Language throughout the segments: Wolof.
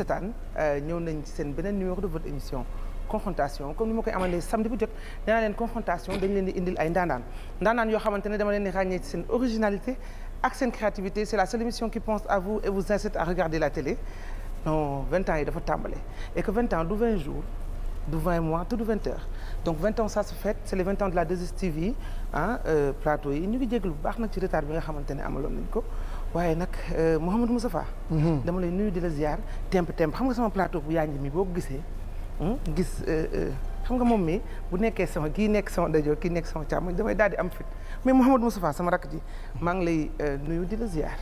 seetaan euh, ñëw nañ ci seen beneen numéro de votre émission confrontation comme ni ma koy amalee samedi bu jot danaa leen confrontation dañ leen di indil ay ndaanaan ndaanaan yoo xamante ne dama leen di ràññee ci seen originalité ak seen créativité c'est la seule émission qui pense à vous et vous incite à regarder la télé non vingt ans yi dafa tàmbale et que vingt ans du vingt jours du vingt mois tout du vingt heures donc vingt ans euh, ci retard bi nga xamante ne amaloon nañ waaye nag euh, Mouhamadou Moustapha mhm. dama lay nuyu di la ziar temp temp xam nga sama plateau bu yaañ mi boo ko gisee hmm, gis euh, euh, xam nga moom mi bu nekkee sama kii nekk sama dajoo kii nekk sama càmmoñ damay daal di am fit mais Mouhamadou Moustapha sama rakk ji maa ngi lay nuyu di la ziar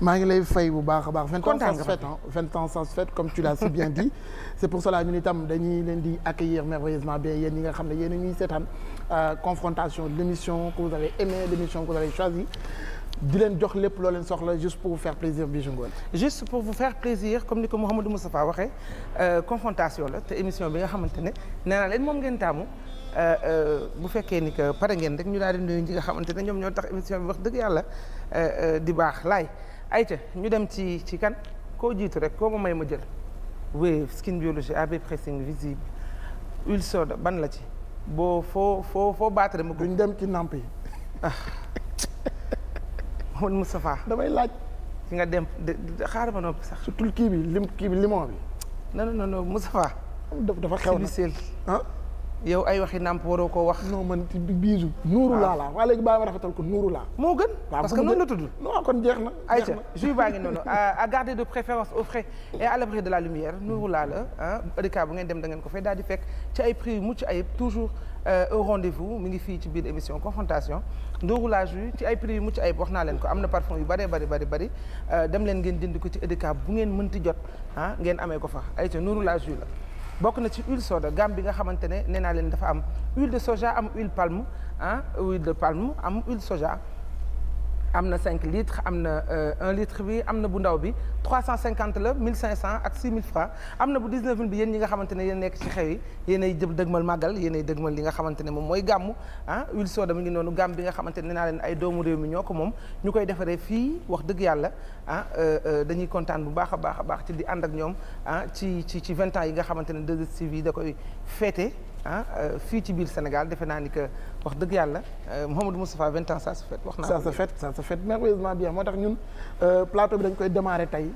maa ngi lay fay bu baax a baax vingt ans sans fête vingt ans sans fête comme tu l'as si bien dit c'est pour cela ñun itam dañuy leen di accueillir merveilleusement bien yéen ñi nga xam ne yéen a ñuy seetaan confrontation de l'émission que vous avez aimé di leen jox lépp loo soxla juste pour vous faire plaisir Bijou Ngoné. juste pour vous faire plaisir comme ni ko Mouhamadou Moustapha waxee euh, confrontation la te émission bi nga xamante ne nee naa leen moom ngeen taamu euh, euh, bu fekkee ni que pare ngeen rek ñu daal di nuyu ñi nga xamante ne ñoom ñoo tax émission bi wax dëgg yàlla di baax laay ayta ñu dem ci ci kan koo jiitu rek koo ma may ma jël. wéy skin biologie AB pressing visible huile soda ban la ci boo foo foo foo baatare ma ko. dem ci namp yi. Ah. Mouhamadou Moustapha damay laaj ci nga dem xaaral ba noppi sax surtout kii bi lim kii bi limon bi non non non Moustapha dafa xew na yow ay waxi nàmp waroo koo wax. non man biisu. nuuru laa ah. laa waaye léegi baa ma rafetal ko nuuru laa. moo gën parce que noonu la tudd. non kon jeex na jeex na ayca baa ngi noonu euh, à garder de préférence au frais et à l'abri de la lumière nuuru laa la ah Rika bu ngeen dem dangeen ko fay daal di fekk ci ay prix yu mucc ayib toujours euh, au rendez-vous mi ngi fii ci biir émission confrontation nuuru laa jus ci ay prix yu mucc ayib wax naa leen ko am na parfum yu bëree bëri bëri bëri euh, dem leen ngeen dindi ko ci Rika bu ngeen mënti jot ah ngeen amee ko fa ayca nuuru laa la. bokk na ci huile soda gamme bi nga xamante ne nee naa leen dafa am huile de soja am huile palm ah huile de palme am huile soja am na cinq litres am na 1 euh, litre bi am na bu ndaw bi 350 la 1500 ak 6000 francs am na bu 19000 bi yéen yi nga xamante ne yéen nekk ci xew yi yéen ay jëm dëgmal màggal yéen ay dëgmal li nga xamante ne moom mooy gàmmu ah huile soda mi ngi noonu gàmm bi nga xamante ne naa leen ay doomu réew mi ñoo ko moom ñu koy defaree fii wax dëgg yàlla ah euh, euh, dañuy kontaan bu baax a baax a baax ci di ànd ak ñoom ah ci ci ci 20 ans yi nga xamante ne 2STV yi da koy féete ah euh, fii ci biir Sénégal defe naa ni que wax dëgg yàlla euh, Mouhamadou Moustapha 20 ans ça se fête wax naa ça se fête ça se fête merveilleusement bien moo tax ñun euh, plateau bi dañ koy démarrer tey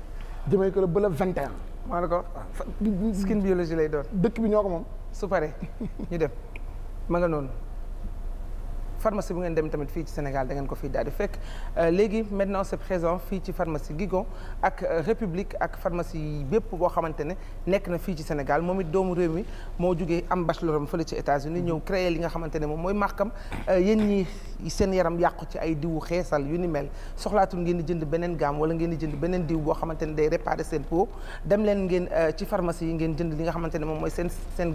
jëmee ko la ba le 21. maa la ko skin biologie lay doon. dëkk bi ñoo ko moom. su pare ñu dem ma nga noonu. pharmacie bu ngeen dem tamit fii ci Sénégal dangeen ngeen ko fii daal di fekk euh, léegi maintenant c'est présent fii ci pharmacie Guigon ak euh, République ak pharmacie yi bépp boo xamante ne nekk na fii ci Sénégal moom it doomu réew mi moo jógee am bacheloram fële ci États-Unis ñëw créer li nga xamante ne moom mooy markam euh, yéen ñi seen yaram yàqu ci ay diwu xeesal yu ni mel soxlaatul ngeen di jënd beneen gaam wala ngeen di jënd beneen diw boo xamante ne day réparer seen peau dem leen ngeen ci pharmacie yi ngeen jënd li nga xamante ne moom mooy seen seen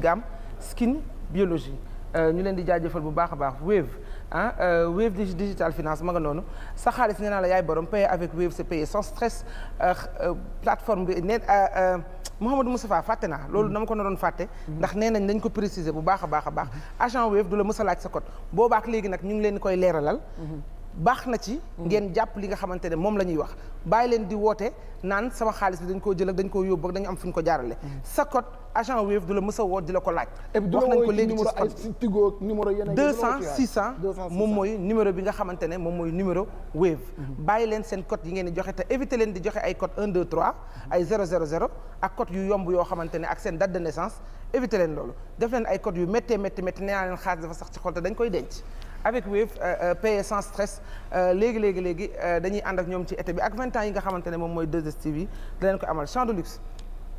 skin biologie ñu leen di jaajëfal bu baax a baax Wave ah Wave digital finance ma nga noonu sa xaalis nee naa la yaay borom payer avec Wave c'est payer sans stress euh, euh, plateforme bi nee Mouhamadou Moustapha fàtte naa loolu na mm-hmm. dama ko naroon fàtte mm-hmm. ndax nee nañ dañ ko préciser bu baax a baax a baax agent Wave du la mës a laaj sa code boobaak léegi nag ñu ngi leen koy leeralal mm-hmm. baax na ci ngeen jàpp li nga xamante ne moom la ñuy wax bàyyi leen di woote naan sama xaalis bi dañ koo jël ak dañ koo yóbbu dañu am fu ñu ko jaarale agent Wave du la mës di la ko laaj. wax nañ ko léegi ci Tigo numéro yeneen 200 600 moom mooy numéro bi nga xamante ne moom mooy numéro Wave. Mm-hmm. bàyyi leen seen code yi ngeen di joxe te éviter leen di joxe ay code 1 2 3 ay 0 0 ak code yu yomb yoo xamante ne ak seen date de naissance éviter leen loolu def leen ay code yu méttee métti métti nee naa leen xaalis dafa sax ci xol te dañ koy denc. avec Wave euh, euh, payer sans stress euh, léegi léegi léegi dañuy ànd ak ñoom ci été bi ak 20 ans yi nga xamante ne moom mooy 2STV ko amal champ de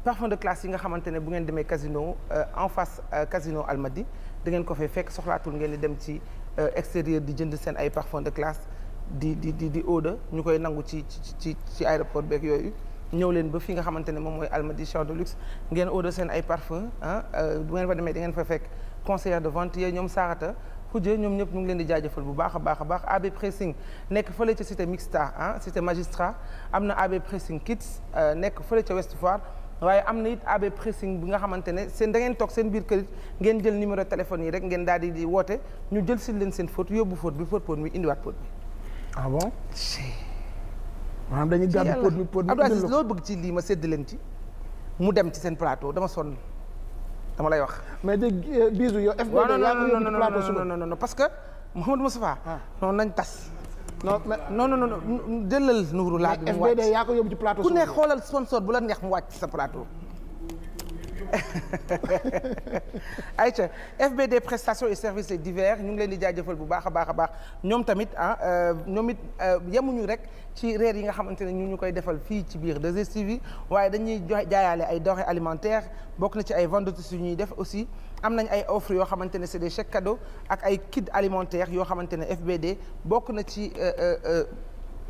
parfum de classe yi nga xamante ne bu ngeen demee casino euh, en face euh, casino Almadi da ngeen ko fay fekk soxlaatul ngeen di dem ci euh, extérieur di jënd seen ay parfum de classe di di di di oda ñu koy nangu ci ci ci ci aéroport beeg yooyu ñëw leen ba fi nga xamante ne moom mooy Almadi champ de luxe ngeen oda seen ay parfum ah bu ngeen fa demee da ngeen fa fekk conseillère de vente yooyu ñoom Sarata Kujje ñoom ñëpp mu ngi leen di jaajëfal bu baax a baax a baax AB pressing nekk fële ca cité mixta ah cité magistrat am na AB pressing kits nekk ca Ouest Foire waaye am na it AB pressing bi nga xamante ne seen da ngeen toog seen biir kër ngeen jël numéro téléphone yi rek ngeen daal di di woote ñu jël si leen seen faute yóbbu faute bi faute pot mi indiwaat pot bi. ah bon. maanaam dañuy gàddu pot bi pot bi Abdou Aziz bëgg ci lii ma sedd leen ci mu dem ci seen plateau dama sonn dama lay wax. mais de eh, bisu yow. FBD non non non non non parce que Mouhamadou Moustapha. Ah. noonu nañ tas. non noonu non non jëlal nuuru laa bi mu wàcc FBD yaa ko yóbbu ci plateau. ku ne xoolal sponsor bu la neex mu wàcc sa plateau. ayca FBD prestations service services divers ñu ngi leen di jaajëfal bu baax a baax a baax ñoom tamit ah euh, ñoom it euh, yemuñu rek ci reer yi nga xamante ne ñu ñu koy defal fii ci biir 2STV waaye dañuy jaayaale ay doxe alimentaire bokk na ci ay vendeurs yu ñuy def aussi. am nañ ay offres yoo xamante ne c'est des chèques cadeaux ak ay kits alimentaires yoo xamante ne FBD bokk na ci euh, euh, euh,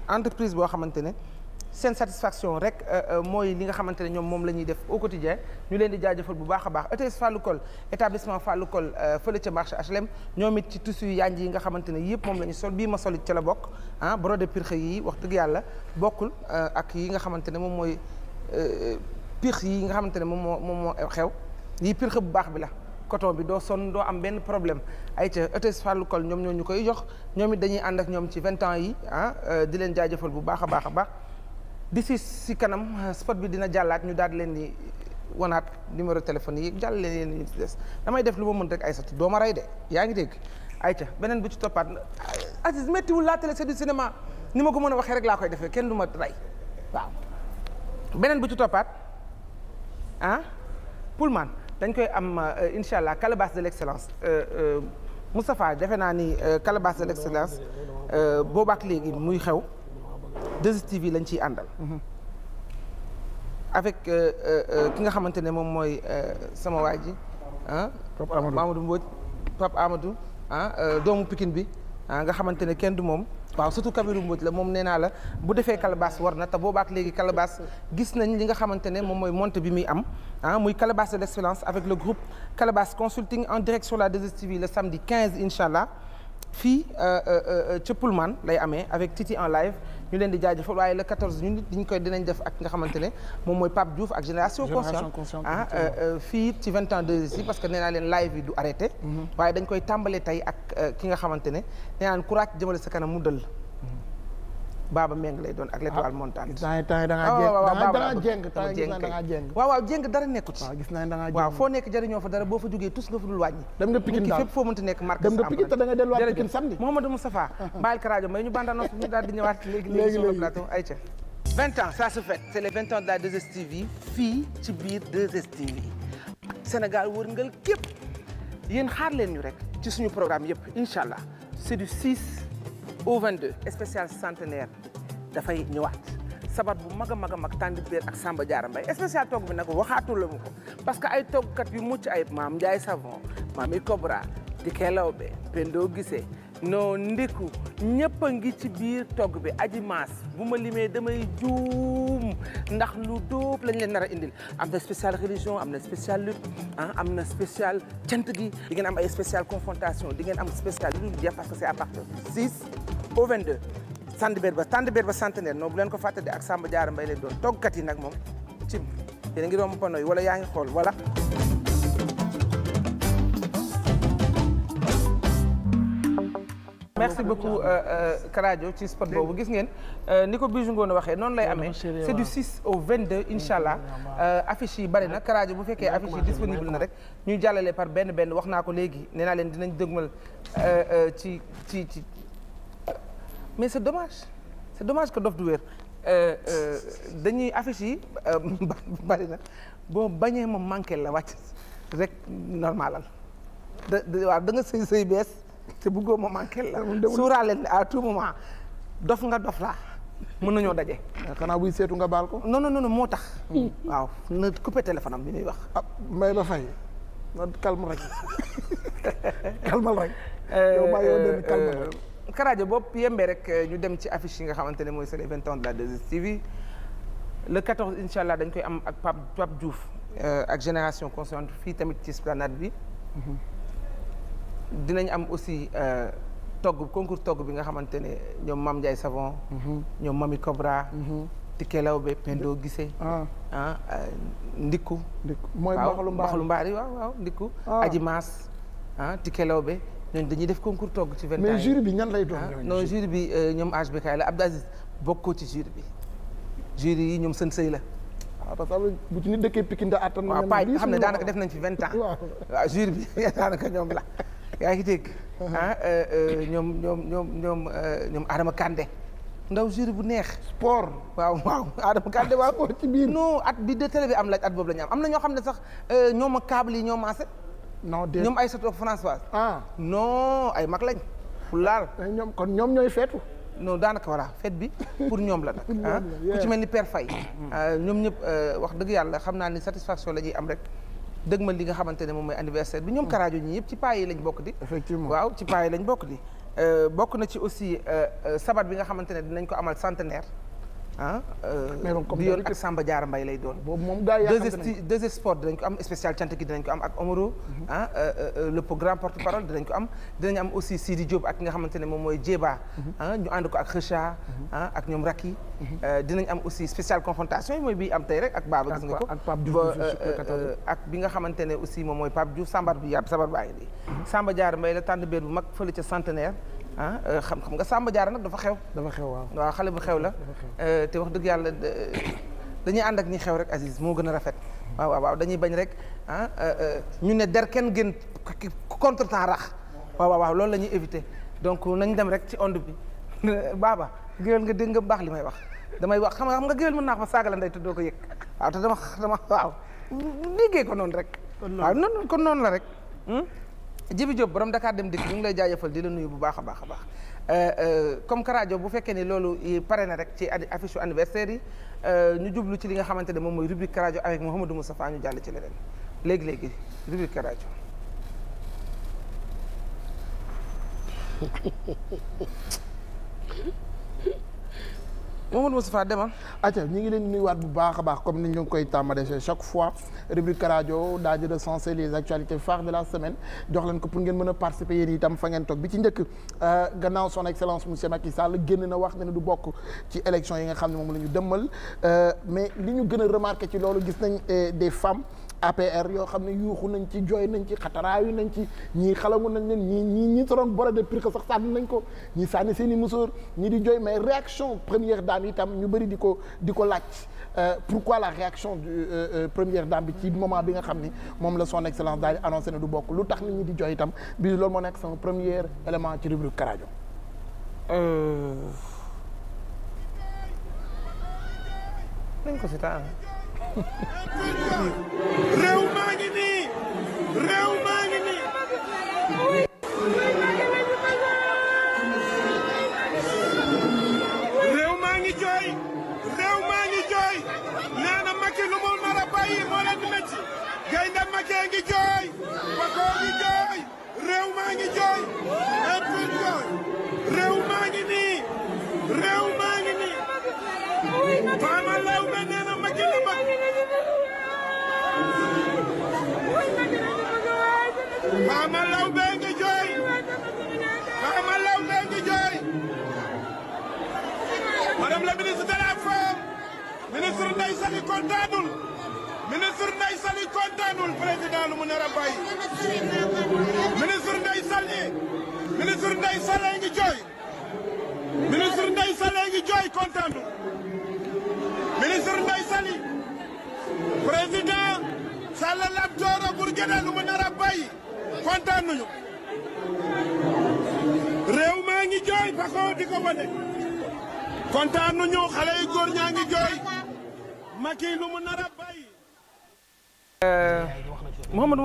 entreprise boo xamante ne seen satisfaction rek mooy li nga xamante ne ñoom moom la ñuy def au quotidien ñu leen di jaajëfal bu baax a baax ETS Fallou Col établissement Fallou Col fële ca marché HLM ñoom it ci tissu yu yànj yi nga xamante ne yëpp moom la ñu sol bii ma solit ca la bokk ah brodé pirxe yi wax dëgg yàlla bokkul ak yi nga xamante ne moom mooy pirxe yi nga xamante ne moom moo moom moo xew yii pirxe bu baax bi la coton bi doo sonn doo am benn problème ay ca ETS Fallou Col ñoom ñoo ñu koy jox ñoom it dañuy ànd ak ñoom ci vingt ans yi ah euh, di leen jaajëfal bu baax a baax a baax di si si kanam euh, spot bi dina jàllaat ñu daal di leen di wanaat numéro téléphone yi jàll leen yéen des damay def lu ma mën rek ay satu doo ma rey de yaa ngi dégg ay ca beneen bu ci toppaat euh, Aziz méttiwul la télé c'est du cinéma ni ma ko mën a waxee rek laa koy defee kenn du ma rey waaw beneen bu ci toppaat ah Pullman dañ koy am euh, incha allah calebasse de l' excellence euh, euh, Moustapha defe naa ni calebasse de l' boobaat boobaak léegi muy xew 2STV lañ ciy àndal. Mm-hmm. avec ki nga xamante ne moom mooy sama waa ji ah. Pape Amadou Mbodj Pape Amadou doomu Pikine bi nga xamante ne kenn du moom. waaw surtout Kabirou Mbodj la moom neenaa naa la bu defee calebasse war na te boobaak léegi calebasse gis nañ li nga xamante ne moom mooy monte bi muy am ah muy calebasse de l'excellence avec le groupe calebasse consulting en direct sur la 2STV le samedi 15 incha allah fii euh, euh, euh, ca Pullman lay ame avec Titi en live ñu leen di jaajëfal waaye le 14 ñun it diñ koy dinañ def ak nga xamante ne moom mooy Pape Diouf ak génération consciente ah, euh, euh, fii it ci 20 ans parce que nee naa leen live yi du arrêté mhm. waaye dañ koy tàmbale tey ak euh, ki nga xamante ne nee naan courage jëmale sa kanam mu dëll baaba meng lay doon ak ah, l'étoile montante. temps yi temps yi da ngaa jéng da ngaa jéng temps yi gis naa da ngaa jéng. waaw waaw jéng dara nekku ci. waaw da ngaa jéng waaw foo nekk jëriñoo fa dara boo fa jógee tus nga fa dul wàññi. dem nga Pikine daal fépp foo mënti nekk marque dem ah. ñu bandano di ñëwaat léegi léegi sur le plateau ay ca 20 ans ça se képp yéen xaar leen ñu rek ci suñu programme yëpp incha c'est du 6 au 22 spécial centenaire dafay ñëwaat sabar bu mag a mag a mag tànn biir ak Samba Diarra Mbaye spécial togg bi nag waxaatu la mu parce que ay toggkat yu mucc ay maam Ndiaye Savon maam i Cobra di Kelawbe Pendo Gise non ndiku ñëpp a ngi ci biir togg bi aji maas bu ma limee damay juum ndax lu dóob lañ leen nar a indil am na spécial religion am na spécial lutte ah am na spécial cant gi di ngeen am ay spécial confrontation di ngeen am spécial lu dul jeex parce que c'est à partir 6 au 22 Sandbert ba Sandbert ba centenaire non bu leen ko fàttali ak Samba Diarra Mbaye leen doon toggkat yi nag moom ci yéen a ngi romb panoy wala yaa ngi xool wala merci beaucoup euh, euh, Karadio ci spot boobu gis ngeen euh, ni ko Bijou Ngoné waxee noonu lay amee c'est du 6 au 22 incha allah affiche yi bari na Karadio bu fekkee affiche yi disponible na rek ñu jàllale par benn benn wax naa ko léegi nee naa leen dinañ dëgmal ci ci ci mais c'est dommage c'est dommage que Dof du Wér dañuy affiche yi bari na boo bañee ma manqué la wàcc rek normalal waaw da sëy sëy bees te bëggoo ma manqué la suuraale à tout moment dof nga dof la mën nañoo daje. xanaa buy seetu nga baal ko. non non non moo tax. waaw na coupé téléphone bi muy wax. ah Mbaye Ba Faye na calme rek calmal rek. Euh, yow maa yow dem calmal rek. Karajo bopp yembee rek euh, ñu dem ci affiche yi nga xamante ne mooy c'est les vingt ans de la 2 le 14 incha allah dañ koy am ak Pape Pape euh, ak génération consciente fii tamit ci esplanade bi. Mm-hmm. dinañ am aussi euh, togg concours togg bi nga xamante ne ñoom mam Ndiaye Savon mhm. ñoom Mami Cobra mhm. Tike Lawbe Pendo Gise ah, ah euh, Ndikku Ndikku mooy mbaxalu mbaar mbaxalu mbaar yi waaw waaw Ndikku Aji ah. Maas ah Tike Lawbe ñooñu dañuy def concours togg ci vingt ans mais jury bi ñan lay doon ah, non jury bi euh, ñoom HBK la Abdou Aziz bokkoo ci jury bi jury yi ñoom sën sëy la waaw parce que bu ci nit dëkkee Pikine da attan waaw paay xam ne daanaka def nañ ci vingt ans waaw jury bi daanaka ñoom la yaa ngi dégg. ah euh, euh, ñoom ñoom ñoom ñoom euh, ñoom Adama Kandé. ndaw jury bu neex. sport waaw waaw Adama Kandé waaw sport ci biir. non at bi de télé bi am la at boobu la am am na ñoo xam ne sax ñoom ak câble yi ñoo maase. non déedéet ñoom ay Aïssatou Françoise. ah non ay mag lañ. pour laal eh, ñoom kon ñoom ñooy feetu. non daanaka voilà fête bi pour ñoom la nag. Ah. ku ci mel ni Père Faye. Ah, ñoom ñëpp wax dëgg yàlla xam naa ni satisfaction la ñuy am rek. dëgmal li nga xamante ne moom mooy anniversaire bi ñoom hmm. karaajo ñi yëpp ci paa yi lañ bokk di waaw ci paa yi lañ bokk di euh, bokk na ci aussi euh, euh, sabat bi nga xamante ne dinañ ko amal centenaire ah. Euh, mais moom comme di Samba Diarra Mbaye lay doon. boobu moom gars yi yaakaar nañu deux deux sports dinañ ko am spécial cant ki dinañ ko am ak Omaro. Mhm. Ah, euh, euh, le programme porte dinañ ko am. dinañ am aussi Sidi Diop ak ki nga xamante ne moom mooy Jéba. Mhm. Ah, ñu ànd ko ak Kheucha. Mhm. Ah, ak ñoom Raki. dinañ am aussi spécial confrontation yi mooy bii am tey rek ak Baba gis nga ko. ak bi nga xamante ne aussi moom mooy Pape Diouf Sambar bi yàpp Sambar baa ngi nii. Samba Diarra Mbaye la tànn beer bu mag fële ca centenaire. ah euh, xam xam nga Samba Diarra nag dafa xew. dafa xew waaw waaw xale bu xew la. Euh, te wax dëgg yàlla dañuy ànd ak ñi xew rek Aziz moo gën a rafet. waaw waaw dañuy bañ rek ah euh, ñu ne der kenn gën contre temps rax. waaw waaw loolu la ñuy éviter donc nañu dem rek ci onde bi baaba géwél nga dégg nga baax li may wax damay wax xam nga xam nga géwél mën naa ko saagal ndey te doo ko yëg waaw te dama dama waaw liggéey ko noonu rek. ko noonu noonu la rek. Hmm? Jibi Diop borom Dakar dem dikk ñu ngi lay jaajëfal di la nuyu bu baax a baax a baax euh, euh, comme que rajo bu fekkee ni loolu pare na rek ci affiche anniversaire yi euh, ñu jublu ci li nga xamante ne moom mooy rubrique rajo avec Mouhamadou Moustapha ñu jàll ci leneen léegi léegi rubrique rajo. Mamadou Moustapha demal. acca ñu ngi leen nuyuwaat bu baax a baax comme ni ñu koy tàmbalee chaque fois rubrique rajo daañu recenser les actualités phares de la semaine jox leen ko pour ngeen mën a participer yéen itam fa ngeen toog bi ci njëkk euh, gannaaw son excellence monsieur Macky Sall génn na wax ne du bokk ci élection yi nga xam ne moom la ñu dëmmal euh, mais li ñu gën a ci loolu gis nañ euh, des femmes. APR yoo xam ne yuuxu nañ ci jooy nañ ci xataraayu nañ ci ñii xalamu nañ leen ñii ñii ñii toroon boro de pire sax sànni nañ ko ñii sànni seen i musóor ñii di jooy mais réaction première dame itam ñu bari di ko di ko laaj euh, pourquoi la réaction du euh, euh, première dame bi ci moment bi nga xam ni moom la son excellence daal di annoncé ne du bokk lu tax nit ñi di jooy itam bi loolu moo nekk sama premier élément ci rubrique Karajo nañ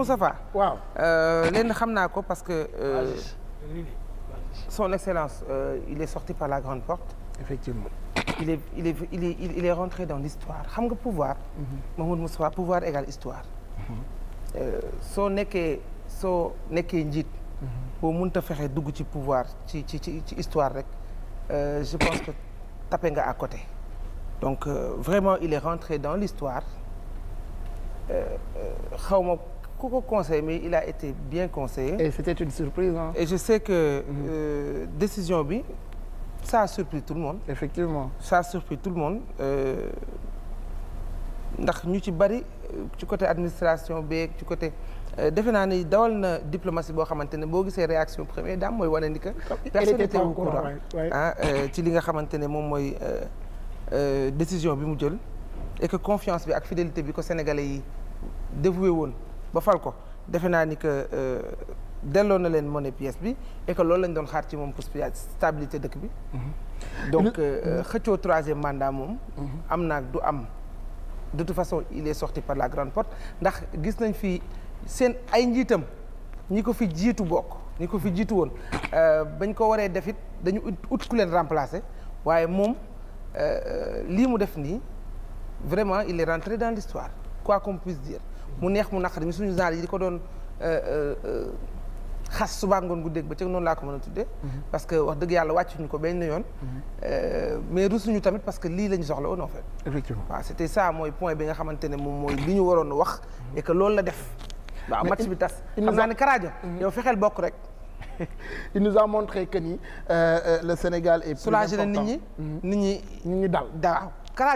Moustapha waaw euh, lenn xam naa ko parce que euh, euh, son excellence euh, il est sorti par la grande porte effectivement il est rentré dans l'histoire xam nga pouvoir mhm. Mahmoud Moustapha pouvoir égale histoire mhm. euh, soo nekkee soo nekkee njiit mhm. boo mënta fexee dugg ci pouvoir ci ci ci ci histoire rek je pense que tapé nga à côté donc vraiment il est rentré dans l'histoire xaw ma ku ko conseil mais il a été bien conseillé. et c'était une surprise hein. et je sais que euh, décision bi ça a surpris tout le monde. effectivement ça a surpris tout le monde. Euh, ndax ñu ci bari euh, ci côté administration beeg ci côté defe naa ni dawal na diplomatie boo xamante ne boo gisee réaction première dame mooy wane ni que. personne était au courant ah, ci li nga xamante ne moom mooy décision bi mu jël. et que confiance bi ak fidélité bi ko sénégalais yi dévoué woon. ba fal ko defe naa ni que euh, delloo na leen monnaie pièce bi et que loolu lañ doon xaar ci moom pour stabilité dëkk bi. Mm-hmm. donc euh, xëccoo troisième mandat moom. Mm-hmm. am naa du am. de toute façon il est sorti par la grande porte ndax gis nañ fi seen ay njiitam ñi ko fi jiitu bokk ñi ko fi jiitu woon euh, bañ ko waree def it dañu ut ku leen remplacer waaye moom lii mu def nii vraiment il est rentré dans l'histoire quoi qu'on puisse dire. mu neex mu naqari ñu suñu genre yi di ko doon euh, euh, xas subaa ngoon guddeeg ba bëccëg noonu laa ko mën a tudde mhm. parce que wax dëgg yàlla wàccuñu ko benn yoon. Mhm. Euh, mais rusuñu tamit parce que lii la ñu soxla woon en fait. effectivement waaw c' mooy point bi nga xamante ne moom mooy li ñu waroon wax. et que loolu la def. waaw match bi tas xam naa ne Karajo. Mhm. yow fexeel bokk rek. il nous a montré que ni euh, euh, le Sénégal est. soulagé na nit ñi nit ñi. ñu daa dal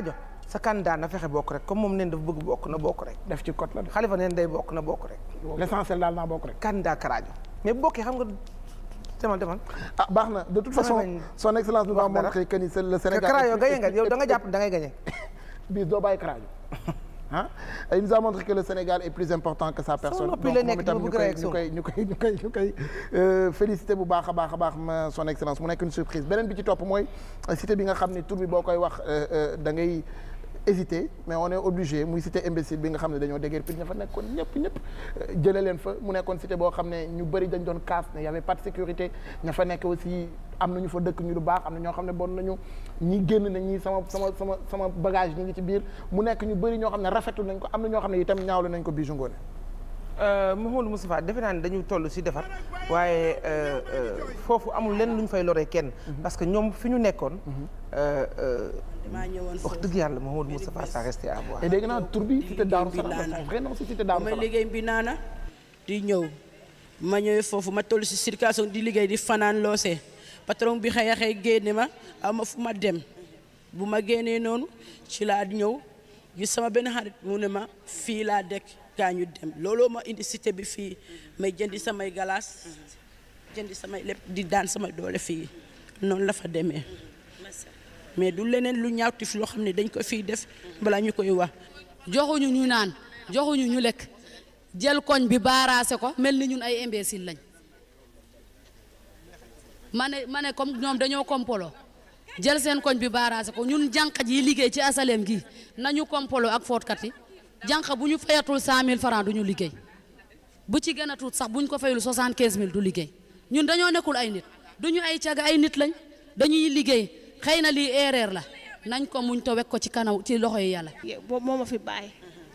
daaw sa candidat na fexe bokk rek comme moom neen dafa bëgg bokk na bokk rek. def ci code la def xalifa neen day bokk na bokk rek. l'essentiel daal naa bokk rek. candidat ah, son excellence nous a montré que ni le Sénégal. Karadio ah? a montré que le Sénégal est plus important que sa personne. donc moom itam ñu koy euh, félicité bu baax a baax a baax ma son excellence mu nekk une surprise beneen bi ci topp mooy euh, cité bi nga xam ne tur bi boo koy wax euh, da ngay. hésité mais on est obligé muy cité bi nga xam ne dañoo déguerpi ña fa nekkoon ñëpp ñëpp jële leen fa mu nekkoon cité boo xam ne ñu bëri dañ doon kaas ne y avait pas sécurité ña fa nekk aussi am na ñu fa dëkk ñu lu baax am na ñoo xam ne bon nañu ñi génn na ñi sama sama sama sama bagage ñi ngi ci biir mu nekk ñu bëri ñoo xam ne rafetu nañ ko am na ñoo xam ne itam ñaawlu nañ ko bii Ngoné Mouhamadou Moustapha defe naa ne dañu toll si defar waaye euh, euh, foofu amul lenn lu ñu fay loree kenn. Mhm. parce que ñoom fi ñu nekkoon. Mhm. Euh, wax dëgg yàlla Mouhamadou Moustapha ça resté à dégg naa tur bi cité Darou Salaam vraiment cité ma liggéey bi di ñëw ma ñëwee foofu ma toll si circulation di liggéey di fanaan loosee patron bi xëy a génne ma ama fu ma dem bu ma génnee noonu ci laa ñëw gis sama benn xarit mu ne ma fii laa dëkk. gaa ñu dem looloo ma indi site bi fii may jëndi samay galaas jëndi samay lépp di daan sama doole fii noonu la fa demee mais du leneen lu ñaawtif loo xam ne dañ ko fii def balaa ñu koy wax joxuñu ñu naan joxuñu ñu lekk jël koñ bi baaraase ko mel ni ñun ay imbécile lañ ma ne ma ne comme ñoom dañoo kompolo jël seen koñ bi baaraase ko ñun jànqaj yi liggéey ci asaleem gi nañu kompolo ak footkat yi jànq bu ñu fayatul mille francs du ñu liggéey bu ci gën a tuut sax bu ñu ko fayul 75000 du liggéey ñun dañoo nekkul ay nit duñu ay caga ay nit lañ dañuy liggéey xëy na lii erreur la nañ ko muñ to wek ko ci kanaw ci loxo yi yàlla. boobu moo ma fi bàyyi.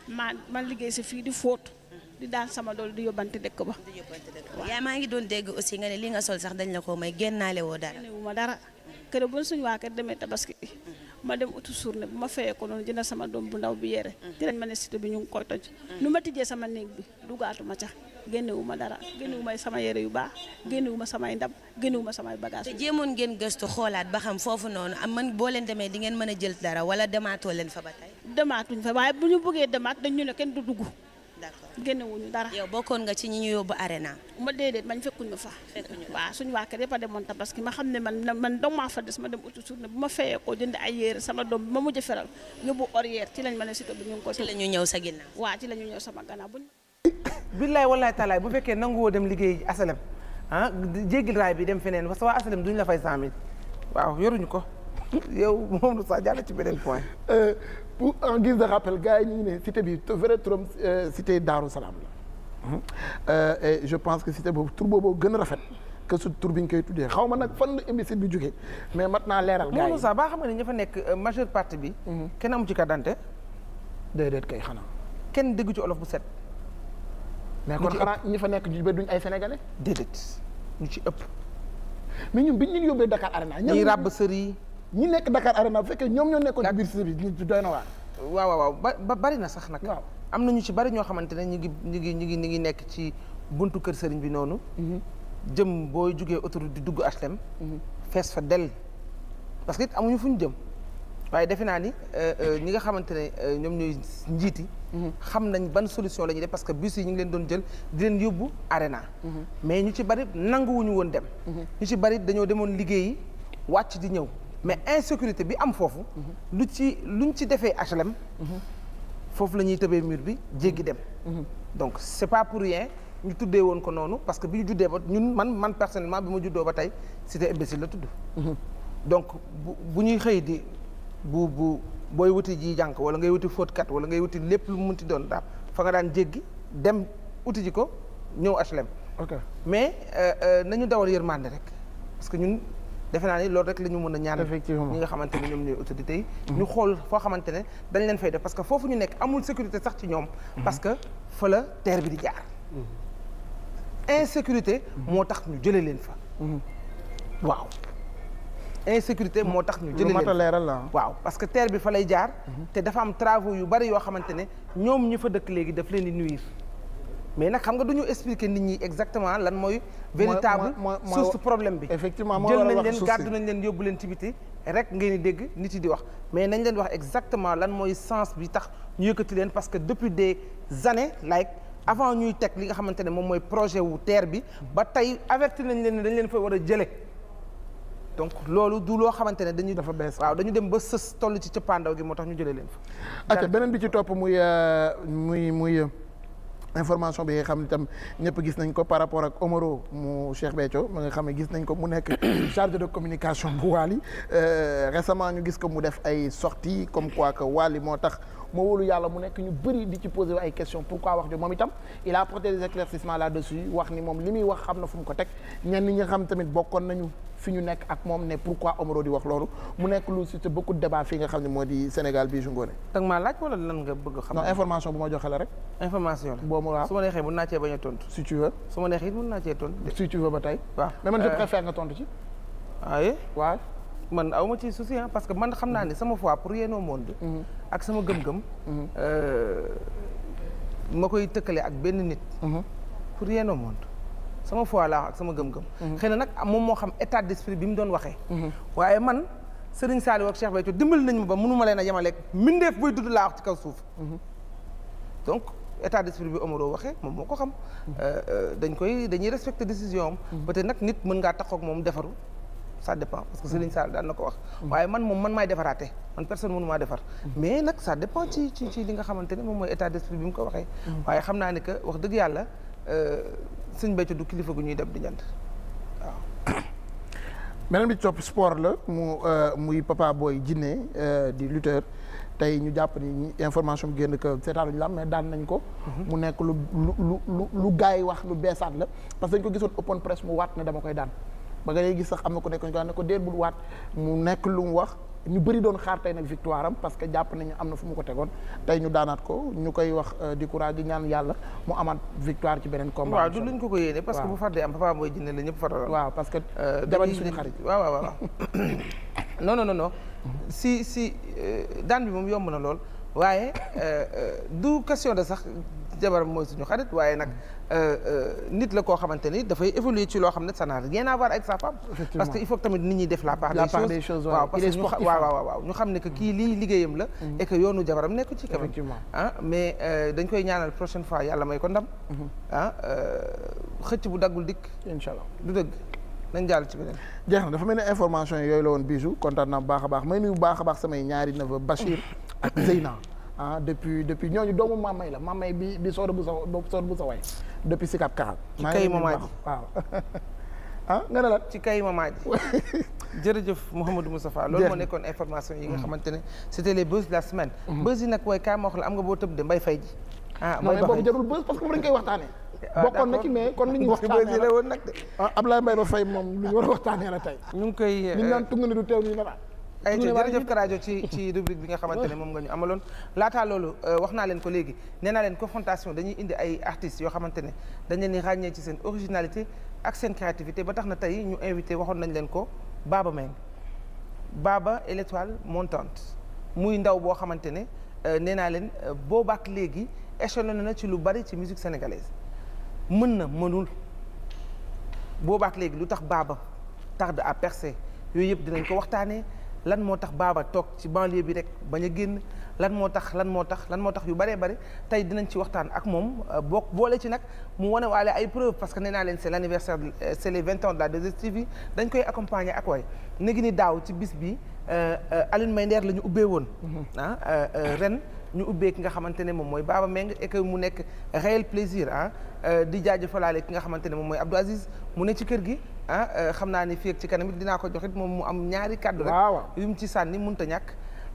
ma man liggéey si fii di fóotu. di daan sama dool di yóbbante dëkk ba. di yóbbante dëkk ba yaa maa ngi doon dégg aussi nga ne li nga sol sax dañ la ko may génnaale woo dara. génnewu ma dara kër bu suñu waa demee tabaski. ma dem utu surne bu ma fayee ko noonu jëndal sama doom bu ndaw bi yére dinañ mm. ma ne cité bi ñu ngi koy toj mm. nu ma tijjee sama néeg bi dugaatuma ca génnewu ma dara génnewu ma sama yere yu baax génnewu ma samay ndab génnewu ma samay bagage te jéemoon ngeen gëstu xoolaat ba xam foofu noonu am man boo leen demee di ngeen mën a jël dara wala demaatoo leen fa ba tey demaatuñ fa waaye bu ñu bëggee demaat dañ ñu ne kenn du dugg d'accord génnewuñu dara. yow bokkoon nga ci ñi ñu yóbbu arena. ma déedéet man fekkuñu ma fa. fekkuñu waaw suñu waa kër yëpp a demoon tabaski ma xam ne man man dong des ma dem uti journée bu ma fayee ko jënd ay yére sama doom bi ma mujj feral yóbbu orière ci lañ ma ne si bi ñu ngi ko. ci la ñëw sa ginnaaw. waaw ci la ñu ñëw sama gannaaw billaay wallaay taalaay bu fekkee nanguwoo dem liggéey asalem ah jéggil raay bi dem feneen parce que waa asalem duñu la fay 100000 waaw yoruñu ko yow moom lu pour en guise de rappel gars yi ñu ngi ne cité bi vrai turam euh, cité Daaru Salaam la euh, je pense que cité boobu tur booboo gën a rafet que tur bi ñu koy tuddee xaw ma nag fan la imbécile bi jógee mais mat naa leeral gars yi Moussa baa xam nga ne ñu fa nekk euh, majeure partie bi kenn mu ci carte d'identité kay xanaa kenn déggu ci olof bu set mais kon xanaa ñi fa nekk ñu ba duñ ay sénégalais déedéet ñu ci ëpp mais ñun biñ ñu yóbbee Dakar Arena ñi ràbb sër yi ñi nekk Dakar Arena bu fekkee ñoom ñoo nekkoon ci biir service ñu doy na waar waaw waaw ba bari na sax nag am na ñu ci bari ñoo xamante ne ñu ngi ñu ñu ngi ñu ngi nekk ci buntu kër sëriñ bi noonu mhm. jëm boo jógee autoroute di dugg HLM mhm. fees fa dell parce que amuñu fu ñu jëm waaye defe naa ni euh, euh, ñi nga xamante ne euh, ñoom ñooy njiiti mhm. xam nañ ban solution la ñuy def parce que bus yi ñu ngi leen doon jël di leen yóbbu arena mais ñu ci bari nanguwuñu woon dem ñu ci bari dañoo demoon liggéeyi wàcc di ñëw mais insécurité bi am foofu. lu ci lu luñ ci defee HLM. foofu la ñuy tëbee mur bi jéggi dem. donc c'est pas pour rien ñu tuddee woon ko noonu parce que bi ñu juddee ba ñun man man personnellement bi ma juddoo ba tey cité imbécile la tudd. donc bu bu ñuy xëy di bu bu booy wuti ji jànk wala ngay wuti fóotkat wala ngay wuti lépp lu mu munti doon daal fa nga daan jéggi dem uti ji ko ñëw HLM. ok mais euh, euh, nañu dawal yërmande rek parce que ñun. defe naa ni loolu rek lañu ñu mën a ñaan ñi nga xamante ne ñoom ñooy ñu xool foo xamante ne dañ leen fay def parce que foofu ñu nekk amul sécurité sax ci ñoom mhm. parce que fa la terre bi di jaar mhm. insécurité moo tax ñu jëlee leen fa mhm. waaw insécurité moo tax ñu jëlee leen leeral la ah. waaw parce que terre bi fa lay jaar te dafa am travaux yu bari yoo xamante ne ñoom ñi fa dëkk léegi daf leen di nuire mais nag xam nga du ñu expliquer nit ñi exactement lan mooy véritable source problème bi effectivement jël nañ leen gàddu nañ leen yóbbu leen ci rek ngeen di dégg nit yi di wax mais nañ leen wax exactement lan mooy sens bi tax ñu yëkkati leen parce que depuis des années like avant ñuy teg li nga xamante ne moom mooy projet wu TER bi ba tey averti nañ leen ne dañ leen fa war a jële donc loolu du loo xamante ne dañuy dafa bees waaw dañu dem ba sës toll ci cëppaandaw gi moo tax ñu jëlee leen fa. beneen bi ci topp muy euh, muy muy. information bi nga xam ne tam ñëpp gis nañ ko par rapport ak Omaro mu Cheikh Béthio ma nga xam ne gis nañ ko mu nekk chargé de communication bu Wally euh, récemment ñu gis ko mu def ay sorties comme quoi que Wally moo tax moo wóolu yàlla mu nekk ñu bëri di ci posé ay questions pourquoi wax jo moom itam il a apporté des éclaircissements là-dessus wax ni moom li muy wax xam na fu ko teg ñenn ñi xam tamit bokkoon nañu fi ñu nekk ak moom ne pourquoi Omaro di wax loolu mu nekk lu suscité beaucoup de débat fii nga xam ne moo di Sénégal bii jungoone da nga maa laaj wala lan nga bëgg xam non information bu ma joxe la rek information la boo su ma neexee mën naa cee bañ a tontu su ma neexee man aw ma ci souci parce que man xam naa ne sama fois pour rien au monde. Mhm. ak sama gëm-gëm. Mhm. Euh, ma koy tëkkale ak benn nit. Mhm. pour rien au monde sama fois laa ak sama gëm-gëm. xëy na nag moom moo xam état d'esprit bi mu doon waxee. waaye man Serigne Saliou ak Cheikh Béthio nañ ma ba mënuma leen a yemaleeg mbindeef buy dudd laa wax ci kaw suuf. donc état d'esprit bi Omaro waxee moom moo ko xam. Euh, euh, dañ koy dañuy respecter décision am. peut nag nit mën ngaa tax ak moom defaru. ça dépend parce que Serigne mm. Sall daan na ko wax. Mm. waaye man moom man maay defaraate man personne mënu maa defar. Mm. mais nag ça dépend ci li nga xamante ne moom mooy état d'esprit bi mu ko waxee. waaye xam naa ne que wax dëgg yàlla euh, Sëñ Béthio du kilifa gu ñuy dem di ñant waaw. beneen bi topp sport la mu euh, muy Papa Boy Djiné euh, di lutteur tey ñu jàpp ni information bi génn que seetaanuñu la mais daan nañ ko. Mm-hmm. mu nekk lu lu lu lu gars yi wax lu beesaat la parce que dañ ko gisoon open press mu waat ne dama koy daan. ba nga gis sax am na ko nekk ñu ko déet bul waat mu nekk lu mu wax ñu bëri doon xaar tey nag victoire am parce que jàpp nañ am na fu mu ko tegoon tey ñu daanaat ko ñu koy wax euh, di courage di ñaan yàlla mu amaat victoire ci beneen combat. waaw du ko ko yéene que bu fàttee am papa mooy jënd que jabar euh, suñu xarit waaw waaw waaw non non si si euh, daan bi moom yomb na lool waaye du question de sax jabar mooy suñu xarit waaye nag. Euh, euh, nit la koo xamante ni dafay évoluer ci loo xam ne ça n'a rien à voir avec sa femme parce que il faut tamit nit ñi def la part des choses waaw parce que waaw waaw waaw ñu xam ne que kii lii liggéeyam la mm-hmm. et que yoonu jabaram nekku ci quand même ah mais euh, dañ koy ñaanal prochaine fois yàlla may ko ndam mm-hmm. ah xëcc bu daggul dikk incha allah du dëgg nañ jàll ci beneen jeex na dafa mel ne information yooyu la woon bijou kontaan naa bu baax a baax may nuyu bu baax a baax samay ñaari neveu Bachir ak Zeyna ah depuis depuis ñooñu doomu mamay la mamay bi bi soor bu sa soor bu sa waay depuis Sicap Kaaral. maa ngi leen waaw. ah nga ne la ci kay mamaa ji jërëjëf Mouhamadou Moustapha loolu moo nekkoon information yi nga xamante ne c'était les buzz de la semaine mhm. buzz yi nag waaye kaa ma wax la am nga boo tëb de mbay fay ji ah non mais boobu jarul buzz parce que bu dañ koy waxtaanee ah, bokkoon na ci mais kon li ñu waxtaanee la woon nag de ah, Ablaye Mbaye ba fay moom lu ñu war a waxtaanee la tey ñu ngi koy ñu euh, naan tunga ne du teew ñu ne ay jërëjëf Karajo ci ci rubrique bi nga xamante ne moom nga ñu amaloon laataa loolu euh, wax naa leen ko léegi nee naa leen confrontation dañuy indi ay artistes yoo xamante ne dañ di ràññee ci seen originalité ak seen créativité ba tax na tey ñu invité waxoon nañ leen ko baaba Meng Baba et montante muy ndaw boo xamante ne euh, nee naa leen euh, boobaak léegi échelonné na ci lu bari ci musique sénégalaise mën na mënul boobaak léegi lu tax baaba tarde à percer yooyu yëpp dinañ ko waxtaanee lan moo tax baaba toog ci banlieue bi rek bañ a génn lan moo tax lan moo tax lan moo tax yu baree bare tey dinañ ci waxtaan ak moom euh, boo boole ci nag mu wane waale ay preuve parce que nee naa leen c'est l'anniversaire euh, c'est les vingt ans de la 2STV dañ koy accompagner ak way léegi ni daaw ci bis bi euh, Alioune Mbaye Nder la ñu ubbee woon mm-hmm. ah ren ñu ubbee ki nga xamante ne moom mooy baaba Meng et mu nekk réel plaisir ah di jaajëfalaale ki nga xamante ne moom mooy Abdou Aziz mu ne ci kër gi ah euh, xam naa ni fii ak ci kanam it dinaa ko jox it moom mu am ñaari kàddu rek yu ci sànni mënut a ñàkk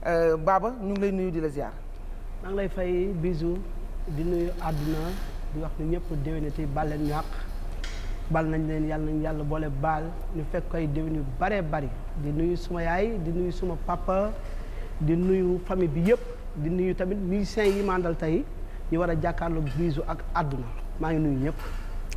euh, baaba ñu ngi lay nuyu di la ziar maa ngi lay fay bisou di nuyu àdduna di wax ni ñëpp déwénati bàlleen ñàq bal nañ leen yàlla nañ yàlla boole baal ñu fekk koy déwén yu bare bari di nuyu suma yaay di nuyu suma papa di nuyu famille bi yëpp di nuyu tamit musiciens yi mandal tey ñu war a jàkkaarloo bisu ak àdduna maa ngi nuyu ñëpp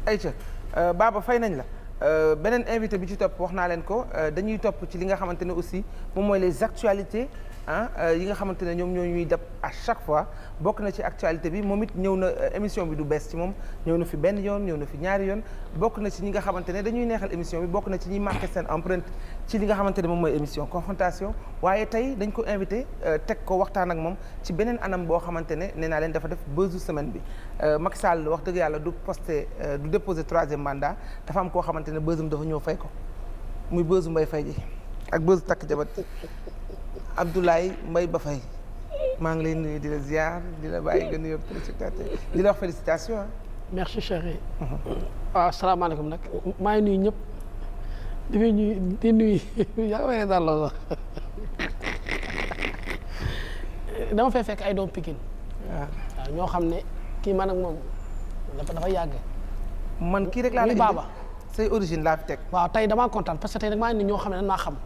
ayca euh, baaba fay nañ la Euh, beneen invité bi ci topp wax naa leen ko euh, dañuy topp ci li nga xamante ne aussi moom mooy les actualités ah euh, yi nga xamante ne ñoom ñoo ñuy dab à chaque fois bokk na ci actualité bi moom it ñëw na euh, émission bi du bees ci moom ñëw na fi benn yoon ñëw na fi ñaari yoon bokk na ci ñi nga xamante ne dañuy neexal émission bi bokk na ci ñi marqué seen empreinte ci li nga xamante ne moom mooy émission confrontation waaye tey dañ ko invité euh, teg ko waxtaan ak moom ci beneen anam boo xamante ne nee naa leen dafa def buzz semaine bi Macky Sall wax dëgg yàlla du posté du déposé troisième mandat dafa am koo xamante ne buzzum dafa ñëw fay muy buzzu mbay fay ji ak buzzu takk jabat Abdoulaye Mbaye ba fay maa ngi lay nuyu di la ziar di la bàyyi merci chéri. waaw mhm. ah, asalaamaaleykum nag maa ngi nuyu ñëpp di nuyu di nuyu yaa ngi wéree daal dama fay fekk ay doom pikin. Ah. ñoo xam ne kii man ak moom dafa dafa yàgg. man kii rek laa lay baaba say origine laa fi teg. waaw tey damaa kontaan parce que ñoo xam ne dañ xam.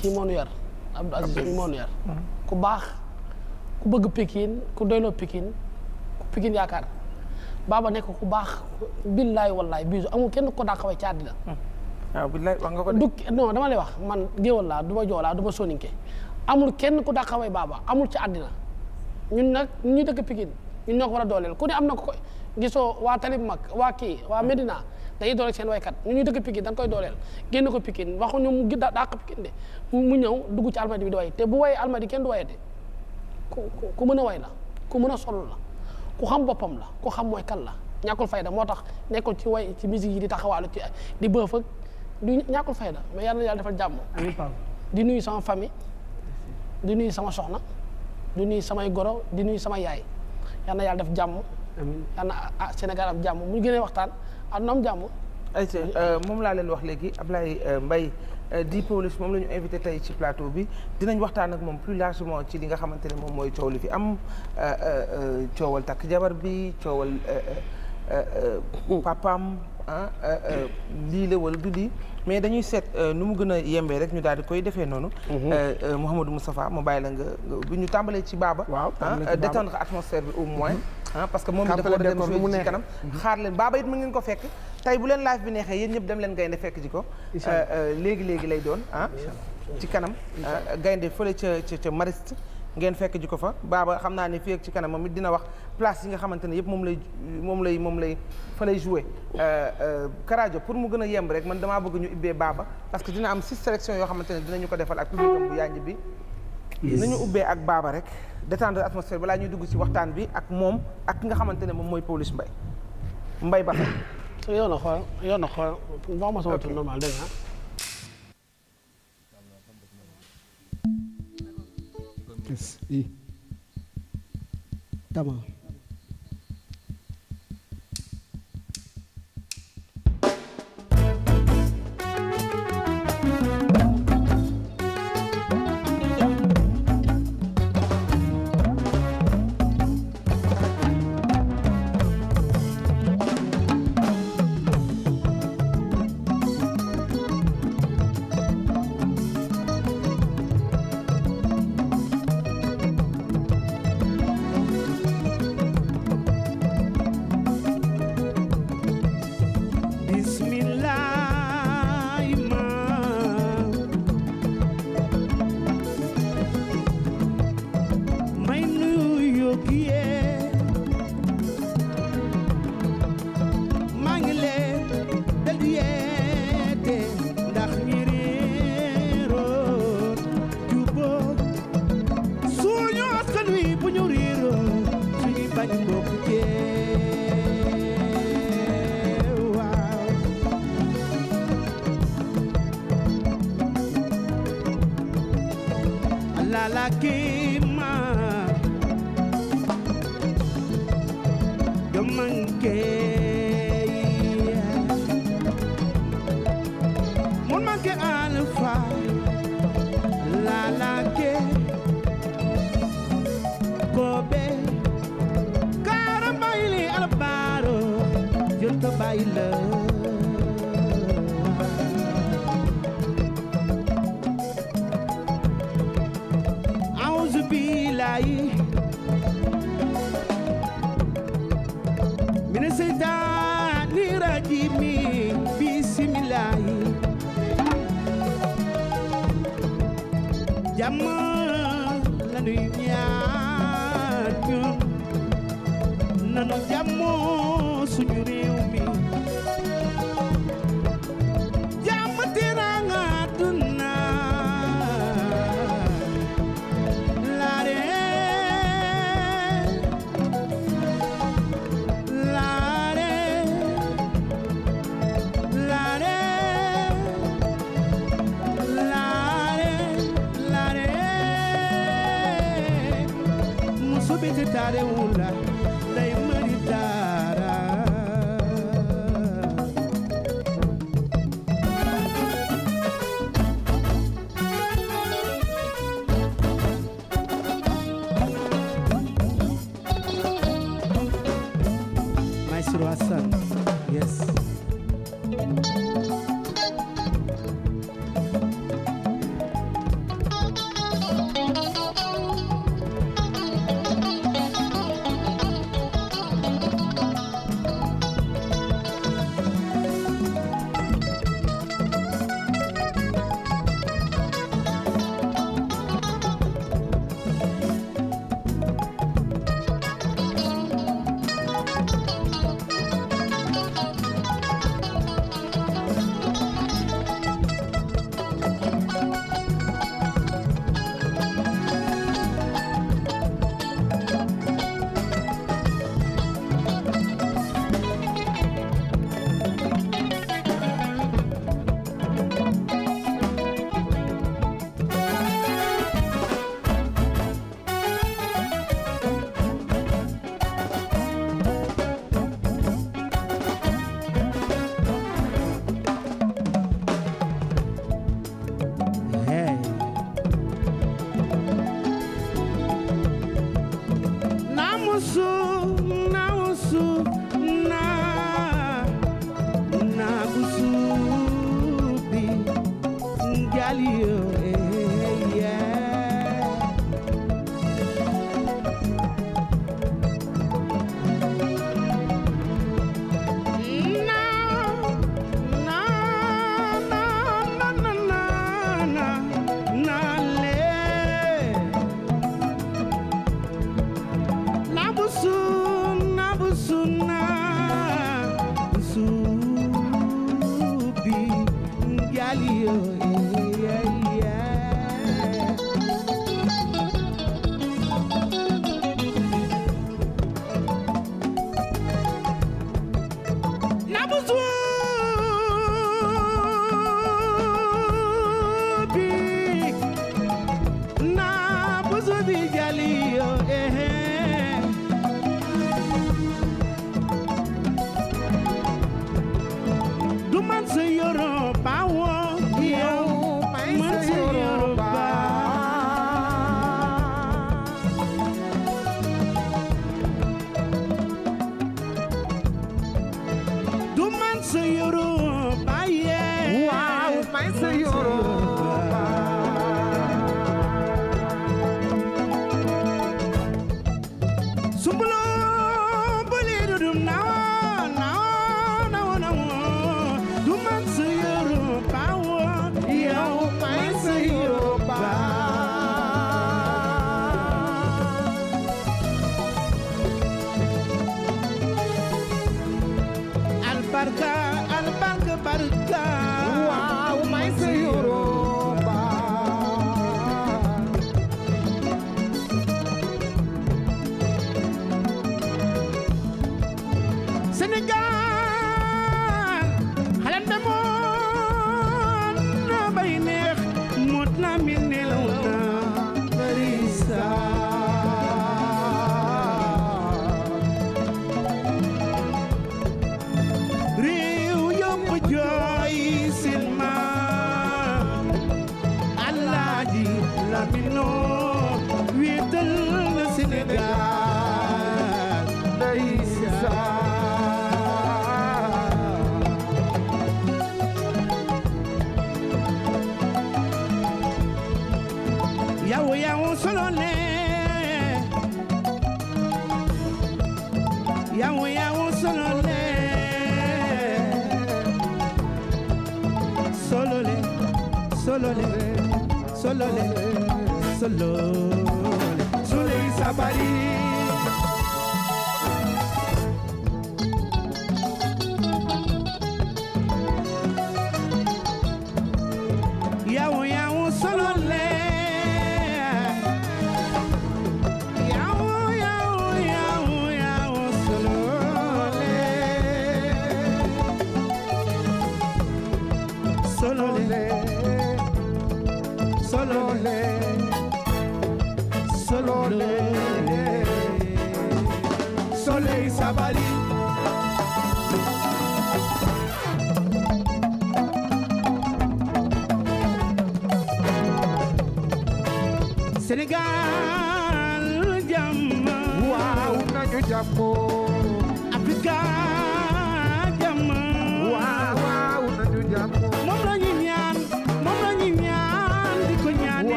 kii moo nu yar Abdou Aziz mi moo yar mm. ku baax ku bëgg Pikine ku doyloo Pikine ku Pikine yaakaar baaba nekk ku baax billaay wallaay bisu amul kenn ku daa xawe ci àddina waaw wax nga ko du dama lay wax man géwal laa du ma joolaa du ma soninke amul kenn ku daa xawe baaba amul ci àddina ñun nag ñu dëkk Pikine ñun ñoo ko war a dooleel ku am na ko gisoo wa Talib Mag waa kii waa Medina. dañuy doole seen waykat ñu ñuy dëkk Pikine dañ koy dooleel génn ko Pikine waxuñu mu gid dàq Pikine de mu ñëw dugg ci almadi bi di way te bu wayee almadi kenn du wayate ku ku mën a way la ku mën a sol la ku xam boppam la ku xam mooy kan la ñàkkul fayda moo tax nekkul ci way ci musique yi di taxawaalu ci di bëf ak du ñàkkul fayda mais yàlla na yàlla defal jàmm di nuyu sama famille di nuyu sama soxna di nuyu samay goro di nuyu sama yaay yàlla na yàlla def jàmm yàlla na ah, jàmm mu gën waxtaan ak noom jàmm ayca euh, moom laa leen wax léegi Ablaye euh, mbay euh, di Pawlish moom la ñu invité tey ci plateau bi dinañ waxtaan ak moom plus largement ci li nga xamante ne moom mooy coow li fi am coowal takk jabar bi coowal mm. papam ah, lii la wala du lii mais dañuy seet nu mu gën a yembee rek ñu daal di koy defee noonu. Mm-hmm. Mouhamadou Moustapha mu bàyyi la nga bu ñu tàmbalee ci baaba. waaw ah, détendre atmosphère bi au moins. Mm-hmm. ah parce que moom dafa war a dem mu ci kanam mhm. xaar leen baaba it mu ngeen ko fekk tey bu leen live bi neexee yéen ñëpp dem leen gaynde fekk ji ko euh, euh, léegi léegi lay doon ah ci kanam euh, gaynde fële ca ca mariste ngeen fekk ji ko fa baaba xam naa ne fii ak ci kanam moom it dina wax place yi nga xamante ne yëpp moom lay moom lay moom lay fa lay joué Karajo pour mu gën a yemb rek man damaa bëgg ñu ibbee baaba parce que dina am six sélections yoo xamante ne dinañu ko defal ak publicam bu bi nañu ubbee ak baaba rek détendre atmosphère balaa ñuy dugg ci waxtaan bi ak moom ak nga xamante ne moom mooy Pawlish Mbaye mbay Bakhsa. yow na xool yow na xool wax ma sama tur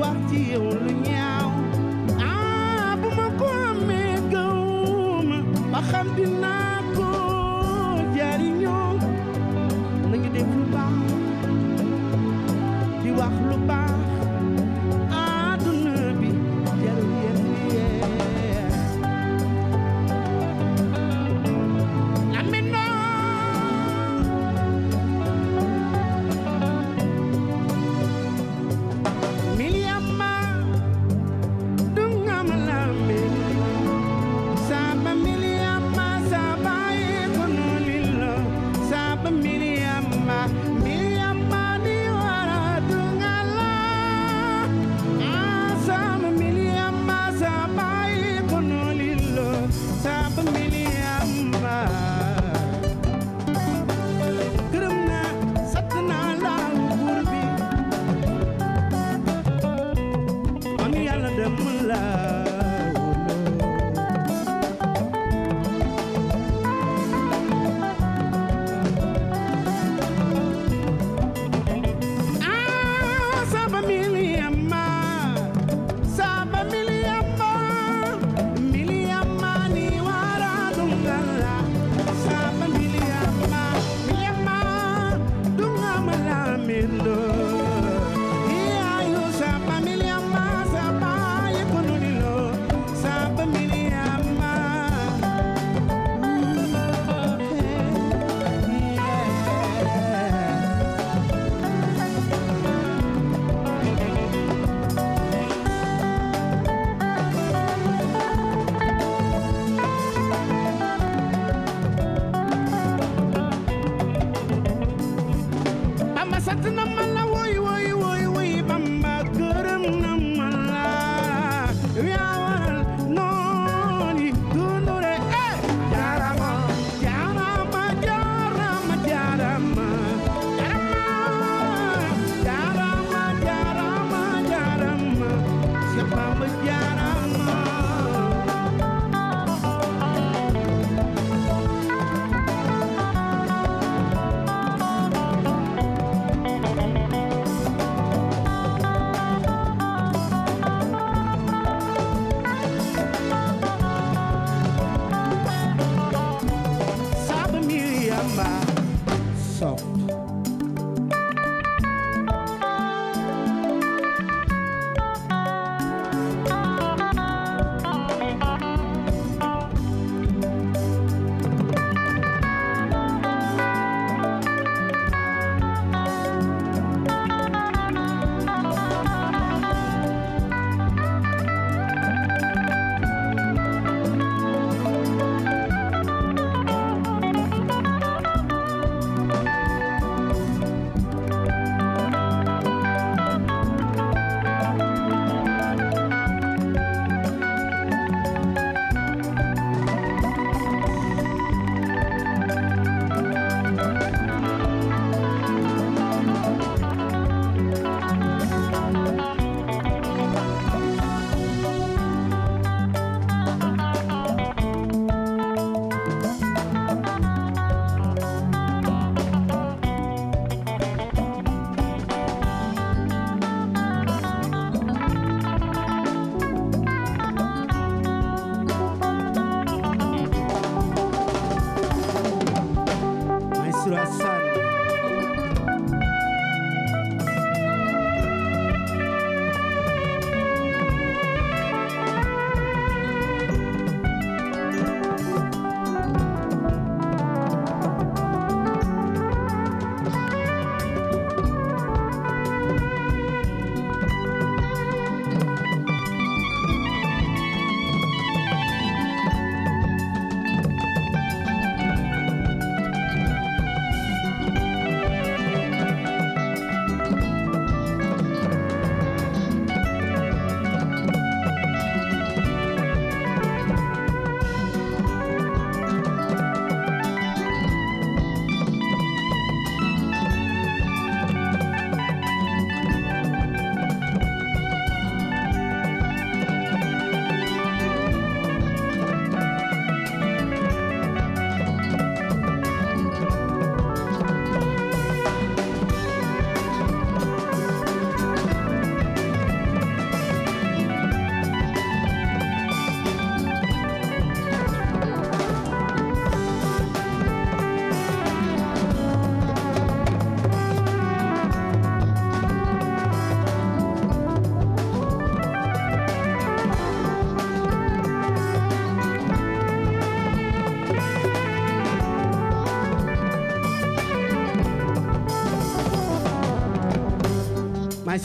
gloire qui est en lumière.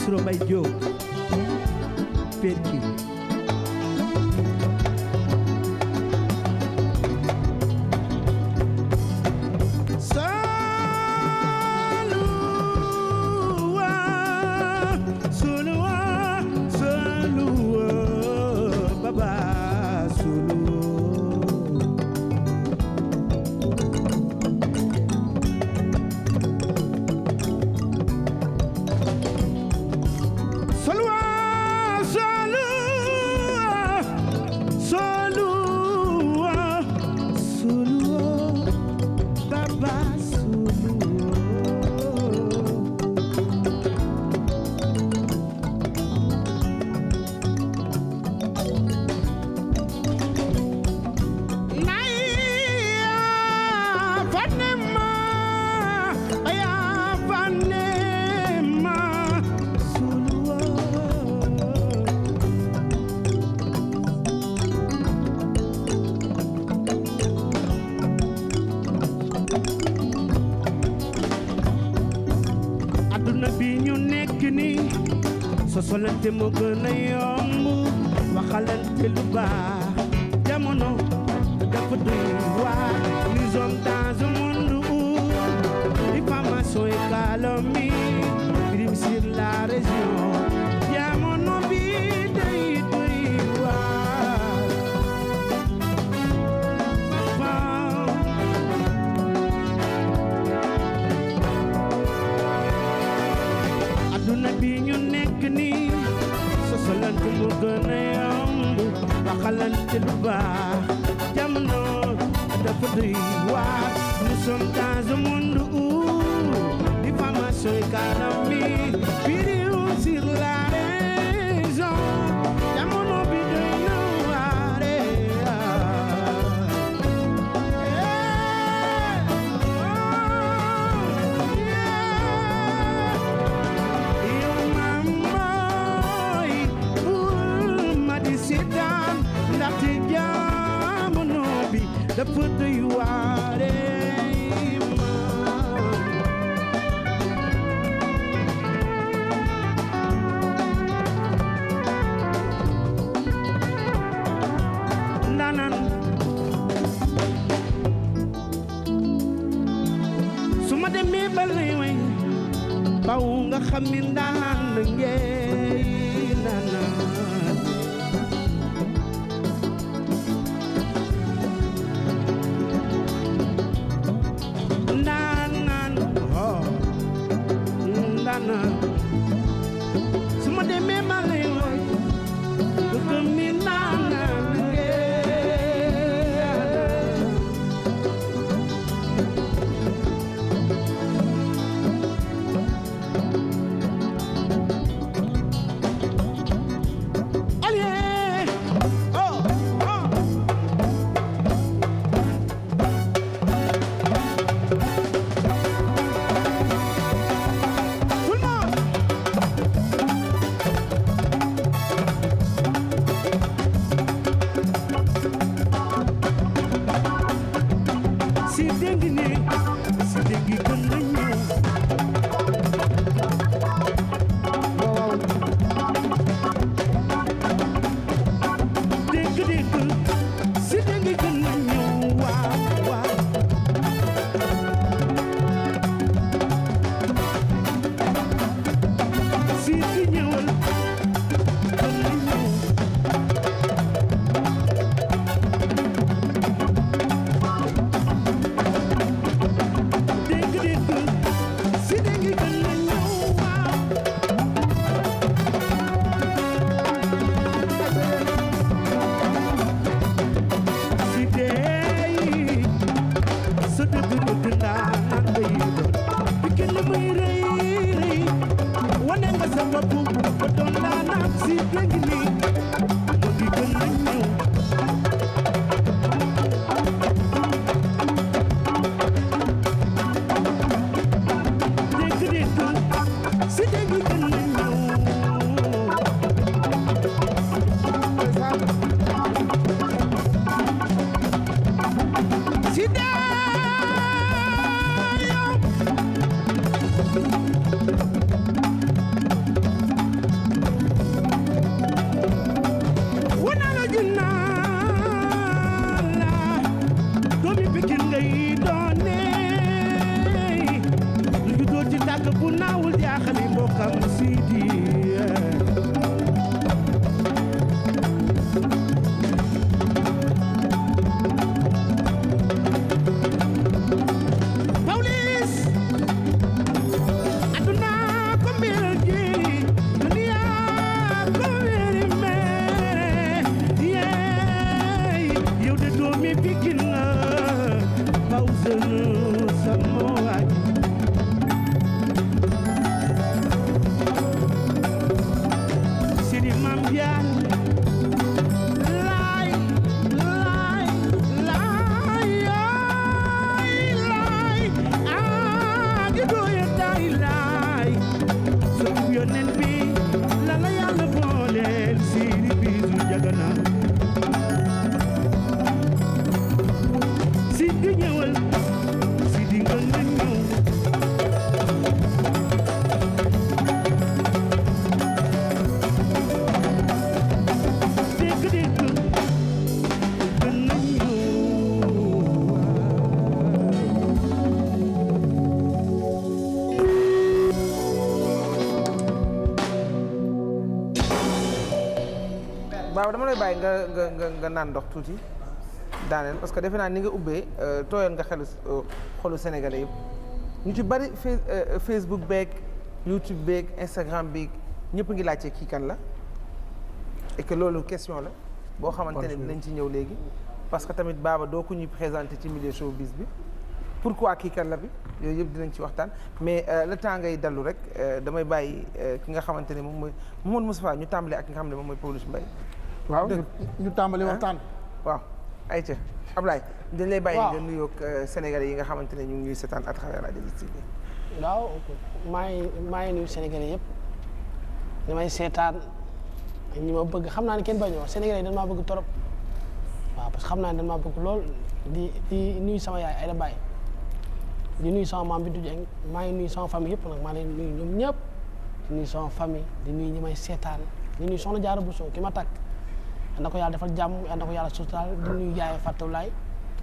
Isro Bay Diop adduna bi ñu nekk ni sosolante moo gën a yomb waxalante lu baax jamono dafa doy waar nous sommes dans un monde où diffamation et calomnie rime sur la région gën a yomb waxalante lu baax jamono dafa doy waar nous sommes dans un monde dafa doy waare nanan su ma demee ba lay way baw nga xam ni ndaan ngeen Baba dama lay bàyyi nga nga nga nga naan ndox tuuti daaneel parce que defe naa ni nga ubbee euh, tooyoon nga xelu euh, xolu sénégalais yëpp ñu ci bari euh, Facebook beeg YouTube beeg Instagram bi ñëpp ngi laajte kii kan la et loolu question la boo xamante ne nañ ci ñëw léegi parce que tamit baaba doo ko ñuy présenté ci milieu showbiz bi pourquoi kii kan la bi yooyu yëpp dinañ ci waxtaan mais le temps ngay dallu rek damay bàyyi ki nga xamante ni moom mooy Mamadou Moustapha ñu tàmbalee ak ki nga xam moom mooy Pawlish Mbaye waaw ñu tàmbali ah. waxtaan. waaw ayca Ablaye. waaw dañ lay bàyyi nga nuyoog euh, Sénégalais yi nga xamante ne ñu ngi seetaan à travers la DGTV. waaw maa ngi maa ngi nuyu Sénégalais yëpp damay seetaan ñi ma bëgg xam naa ne kenn bañoo Sénégalais dañ maa bëgg torop waaw parce que xam naa ne dañ maa bëgg lool di di nuyu sama yaay Ayda Baye di nuyu sama maam Bintu Dieng maa ngi nuyu sama famille yëpp nag maa leen nuyu ñoom ñëpp di nuyu sama famille di nuyu ñi may seetaan di nuyu soxna Diarra Bousso ki ma takk. yal na ko yàlla defal jàmm yal na ko yàlla suturaal di nuyu yaay Fatulaay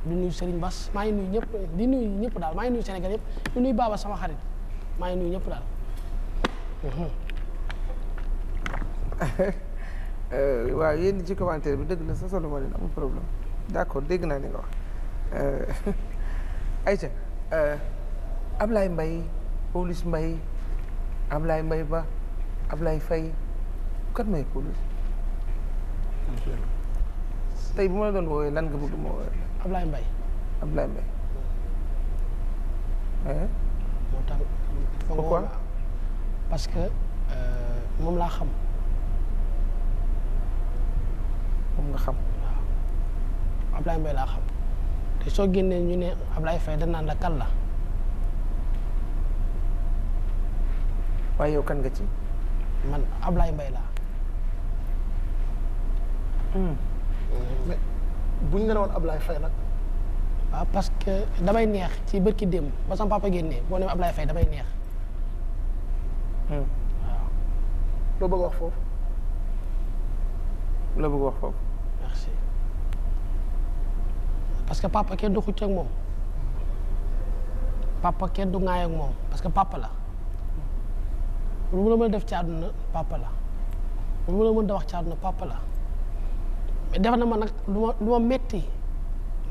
di nuyu Serigne Bass maa ngi nuyu ñëpp di nuyu ñëpp daal maa ngi nuyu Sénégal yëpp di nuyu Baba sama xarit maa ngi nuyu ñëpp daal. Euh, waaw yéen ci commentaire bi dëgg na sa solo ma leen amul problème d'accord dégg naa ni nga wax euh, Aïcha euh, Ablaye Mbaye Pawlish Mbaye Ablaye Mbaye Ba Ablaye Faye kat may Pawlish tey bu ma la doon woowee lan nga bëgg ma woowee. Ablaye Mbaye. Ablaye eh? moo tax. pourquoi parce que euh, moom laa xam. moom nga xam. waaw Ablaye Mbaye laa xam te soo génnee ñu ne Ablaye Faye da naan la kan la. waaye yow kan nga ci. man Ablaye Mbaye laa. Hmm. mais bu ñu ne woon Ablaye Faye nag. waaw ah, parce que damay neex ci bërki démb ba sama papa génnee boo nee Ablaye Faye damay neex. Hmm. waaw. loo bëgg wax foofu. loo bëgg wax foofu. merci parce que papa kenn du xucc ak moom. papa kenn du ŋaay ak moom parce que papa la. lu mu la mën a def ci àdduna papa la. lu mu la mën a wax ci àdduna papa la. mais def na ma nag lu ma lu ma metti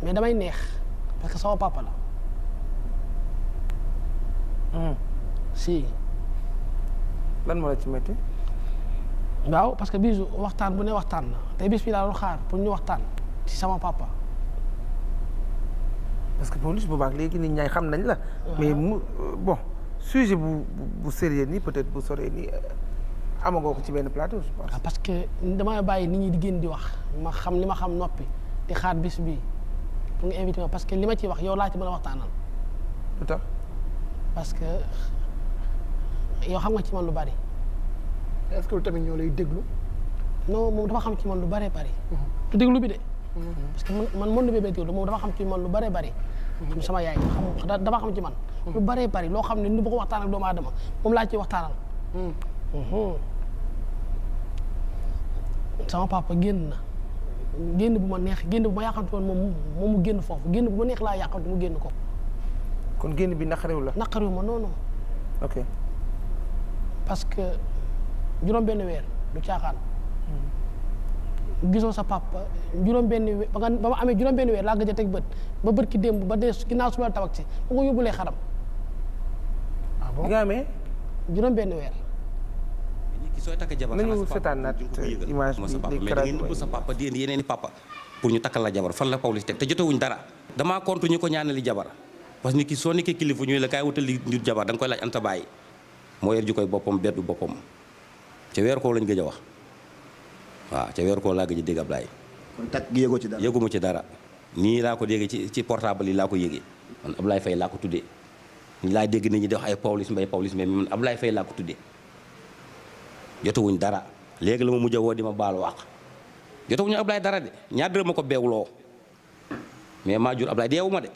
mais damay neex parce que sama papa la. Hmm. si. lan moo la ci metti waaw parce que bisu waxtaan bu ne waxtaan na te bis bi laa doon xaar pour ñu waxtaan ci sama papa. parce que police bu baax léegi nit ñaay xam nañ la. mais mu bon sujet bu bu sérieux nii peut-être bu soree nii. amagoo ko ci benn plateau je pense. Ah, parce que damay bàyyi nit ñi di génn di wax ma xam li ma xam noppi di xaar bis bii nga invité ma parce que li ma ciy wax yow laa ci mën a waxtaanal. parce que yow xam nga ci man lu bari. est-ce que lay déglu. non xam ci man lu bari bari. Mm-hmm. du bi de. Mm-hmm. parce que man man monde bébé xam ci man lu bari bari. xam mm-hmm. sama yaay xam dafa xam ci man. lu bari bari loo xam ne ni bu ko waxtaan ak doomu aadama moom laa ciy waxtaanal. sama papa génn na génn bu ma neex génn bu ma yàqante woon moom moom mu génn foofu génn bu ma neex laa yàqante mu génn ko. kon génn bi naqarew la. naqarew ma non non. ok que juróom benn weer du caaxaan. gisoo sa papa juróom benn ba ba ma amee juróom benn weer laa gëj a teg bët ba bët ki démb ba dee ginnaaw su ma la tabax ci ba ko yóbbulee xaram. ah nga amee. juróom benn weer. sooy takk jabar nañu seetaanaat image bi mais da ngay nëbb sa papa di indi yeneen i papa pour ñu takkal la jabar fan la Pawlish teg te jotewuñ dara damaa compte ñu ko ñaanali jabar parce que ki soo nekkee kilifa ñuy la kaay wutali jabar da koy laaj anta bàyyi moo yor ji koy boppam beddu boppam ca weer koo lañ gëj a wax waaw ca weer koo laa gëj a dégg Ablaye kon takk gi yëgoo ci dara yëguma ci dara nii laa ko déggee ci ci portable yi laa ko yëgee man laay Faye laa ko tuddee laa dégg nit ñi di wax ay Pawlish Mbaye Pawlish Mbaye man Ablaye Faye laa jotewuñ dara léegi la ma mujj woo di ma baalu wax jotewuñu Ablaye dara de ñaar ma ko beewloo mais maa jur Ablaye deewu ma de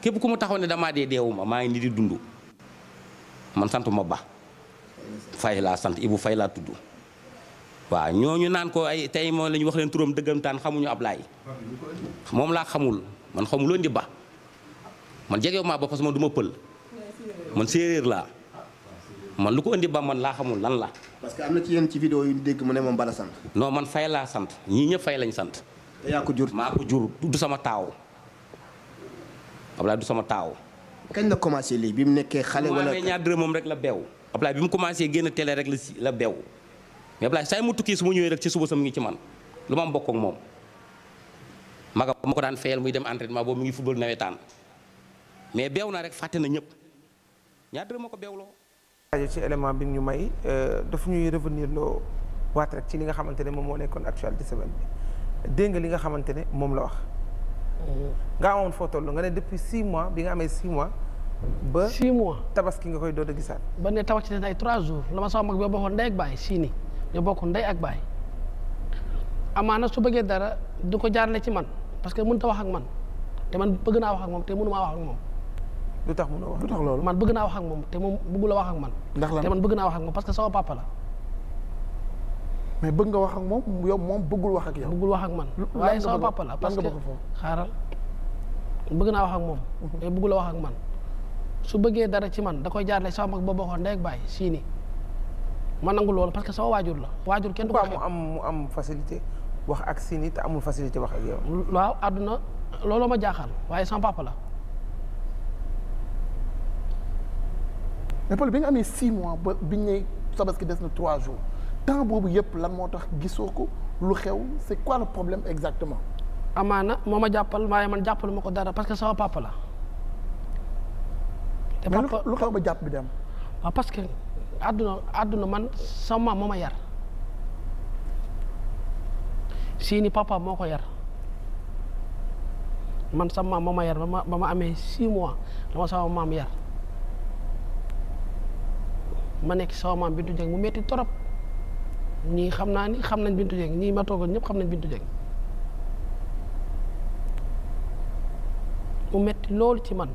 képp ku mu taxaw ne dama dee deewu ma maa ngi nii di dund man sant ma ba fay laa sant Ibou fay laa tudd waaw ñooñu naan ko ay tey moo la wax leen turam dëggantaan xamuñu Ablaye moom laa xamul man xamu loon di ba man jegew ba parce man du ma pël man séeréer laa man lu ko indi ba man laa xamul lan la parce que am na ci yéen ci vidéo yu dégg mu ne moom bala sant. non man fay laa sant ñii ñëpp fay lañ sant. te ko jur maa ko jur du sama taaw Ablaye du sama taaw. kañ la commencé lii bi mu nekkee xale. wala bu ñaar dërëm moom rek la beew. Ablaye bi mu commencé génn télé rek la si la beew mais Ablaye saa mu tukki su ma ñëwee rek ci suba sam ngi ci man lu ma am bokk ak moom. maga ma ko daan fayal muy dem entraînement boobu mu ngi football nawetaan mais beew na rek fàtte na ñëpp ñaar dërëm ma ko beewloo. rajo ci élément bi ñu may euh, daf ñuy revenir loo waat rek ci li nga xamante ne moom moo nekkoon actualité semaine bi dégg nga li nga xamante ne moom la wax mm-hmm. nga amoon foo toll nga ne depuis six mois bi nga amee six mois ba six mois tabaski nga koy doon a gisaat ba ne ci ne ay trois jours la ma sama mag bi bokkoon ndey ak baay sii ni ñu bokk ndey ak baay amaana su bëggee dara du ko jaarale ci man parce que mënut a wax ak man te man bëgg naa wax ak moom te mënumaa wax ak moom lu tax mun a tax loolu man bëgg naa wax ak moom te moom bëggul a wax ak man. ndax lan te man bëgg naa wax ak moom parce que sama mais bëgg nga wax ak moom yow moom bëggul wax ak yow. bëggul wax ak man waaye sama papa parce que xaaral bëgg naa wax ak moom. mais bëggul wax ak man su bëggee dara ci man dakoy jaar jaarale sama mag ba bokkoon ndey ak baay sii nii nangu loolu parce que sama waajur la waajur kenn du ko mu am mu am facilité wax ak sii nii te amul facilité wax ak yow. waaw àdduna looloo ma jaaxal waaye sama la. mais bi nga amee six mois ba biñ ne tabaski des na trois boobu yëpp lan moo tax gisoo ko lu xew c'est quoi le problème exactement. moo ma jàppal man jàppalu ma ko dara parce que sama papa lu xew ba jàpp bi dem. parce que àdduna àdduna man sama maam moo ma yar sii ni papa moo ko yar man sama maam moo ma yar ba ma amee six mois dama sama maam yar. ma nekk sama maam Bintu Dieng mu metti torop ñii xam naa ni xam nañ Bintu Dieng ñii ma toogoon ñëpp xam nañ Bintu Dieng mu metti loolu ci man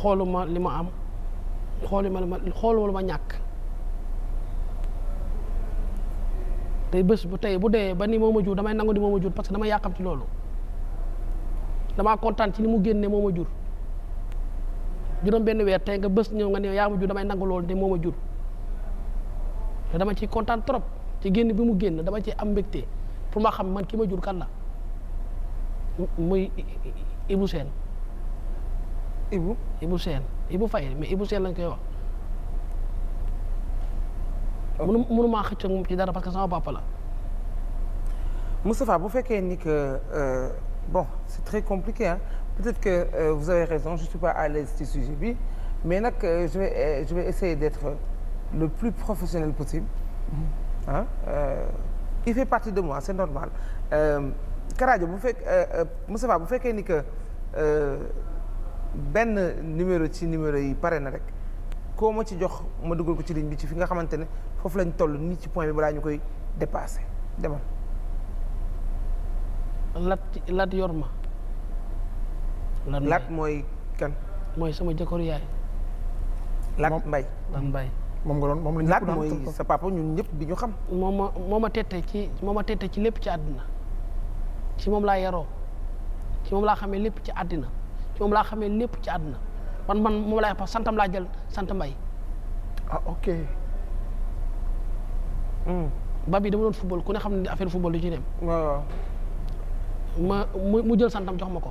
xooluma li ma am xooluma li ma xooluma li ma ñàkk tey bés bu tey bu dee ba ni moo a jur damay nangu ni moo ma jur parce que dama yàqam ci loolu damaa kontaan ci li mu génnee moom ma jur juróom benn weer tey nga bës ñëw nga ne yaa ma jur damay nangu loolu ne moo ma jur te dama ciy kontaan trop ci génn bi mu génn dama ci am mbégte pour ma xam man kii ma jur kan la muy Ibou Sène Ibou Ibou Sène Ibou Faye mais Ibou Sène lañ koy wax mënu mënu maa xëcc moom ci dara parce que sama papa la Moustapha bu fekkee ni que euh, bon c'est très compliqué hein peut-être que euh, vous avez raison je pas à l'aise ci sujet bi mais nag euh, je vais euh, d'être le plus professionnel possible ah il fait partie de moi c'est normal euh, Karajo bu fekk Moustapha bu fekkee ni que benn numéro ci numéro yi pare na rek koo ma ci jox ma dugal ko ci ligne bi ci fi nga xamante ne foofu lañ toll nii ci point bi balaa ñu koy dépasser demal. Lat Lat Yorma. Lat mooy kan. mooy sama jëkkëru yaay. Lat Mbaye Lat Mbaye moom nga doon moom la Lat mooy sa papa ñun ñëpp bi ñu xam. moom ma moo ma tette ci moo ma tette ci lépp ci àddina ci moom laa yaroo ci moom laa xamee lépp ci àddina ci moom laa xamee lépp ci àddina man man moom laa wax santam laa jël sant mbay ah ok. Hmm. bi dama doon football ku ne xam ne affaire football du ci dem. waaw. ma mu jël santam jox ma ko.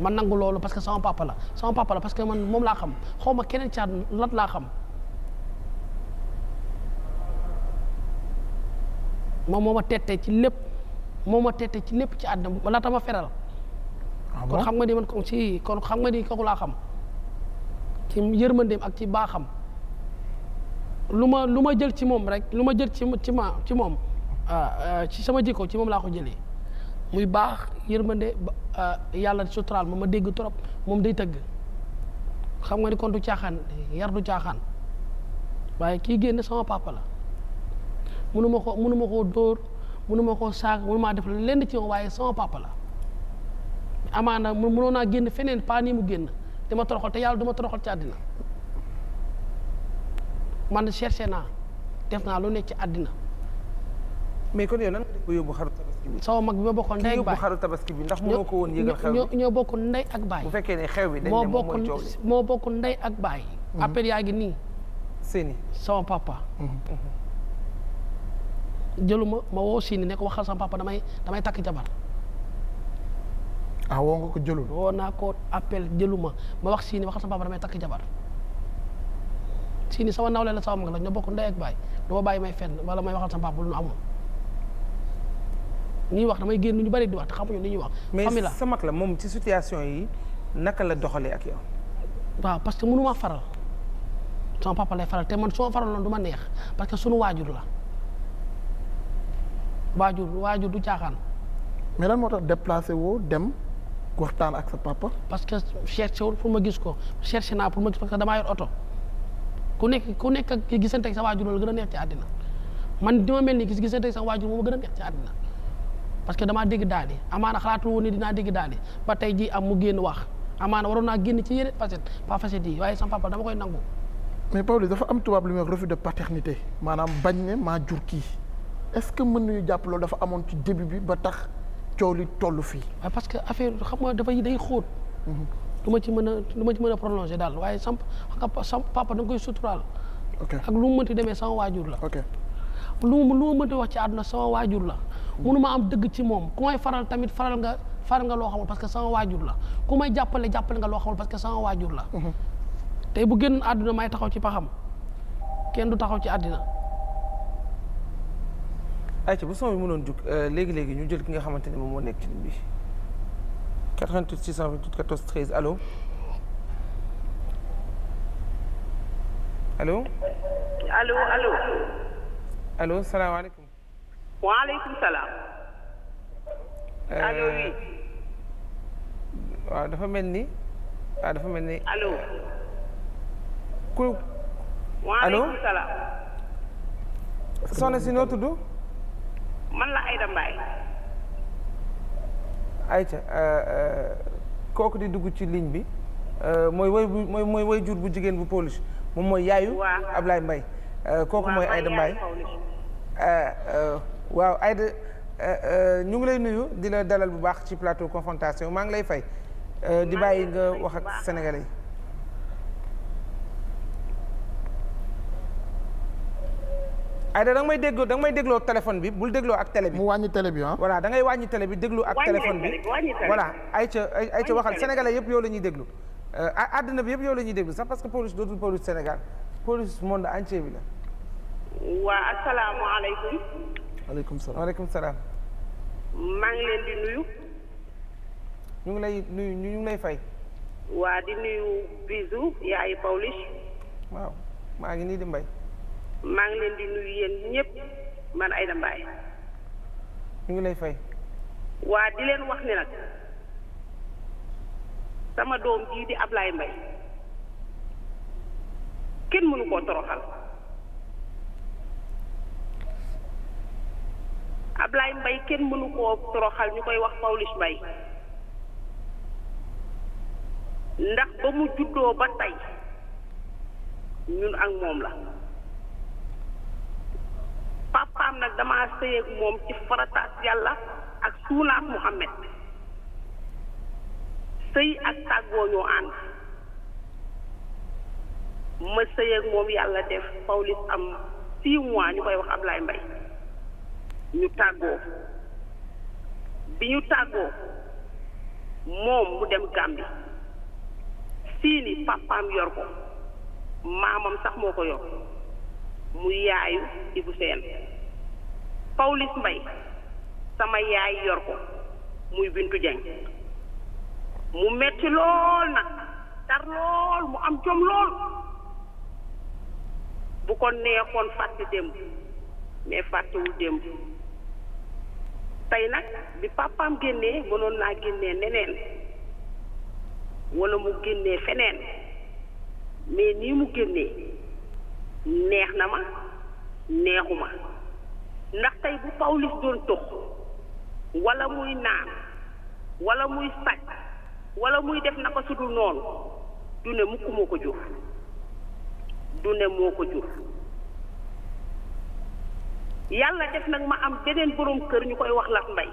man nangu loolu parce que sama papa la sama papa parce que man moom laa xam xaw ma keneen caat lat laa xam moom moo ma tettee ci lépp moo ma tettee ci lépp ci àdduna laata ma feral ah kon xam nga ni man ko ci kon xam nga ni kooku laa xam ci yërmandeem ak ci baaxam lu ma lu ma jël ci moom rek lu ma jël ci ci ma ci moom ah, ah, ci sama jikko ci moom laa ko jëlee muy baax yërmande ah, yàlla suturaal ma ma dégg trop moom day tëgg xam nga ni kon du caaxaan yar du caaxaan waaye kii génn sama papa la mënuma ko mënuma koo dóor mënuma koo saag mënuma def leen di ci waaye sama papa la amaana mënoon naa génn feneen pas mu génn dama toroxal te yàlla duma toroxal ci àddina man cherché naa def naa lu nekk ci àddina mais ko yóbbu sama mag bi ma bokkoon ndey ak baay xaru tabaski bi ko woon yëgal xew bi ñoo bokk ndey ak baay bu fekkee ne xew bi dañ ne moo bokk ndey ak baay mhm. appel yaa ngi nii seeni sama papa mhm. Mhm. jëluma ma woo Sini nekk waxal sama papa damay damay takk jabar ah woo nga ko jëlul woo naa appel jëluma ma wax Sini waxal sama papa damay takk jabar Sini sama nawle la sama mag la ñoo bokk ndey ak baay du ma may fenn wala may waxal sama papa lu nu amul ñuy wax damay génn ñu bari di wax te xamuñu li ñuy wax. mais sa mag la moom ci situation yi naka la doxalee ak yow. waaw parce que mënu ma faral sama papa lay faral te man soo faraloon du ma neex parce que sunu waajur la waajur waajur du jaaxaan mais lan moo tax déplacé woo dem waxtaan ak sa papa. parce que cherché wul pour ma gis ko cherché naa pour ma gis parce que damaa yor oto ku nekk ku nekk ak gisante sa waajur loolu gën a neex ci àddina man ma mel ni gis gisante ak sa waajur gën a ci àddina. parce que damaa dégg daal di amaana xalaatul woon ni dinaa dégg daal di ba tey jii am mu génn wax amaana waroon naa génn ci yeneen facette pas facette yi waaye sama papa dama koy nangu. mais Pawlish dafa am tubaab lu ñuy wax refus de paternité maanaam bañ ne maa jur kii est-ce que mën nañu jàpp dafa amoon ci début bi ba tax coow li toll fii. waaw parce que affaire xam nga dafa day xóot. Mhm. du ma ci mën a du ma ci mën a prolonger daal waaye sam sam papa da nga koy suturaal. ak lu mu mënti demee sama waajur la. ok lu mu lu mu mënti wax ci àdduna sama waajur la. munuma am dëgg ci moom ku may faral tamit faral nga faral nga loo xamul parce que sama waajur la ku may jàppale jàppale nga loo xamul parce que sama waajur la mhm. tey bu génn àdduna may taxaw ci paxam kenn du taxaw ci àddina ayca bu son bi mënoon jug euh, léegi-léegi ñu jël ki nga xamante ne moom moo nekk ci ligne bi 88 628 alo alo allo allo allo allo allo salaamaaleykum waaleykum salaam. Euh, waaw dafa mel ni. waaw dafa mel ni. allo. ku. allo si noo tudd. man la Aïda Mbaye. Aïcha euh, euh, kooku di dugg ci ligne bi mooy woy bu mooy mooy woy jur bu jigéen bu Pawlish moom mooy yaayu. waaw Ablaye Mbaye kooku mooy Aïda Mbaye. waaw Aïda euh, euh, ñu ngi lay nuyu di la dalal bu baax ci plateau confrontation maa ngi lay fay. Euh, di bàyyi nga wax ak sénégalais yi. Aïda da nga may dégloo da nga may dégloo téléphone bi bul dégloo ak télé bi. mu wàññi télé bi ah. voilà da ngay wàññi tele bi déglu ak. téléphone bi voilà ay Aïcha waxal sénégalais yëpp yow la ñuy déglu. àddina bi yëpp yow la ñuy déglu sax parce que police dootul police senegal police monde entier bi la. waa asalaamaaleykum. waaleykum salaam waaleykum salaam. maa ngi leen di nuyu. ñu ngi lay nuyu ñu ngi lay fay. waa di nuyu bisu yaayu Pawlish. waaw maa ngi nii di mbay. maa ngi leen di nuyu yéen ñëpp man Aïda Mbaye. ñu ngi lay fay. waa di leen wax ne nag sama doom jii di Ablaye Mbaye kenn mënu koo toroxal. Ablaye Mbaye kenn mënu koo toroxal ñu koy wax Pawlish Mbaye ndax ba mu juddoo ba tey ñun ak moom la papaam nag damaa sëy ak moom ci farataas yàlla ak suunaas Muhammad sëy ak tàggoo ñoo ànd ma sëy ak moom yàlla def Pawlish am six mois ñu koy wax Ablaye mbay ñu tàggoo bi ñu tàggoo moom mu dem Gàmbi siini papaam yor ko maamam sax moo ko yor mu yaayu Ibou Sène Pawlish Mbaye sama yaay yor ko muy Bintu Dieng mu metti lool nag tar lool mu am jom lool bu ko neexoon fàtte démb mais fàttewul démb tey nag bi papaam génnee mënoon naa génnee neneen walla mu génne feneen mais nii mu génne neex na ma neexu ma ndax tey bu Pawlish doon tux wala muy naan wala muy sàcc wala muy def naka su dul noonu du ne mukk moo ko jur du ne moo ko jur yàlla def nag ma am beneen boroom kër ñu koy wax Lat Mbay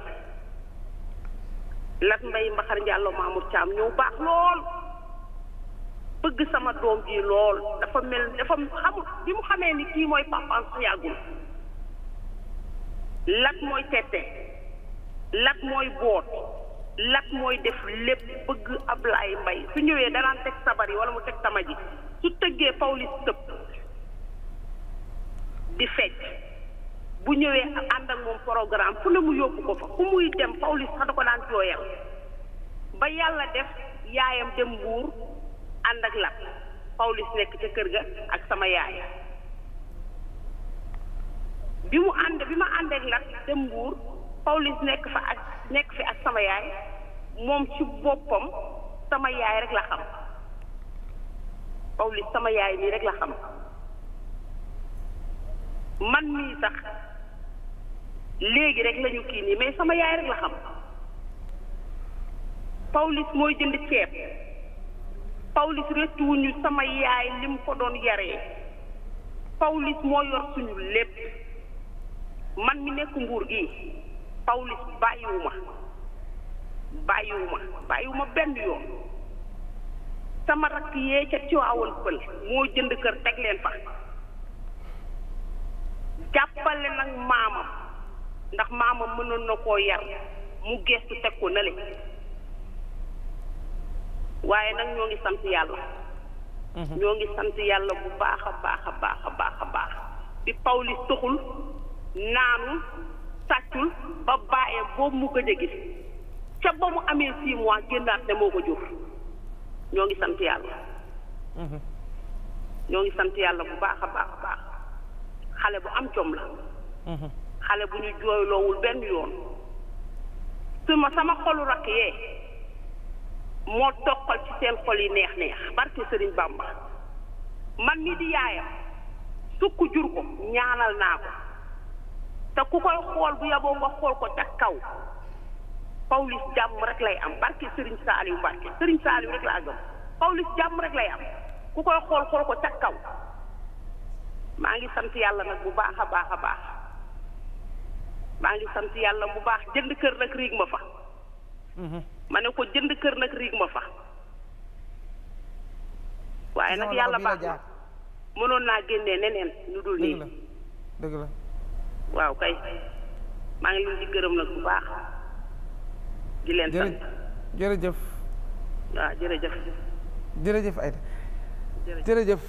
Lat Mbay Mbaxar Njàllo Mamour Thiam ñëw baax lool bëgg sama doom ji lool dafa mel dafa xamul bi mu xamee ni kii mooy papaam su yàggul Lat mooy tette Lat mooy boot Lat mooy def lépp bëgg Ablaay Mbay su ñëwee danaan teg sabar yi wala mu teg sama ji su tëggee Pawlish tëb di fecc bu ñëwee ànd ak moom programme fu ne mu yóbbu ko fa ku muy dem Pawlish sax da ko daan jooyal ba yàlla def yaayam dem mbuur ànd ak Lat Pawlish nekk ca kër ga ak sama yaay bi mu ànd bi ma ànd ak Lat dem mbuur Pawlish nekk fa ak nekk fi ak sama yaay moom ci boppam sama yaay rek la xam Pawlish sama yaay nii rek la xam man mii sax léegi rek lañu kii nii mais sama yaay rek la xam Pawlish mooy jënd ceeb Pawlish rettuwuñu sama yaay lim ko doon yaree Pawlish moo yor suñu lépp man mi nekk mbuur gi Pawlish bàyyiwuma bàyyiwuma bàyyiwuma benn yoon sama rakk yee ca Tiwaawan pël moo jënd kër teg leen fa jàppale nag maamam ndax maamam mënoon na koo yar mu gestu teg ko nale waaye nag ñoo ngi sant yàlla mhm. ñoo ngi sant yàlla bu baax a baax a baax a baax a baax bi li toxul naanu sàccul ba bàyyee boobu mu gëj a gis ca ba mu amee six mois génnaat ne moo ko jur ñoo ngi sant yàlla mhm. ñoo ngi sant yàlla bu baax a baax a baax xale bu am jom la mhm. xale bu ñu jooyloowul benn yoon su ma sama xolu rakk yee moo toqal ci seen xol yi neex neex barke sëriñ Bàmba man mi di yaayam sukk jur ko ñaanal naa ko te ku koy xool bu yaboo nga xool ko ca kaw Pawlish jàmm rek lay am barke sëriñ Saaliw Mbàkke sëriñ Saaliw rek laa gëm Pawlish jàmm rek lay am ku koy xool xool ko ca kaw maa ngi sant yàlla nag bu baax a baax a baax maa ngi sant yàlla bu baax jënd kër nag riig ma fa mhm. ma ne ko jënd kër nag riig ma fa waaye nag yàlla baax na mënoon naa génnee neneen lu dul nii dëgg la waaw kay maa ngi leen di gërëm nag bu baax di leen sant jërëjëf waaw jërëjëf jërëjëf Aïda jërëjëf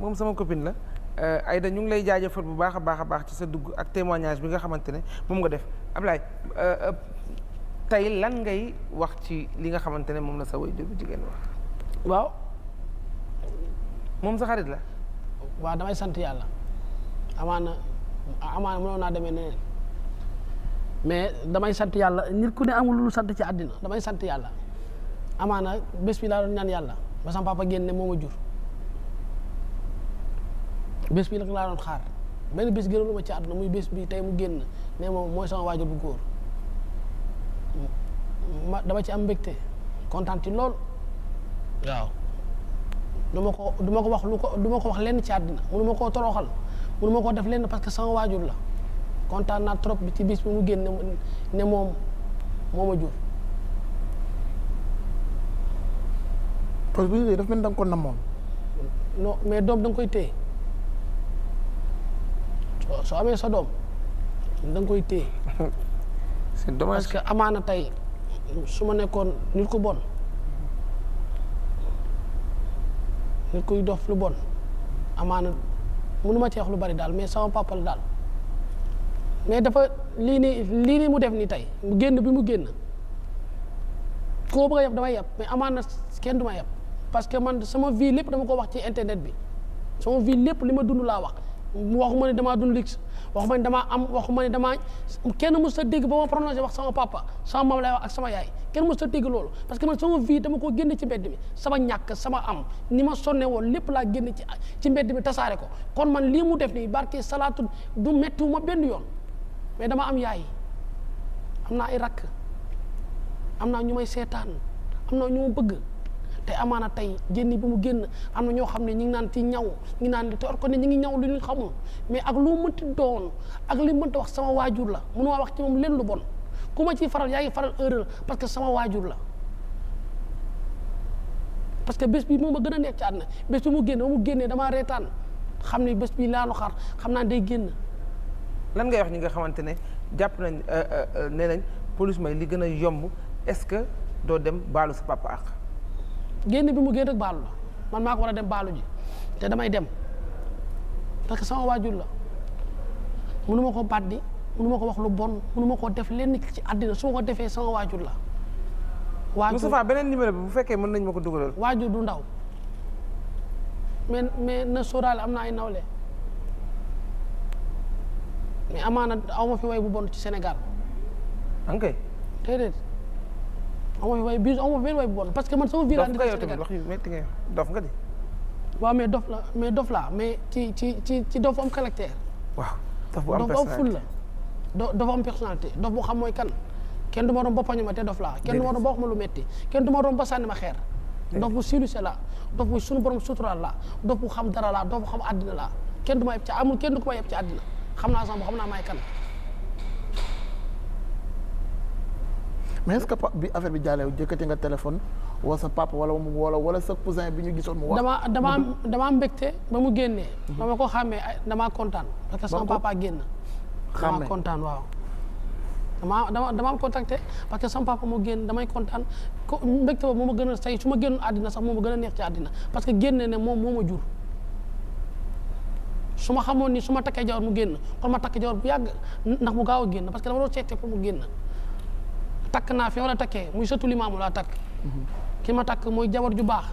moom sama copine la Euh, ay da ñu ngi lay jaajëfal bu baax a baax a baax ci sa dugg ak témoignage bi nga xamante ne moom nga def Ablaye euh, euh, tey lan ngay wax ci li nga xamante ne moom la sa waajur bu jigéen wax. waaw. moom sa xarit la. waaw damay sant yàlla. amaana amaana mënoon naa demee neneen mais damay sant yàlla nit ku ne amul lu sant ci àddina damay sant yàlla. amaana bés bi laa doon ñaan yàlla ba sama papa génne moo ma jur. bés bi nag laa doon xaar benn bés gënalu ma ci àdduna muy bés bi tey mu génn ne moom mooy sama waajur bu góor ma dama ci am mbégte kontaan ci lool waaw du ko duma ko wax lu ko duma ko wax lenn ci àddina mënu ma koo torooxal mënu ma koo def lenn parce que sama waajur la kontaan naa trop bi ci bis bi mu génn ne moom moo ma jur. projet bi daf mel ni da nga ko namoon. non mais doom da koy téye. soo amee sa doom danga koy téye. c'est dommage parce que amaana tey su ma nekkoon nit ku bon nit kuy dof lu bon amaana mënu ma ceex lu bari daal mais sama papa daal mais dafa lii nii lii nii mu def nii tey mu génn bi mu génn koo bëgg a yab damay yab mais amaana kenn du ma yab parce que man sama vie lépp dama ko wax ci internet bi sama vie lépp li ma dund laa wax. waxuma ne damaa dund luxe waxuma ne damaa am waxuma ne damaa kenn mës sa dégg ba ma prononcé wax sama papa sama maam lay wax ak sama yaay kenn mës a dégg loolu parce que man sama vie dama ko génne ci bedd mi sama ñàkk sama am ni ma sonne woon lépp laa génne ci ci mbedd mi tasaare ko kon man lii mu def nii barke salaatu du méttiwu ma benn yoon mais dama am yaay am naa ay rakk am naa ñu may seetaan am naa ñu ma bëgg te amaana tey génn bi mu génn am na ñoo xam ne ñi ngi naan ci ñaw ñi naan li te or ko ne ñi ngi ñaw lu ñu xamul mais ak lu mënti doon ak li mënta wax sama waajur la mënuma wax ci moom leen lu bon ku ma ciy faral yaa ngi faral erreur parce que sama waajur la parce que bés bi moom ma gën a nekk ci àdduna bés bi mu génn mu génnee damaa reetaan xam ne bés bi laanu xaar xam naa day génn lan ngay wax ñi nga xamante ne jàpp nañ euh, euh, euh, nee nañ police may li gën a yomb est-ce que doo dem baalu sa papa ak génn bi mu génn rek baalu la man maa ko war a dem baalu ji te damay dem parce que sama waajur la mënu ma ko baddi mënu ma ko wax lu bon mënu ma koo def lenn ci àddina su ma ko defee sama waajur la. waajur Moustapha beneen numéro bi bu fekkee mën nañ ma ko dugalal. waajur du ndaw mais mais na sóoraale am na ay nawle mais amaana aw ma fi way bu bon ci Sénégal. ok déedéet. amul way biis amul benn way bu bon parce que man sama vie nga yow tamit dof nga di. waaw mais dof la mais dof laa mais ci ci ci ci dof am caractère. waaw dof bu am personnalité dof bu la. do dof am personnalité dof bu xam mooy kan kenn du ma doon ba poñ ma te dof laa. kenn du ma doon ba kenn du ma doon ba sànni ma xeer. dof bu silusé laa dof bu suñu borom suturaal la dof bu xam dara laa dof bu xam àddina la kenn du ma yeb ci amul kenn du ko ma yeb ci àddina xam naa sama xam naa maay kan. mais est-ce que pa bi affaire bi jàllee jëkkati nga téléphone wala sa papa wala wala wala sa cousin bi ñu gisoon mu wax damaa damaa damaa mbégte ba mu génnee mhm. ba ma ko xàmmee damaa kontaan parce que sama papa génn kontaan waaw damaa dama damaa am contacté parce que sama papa génn damay kontaan ko mbégte ba moo ma gën a say su ma génnoon àddina sax moom ma gën neex ci àddina parce que génnee ne moom moom ma jur su ma xamoon ni su ma takkee jawar mu génn kon ma takk jawar bu yàgg ndax mu gaaw a génn parce que dama doon seetee pour mu génn takk naa fi war a takkee muy sëtu limaamu laa takk ki ma takk mooy jabar ju baax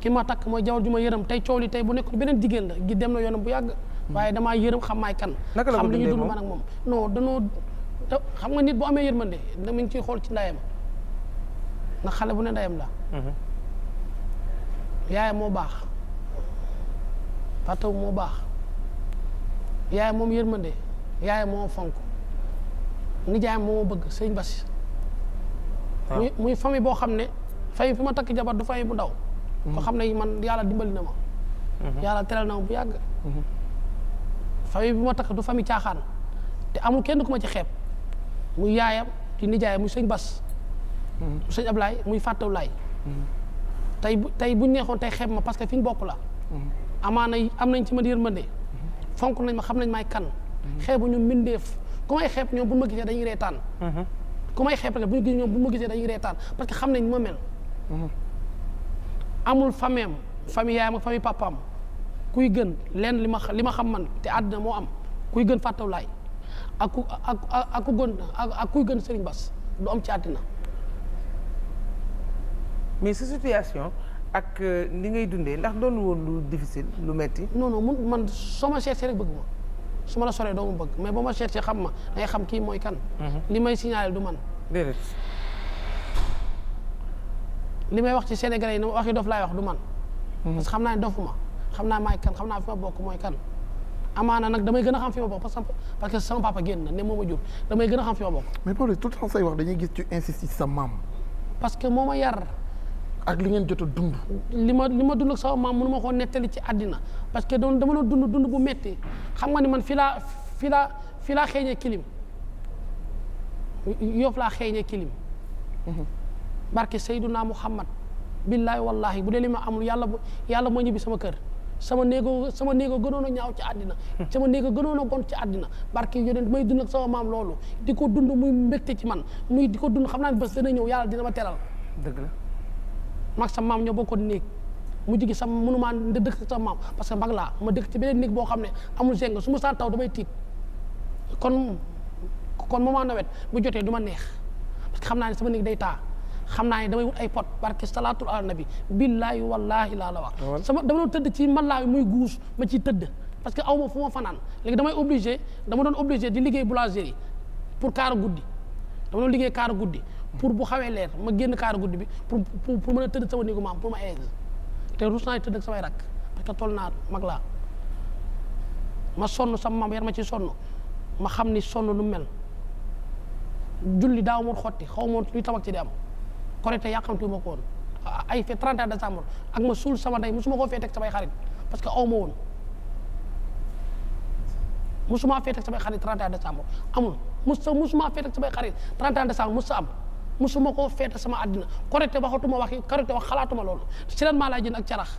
ki ma takk mooy jabar ju ma yërëm tey coow li tey bu nekkoon beneen jigéen la gi dem na yoonam bu yàgg waaye damaa yërëm xam maay kan xam li ñu dund man ak moom non danoo xam nga nit bu amee yërmande da mu ngi ciy xool ci ndayam ndax xale bu ne ndayam la mhm. yaayam moo baax pataw moo baax yaayam moom yërmande yaayam moo fonk nijaayam moo bëgg sëñ Bas. Ah. muy muy famille boo xam ne famille fi ma takk jabar du famille bu ndaw. Mhm. ko xam ne man yàlla dimbali na ma. Mhm. yàlla teral na ma bu yàgg. Mhm. famille bi ma takk du fami caaxaan te amul kenn ku ma ci xeeb mu yaayam di nijaayam muy sëñ Bas. mu sëñ Ablaay muy fàttaw laay tey bu tey buñ neexoon tey xeeb ma parce que fi ñu bokk la. amaana am nañ ci ma yërmande. fonk nañ ma xam nañ may kan. xeebu ñu mbindeef. ku may xeeb ñoom bu ma gisee dañuy reetaan. Mhm. ku may xeeb rek bu ñu ñoom bu ma gisee dañuy reetaan parce que xam nañ ma mel. Mhm. amul fameem famille yaayam ak famille papaam kuy gën lenn li ma li ma xam man te àddina moo am kuy gën fàttaw laay ak ku ak ak gën ak kuy gën Serigne Bass du am ci àddina. mais sa situation ak euh, ni ngay dundee ndax doon woon lu difficile lu metti noonu man soo ma cherché rek bëgg ma. su ma la soree doo ma bëgg mais ba ma cherché xam ma da ngay xam kii mooy kan. Mhm. li may signalé du man. déedéet. li may wax ci Sénégalais yi na waxi dof laay wax du man. Mhm. parce que xam naa ne dofuma xam naa maay kan xam naa fi ma bokk mooy kan. amaana nag damay gën a xam fi ma bokk parce que parce que papa génn na ne moo ma jur damay gën a xam fi ma bokk. mais Pawlish wax dañuy gis tu insistes sa maam. parce que moo ma yar. ak li ngeen jot dund. li ma li ma dund ak sama maam mënu ma koo nettali ci àddina parce que doon dama doon dund dund bu metti xam nga ni man fi laa fi laa fi laa xeeñee kilim yoof laa xeeñee kilim. Mm-hmm. barke Seyduna Muhammad billahi wallahi bu dee li ma amul yàlla bu yàlla moo ñibbi sama kër sama néegoo sama néego gënoon ñaaw ci àddina hmm. sama néego gënoon a bon ci àddina barke yonent may dund ak sama maam loolu di ko dund muy mbégte ci man muy di ko dund xam naa ne bés dana ñëw yàlla dina ma teral dëgg la mag sa maam ñoo bokkoon néeg mu jigi sa mënumaa dëkk sa maam parce que mag laa ma dëkk ci beneen néeg boo xam ne amul zeng su ma saan taw damay tiit kon kon moment nawet mu jotee du ma neex parce que xam naa ne sama néeg day taa xam naa ne damay wut ay pot barke salaatul ala nabi billaahi wallaahi laa la wax ah sama dama tëdd ci mallaa yi muy guus ma ciy tëdd parce que aw ma fu ma fanaan léegi damay obligé dama doon obligé di liggéey boulangerie pour kaar guddi dama doon liggéey kaar guddi pour bu xawee leer ma génn kaar guddi bi pour pour mën a tëdd sama néegu maam pour ma egg te rus naa tëdd ak samay rakk parce que toll naa mag laa ma sonn sama maam ma ci sonn ma xam ni sonn lu mel julli daa moon xotti xaw moon luy tabax ci di am korité yàqamtu ma ay fe 31 ak ma suul sama ndey musuma koo fee parce que aw ma woon musuma fee teg samay xarit 31 décembre amul musa sa fee teg samay xarit 31 am musuma koo feete sama àddina korite waxatuma waxi korite wax xalaatuma loolu ci lan maa laay jënd ak carax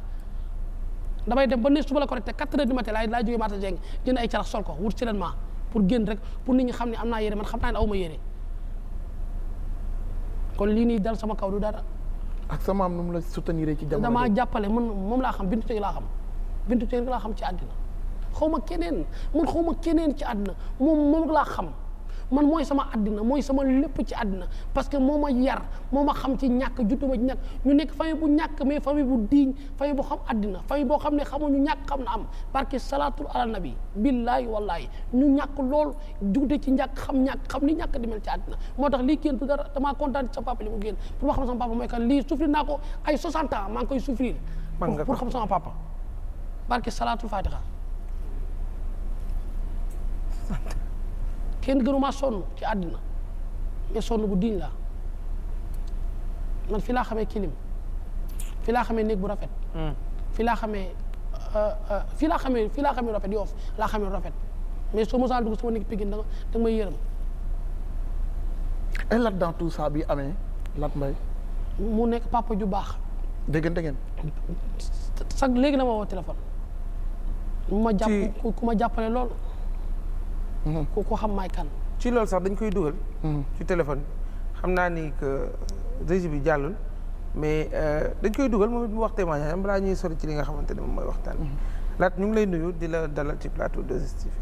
damay dem ba ne suba la korite quatre heures du matin laay laay jógee maata jeng jënd ay carax sol ko wut ci lan maa pour génn rek pour nit ñi xam ne am naa yére man xam naa ne aw ma kon lii nii dal sama kaw du dara. ak sama am nu mu la soutenir ci jamono damaa jàppale man moom laa xam bintu tey laa xam bintu tey laa xam ci àddina xaw ma keneen man xaw keneen ci àddina moom moom laa xam. man mooy sama àddina mooy sama lépp ci àddina parce que moo ma yar moo ma xam ci ñàkk judduma ci ñàkk ñu nekk famille bu ñàkk mais famille bu diiñ famille boo xam àddina famille boo xam ne xamuñu ñàkk xam na am parce que salaatul ala nabi billaahi wallaahi ñu ñàkk lool jude ci ñàkk xam ñàkk xam ni ñàkk di mel ci àddina moo tax lii génn du dara damaa kontaan ci sama papa li mu génn pour ma xam sama papa mooy kan lii souffrir naa ko ay 60 ans maa ngi koy souffrir pour xam sama papa barke salaatul fatiha kenn gënu sonn ci àddina mais sonn bu diñ la man fi laa xamee kilim fi laa xamee néeg bu rafet. Hmm. fii laa xamee euh, euh, fi laa xamee fi laa xamee rafet yoof laa xamee rafet mais soo mosaan dugg sama néeg Pikine da nga may yërëm. et Lat dans tout ça amee Lat Mbaye. mu nekk papa ju baax. déggante ngeen. sax léegi na ma woo téléphone. mu ma jàpp ku ma jàppale lool. Mhm. ku ko xam maay kan ci loolu sax dañ koy dugal mhm. ci téléphone xam naa ni que régie bi jàll mais euh, dañ koy dugal moom it mu wax témoignage am balaa ñuy sori ci li nga xamante ne moom mooy waxtaan mhm. laat ñu ngi lay nuyu di la dalal ci plateau 2STV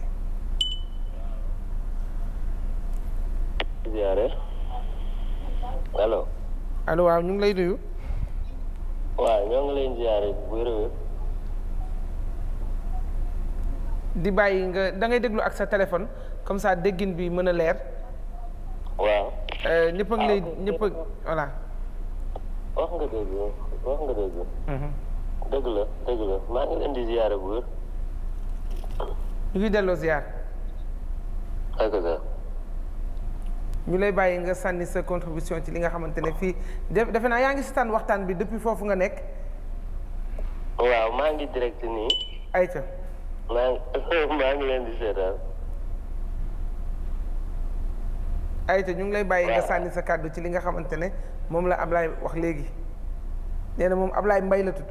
ziare allo waaw ñu ngi lay nuyu waaw ñoo ngi leen ziare bu wér di bàyyi nga dangay ngay déglu ak sa téléphone comme ça déggin bi mën a leer. waaw. Euh, ñëpp lay ah, ñëpp a voilà. wax nga dégg nga mhm. dëgg la dëgg la maa ngi leen di ziyaare bu ñu ngi delloo ziyaar. ñu lay bàyyi nga sànni sa contribution ci li nga xamante ne fii defe naa yaa ngi seetaan waxtaan bi depuis foofu nga nekk. waaw maa ngi direct nii. ayca. maa maa ngi leen di seetaan. ayta ñu ngi lay bàyyi nga sànni sa kàddu ci li nga xamante ne moom la Ablaye wax léegi nee na moom Ablaye mbay la tudd.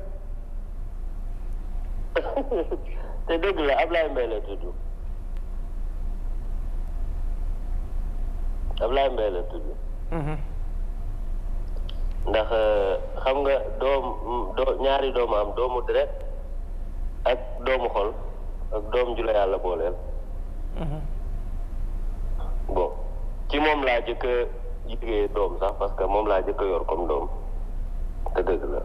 te dëgg la Ablaye Mbaye la tudd. Ablaye Mbaye la tudd. Mhm. ndax euh, xam nga doom mm, doo ñaari doomu am doomu deret ak doomu xol. ak doom jula yàlla booleel mhm. bon ci moom laa jëkk a doom sax parce que moom laa jëkk yor comme doom te dëgg la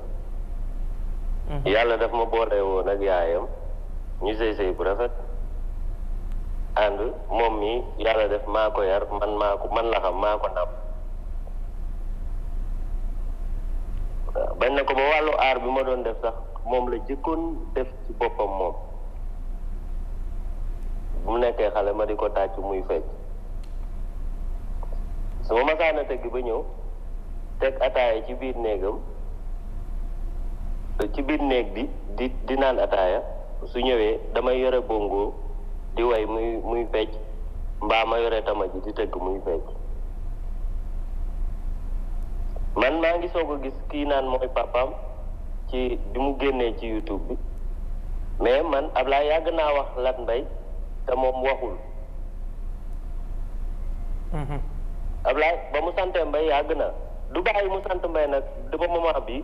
mhm. yàlla daf ma boole woon ak yaayam ñu sëy sëy bu rafet ànd moom mi yàlla def maa ko yar man maa ko man la xam maa ko nam bañ na ko ba wàllu aar bi ma doon def sax moom la jëkkoon def ci boppam moom bu mu nekkee xale ma di ko tàcc muy fecc su ma masaana tëgg ba ñëw teg ataaya ci biir néegam ci biir néeg bi di di naan ataaya su ñëwee dama yore bongo di way muy muy fecc mbaa ma yore tama ji di tëgg muy fecc man maa ngi soog a gis kii naan mooy papaam ci bi mu génnee ci YouTube bi mais man Ablaye yàgg naa wax Lat Mbaye te moom waxul. Mhm. Ablaye ba mu sante mbay yàgg na du bàyyi mu sant mbay nag ba moment bi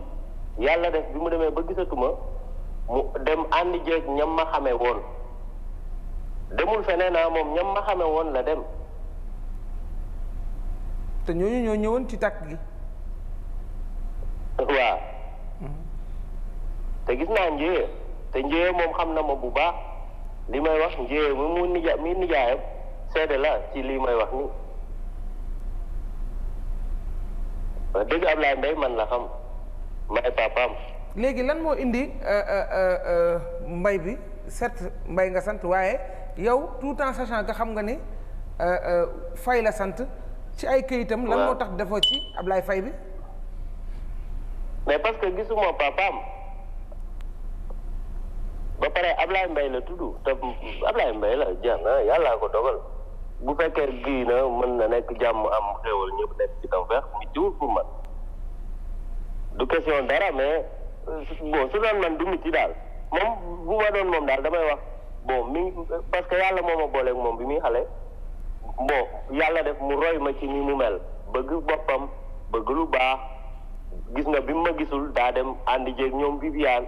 yàlla def bi mu demee ba gisatuma mu dem àndi jeeg ñam ma xamee woon demul feneen naa ah, moom ñam ma xamee woon la dem. te ñooñu ñoo ñëwoon ci tàkk gi. waaw. Mhm. te gis naa njëye te njëye moom xam na ma bu baax. li may wax njéeréer mi mu nija mi nijaayam seede la ci lii may wax nii wax dëgg Ablaye Mbaye man la xam may papaam léegi lan moo indi mbay bi set mbay nga sant waaye yow tout temps sachant nga xam nga ne euh, euh, fay la sant ci ay këyitam lan moo tax defoo ci Ablaye fay bi mais parce que gisuma papaam ba pare Ablaye Mbaye la tudd te Ablaye Mbaye la jeex na yàllaa ko dogal bu fekkee gii na mën na nekk jàmm am xéewal ñëpp nekk ci tawfeex mi jiwul pour man du question dara mais bon su doon man du mucc daal moom bu ma doon moom daal damay wax bon mi parce que yàlla moo ma booleeg moom bi muy xale bon yàlla def mu roy ma ci ni mu bëgg boppam bëgg lu baax gis nga bi mu ma gisul daa dem àndi jeeg ñoom Viviane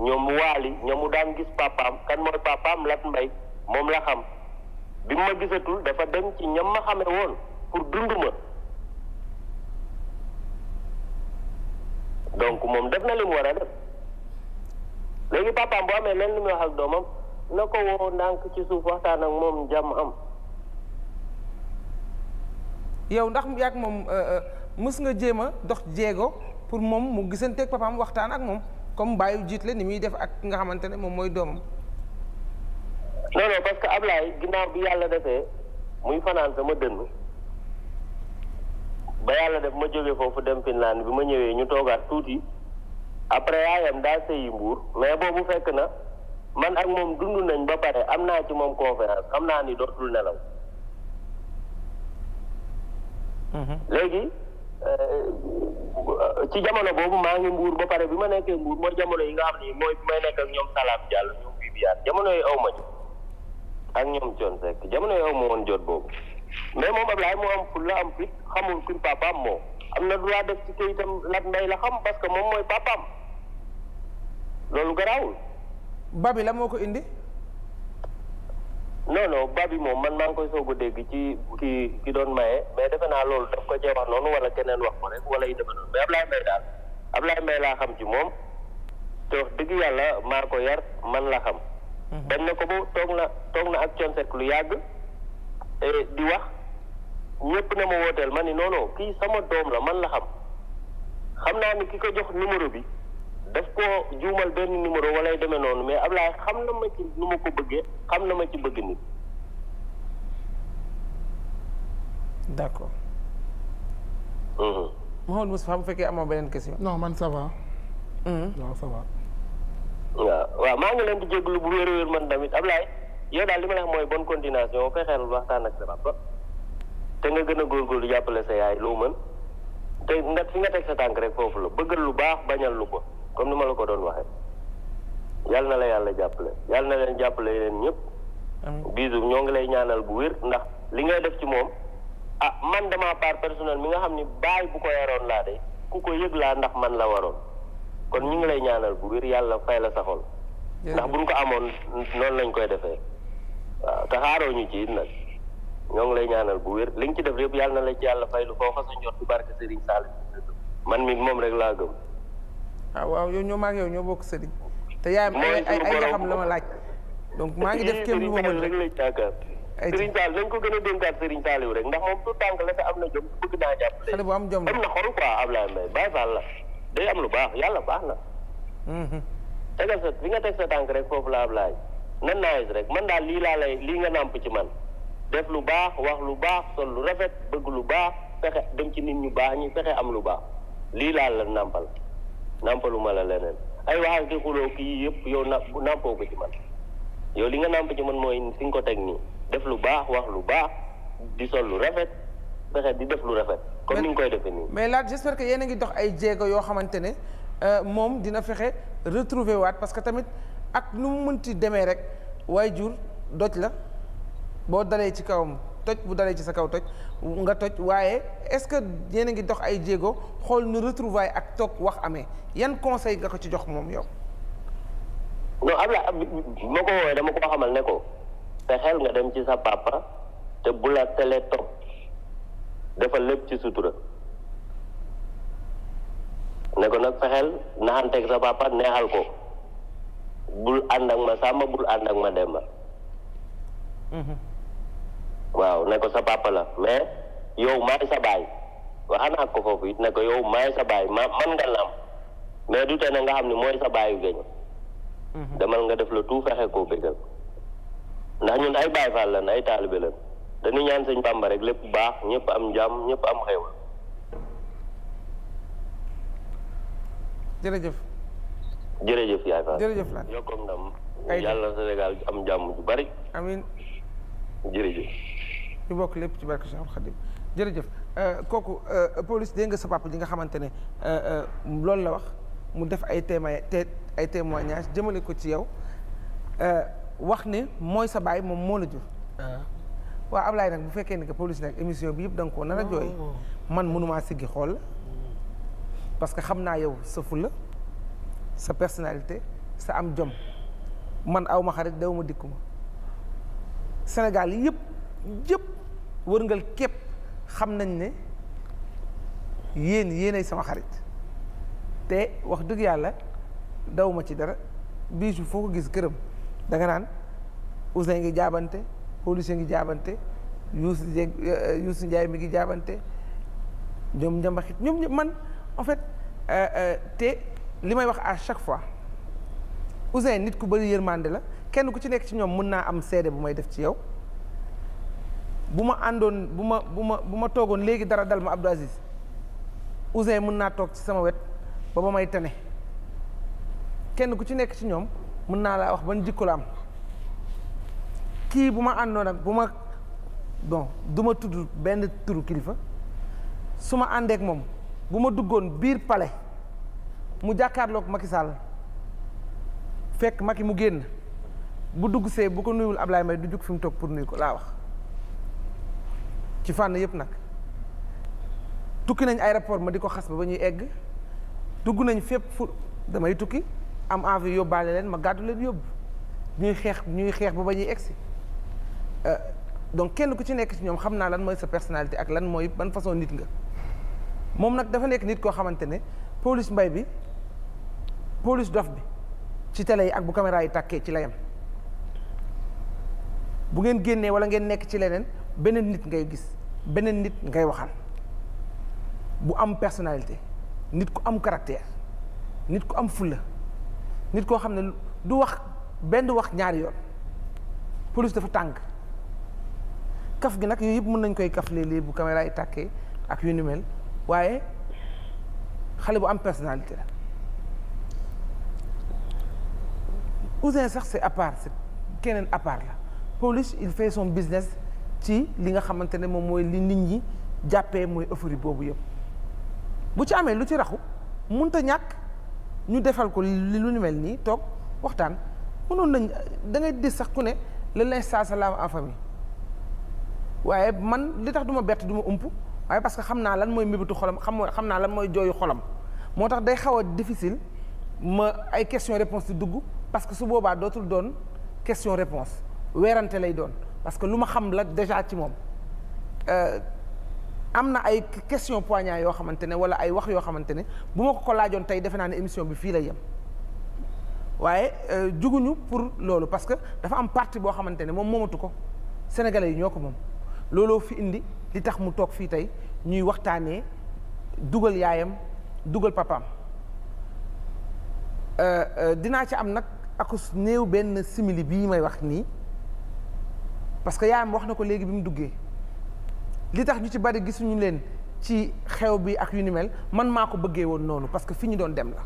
ñoom waali ñoomu daan gis papaam kan mooy papaam Lat Mbay moom la xam bi ma gisatul dafa dem ci ñam ma xame woon pour dund ma donc moom def na li mu war a def léegi papaam boo amee leen lu muy wax ak doomam na ko woo ndànk ci suuf waxtaan ak moom jàmm am yow ndax yàgg moom euh, euh, mës nga jéem a dox jéego pour moom mu gisanteeg papaam waxtaan ak moom comme bàyyi jiit la ni muy def ak nga xamante ne moom mooy doomam. non non parce que Ablaye ginnaaw bi yàlla defee muy fanaan sama dënn ba yàlla def ma jógee foofu dem Finlande bi ma ñëwee ñu toogaat tuuti après yaayam daal sëyi mbuur mais boobu fekk na man ak moom dund nañ ba pare am naa ci moom confiance xam naa ni dootul nelaw. Mhm. léegi Euh, ci jamono boobu maa ngi mbuur ba pare bi ma nekkee mbuur mooy jamono yi nga xam ni mooy bi may nekk ak ñoom Salam Diallo jamono yi aw ma ñu ak ñoom jamono yi aw ma jot boobu mais moom Ablaye moo am pour la am fit xamul kuy papaam moo am na droit def ci kayitam lat la xam parce que moom mooy papaam loolu garaawul. Babi la moo indi. non non ba bi moom man maa koy soo a dégg ci ki ki doon maye mais defe naa loolu daf ko cee wax noonu wala keneen wax ko rek wala yi defe noonu mais Ablaye Mbaye daal laa xam ci moom te dégg dëgg yàlla maa yar man la xam dañ mhm. na ko bu toog na toog na ak Thione Seck lu yàgg e, di wax ñëpp ne ma wooteel ma ni non non kii sama doom la man la xam xam naa ni ki ko jox numéro bi daf ko juumal benn numéro walay demee noonu mais Ablaye xam na ma ci nu ma ko bëggee xam na ma ci bëgg nit d'accord mm-hmm. Mouhamed Moustapha bu fekkee amoo beneen question non man ça va mm-hmm. non ça va waaw waaw maa ngi leen di jégalu bu wér a wér man tamit Ablaye yow daal li ma la wax mooy bonne continuation fexeel waxtaan ak sa rapport te nga gën a góorgóorlu jàppale sa yaay loo mën te nga fi nga teg sa tànk rek foofu la bëggal lu baax bañal lu ko comme ni ma la ko doon waxee yàlla na la yàlla jàppale yàlla na leen jàppale leen ñëpp bisu ñoo ngi lay ñaanal bu wér ndax li ngay def ci moom ah man dama part personnel mi nga xam ni baay bu ko yaroon laa de ku ko yëg laa ndax man la waroon kon ñu ngi lay ñaanal bu wér yàlla fay la saxoon ndax buñ ko amoon noonu lañ koy defee waaw te ñu ci it nag ñoo ngi lay ñaanal bu wér li nga ci def yëpp yàlla na la ci yàlla fay lu foo xasu njot ci barke Serigne man mi moom rek laa gëm ah waaw yow ñoo maag yow ñoo bokk sëriñ te yaayam ay ay xam la ma laaj donc maa ngi def kéem lu ma mën rek lay tàggaat sëriñ Taal dañ ko gën a dénkaat sëriñ Taaliw rek ndax moom du tànk la te am na jom bëgg naa jàpp xale bu am jom am na xolu quoi Ablaye Mbaye Baye Fall la day am lu baax yàlla baax na mhm. tegal sa fi nga teg sa tànk rek foofu la laaj nan naawes rek mën daal lii laa lay lii nga nàmp ci man def lu baax wax lu baax sol lu rafet bëgg lu baax fexe dem ci nit ñu baax ñi fexe am lu baax lii laa la nàmpal nàmpaluma la leneen ay waxal ki xuloo kii yëpp yow na nàmpoo ko ci man yow li nga nàmp ci man mooy fi nga ko teg nii def lu baax wax lu baax di sol lu rafet fexe di def lu rafet comme ni nga koy defee nii mais laat j'espère que yéen a ngi dox ay jéego yoo xamante ne euh, moom dina fexe retrouver waat parce que tamit ak nu mu mënti demee rek waaye jur doj la boo dalee ci kawam toj bu dalee ci sa kaw toj nga toj waaye est-ce que yéen a ngi dox ay jéego xool nu retrouvailles ak toog wax amee yan conseil nga ko ci jox moom yow. non am na ma ko woowee dama ko xamal ne ko te xel nga dem ci sa papa te bu la télé topp dafa lépp ci sutura ne ko nag fexeel naxanteeg sa papa neexal ko bul ànd ak ma sàmm bul ànd ak ma dem mhm. waaw ne sa papa la mais yow maay sa baay wax naa ko foofu nekko yow maay sa baay ma man nga lam mais du tee ne nga xam ne mooy sa baayu géñ demal nga def la tout fexe ko bégal ndax ñun ay baay faal lan ay taalibe lan dañuy ñaan sëñ Bàmba rek lépp baax ñëpp am jàmm ñëpp am xéewal jërëjëf jërëjëf yaay faal jërëjëf lan yokkoog ndam yàlla Sénégal am jàmm ju bari amin jërëjëf ñu bokk lépp ci barke Cheikh Khadim jërëjëf euh, kooku euh, police dégg nga sa papa ji nga xamante ne euh, loolu la wax mu def ay témoin ay témoignage jëmale ko ci yow wax ne mooy sa baay moom moo la jur ah. waaw Ablaye nag bu fekkee ne que police nag émission bi yëpp da nga koo nar a jooy oh. man mënumaa siggi xool parce que xam naa yow sa fula sa personnalité sa am jom man aw ma xarit daw ma dikku ma Sénégal yëpp yëpp wërngal képp xam nañ ne yéen yéenay sama xarit te wax dëgg yàlla dawuma ci dara biisu foo ko gis këram da nga naan Ousseyn ngi jaabante policier ngi jaabante Youssou Dieng euh, Youssou mi ngi jaabante ñoom njambaxit ñoom ñëpp man en fait euh, euh, te li may wax à chaque fois Ousseyn nit ku bëri yërmande la kenn ku ci nekk ci ñoom mën naa am seede bu may def ci yow bu ma àndoon bu ma bu ma bu ma toogoon léegi dara dal ma Abdou Aziz Ouzin mën naa toog ci sama wet ba ba may tane kenn ku ci nekk ci ñoom mën naa laa wax ban jikko la am kii bu ma àndoon ak bu ma bon du ma tudd benn turu kilifa su ma àndeek moom bu ma duggoon biir pale mu jàkkaarloog Macky Sall fekk Macky mu génn bu dugg see bu ko nuyul Ablaye Mbaye du jug fi mu toog pour nuyu ko laa wax ci fànn yëpp nag tukki nañ ay rapport ma di ko xas ba ba ñuy egg dugg nañ fépp fu damay tukki am envie yóbbaale leen ma gàddu leen yóbbu ñuy xeex ñuy xeex ba ba ñuy egsi euh, donc kenn ku ci nekk ci ñoom xam naa lan mooy sa personalité ak lan mooy ban façon nit nga moom nag dafa nekk nit koo xamante ne police mbay bi police dof bi ci tele yi ak bu caméra yi tàkkee ci layam bu ngeen génnee wala ngeen nekk ci leneen beneen nit ngay gis beneen nit ngay waxal bu am personnalité nit ku am caractère nit ku am fulla nit koo xam ne du wax benn wax ñaari yoon police dafa tàng kaf gi nag yooyu yëpp mën nañ koy kaf léeg bu caméra yi tàkkee ak yu ni mel waaye xale bu am personnalité la Ouzin sax c'est à part keneen à la police il fait son business ci li nga xamante ne moom mooy li nit ñi jàppee mooy euphorie boobu yëpp bu ci amee lu ci raxu munta ñàkk ñu defal ko li lu ñu mel nii toog waxtaan mënoon nañ da ngay dis sax ku ne lan lay saa salaam en waaye man li tax du ma bett du ma ump waaye parce que xam naa lan mooy mébétu xolam xam xam naa lan mooy jooyu xolam moo tax day xaw a difficile ma ay question réponse di dugg parce que su boobaa dootul doon question réponse weerante lay doon parce que lu ma xam la déjà ci moom euh, am na ay question poignant yoo xamante ne wala ay wax yoo xamante ne bu ma ko ko tey defe naa ne émission bi fii lay yem waaye euh, juguñu pour loolu parce que dafa am parti boo xamante ne moom moomatu ko sénégalais yi ñoo ko moom looloo fi indi li tax mu toog fii tey ñuy waxtaanee dugal yaayam dugal papaam euh, dinaa ci am nag akus néew benn simili bii may wax nii parce que yaayam wax na ko léegi bi mu duggee li tax ñu ci bari gisuñu leen ci xew bi ak yu ni mel man maa ko bëggee woon noonu parce que fi ñu doon dem la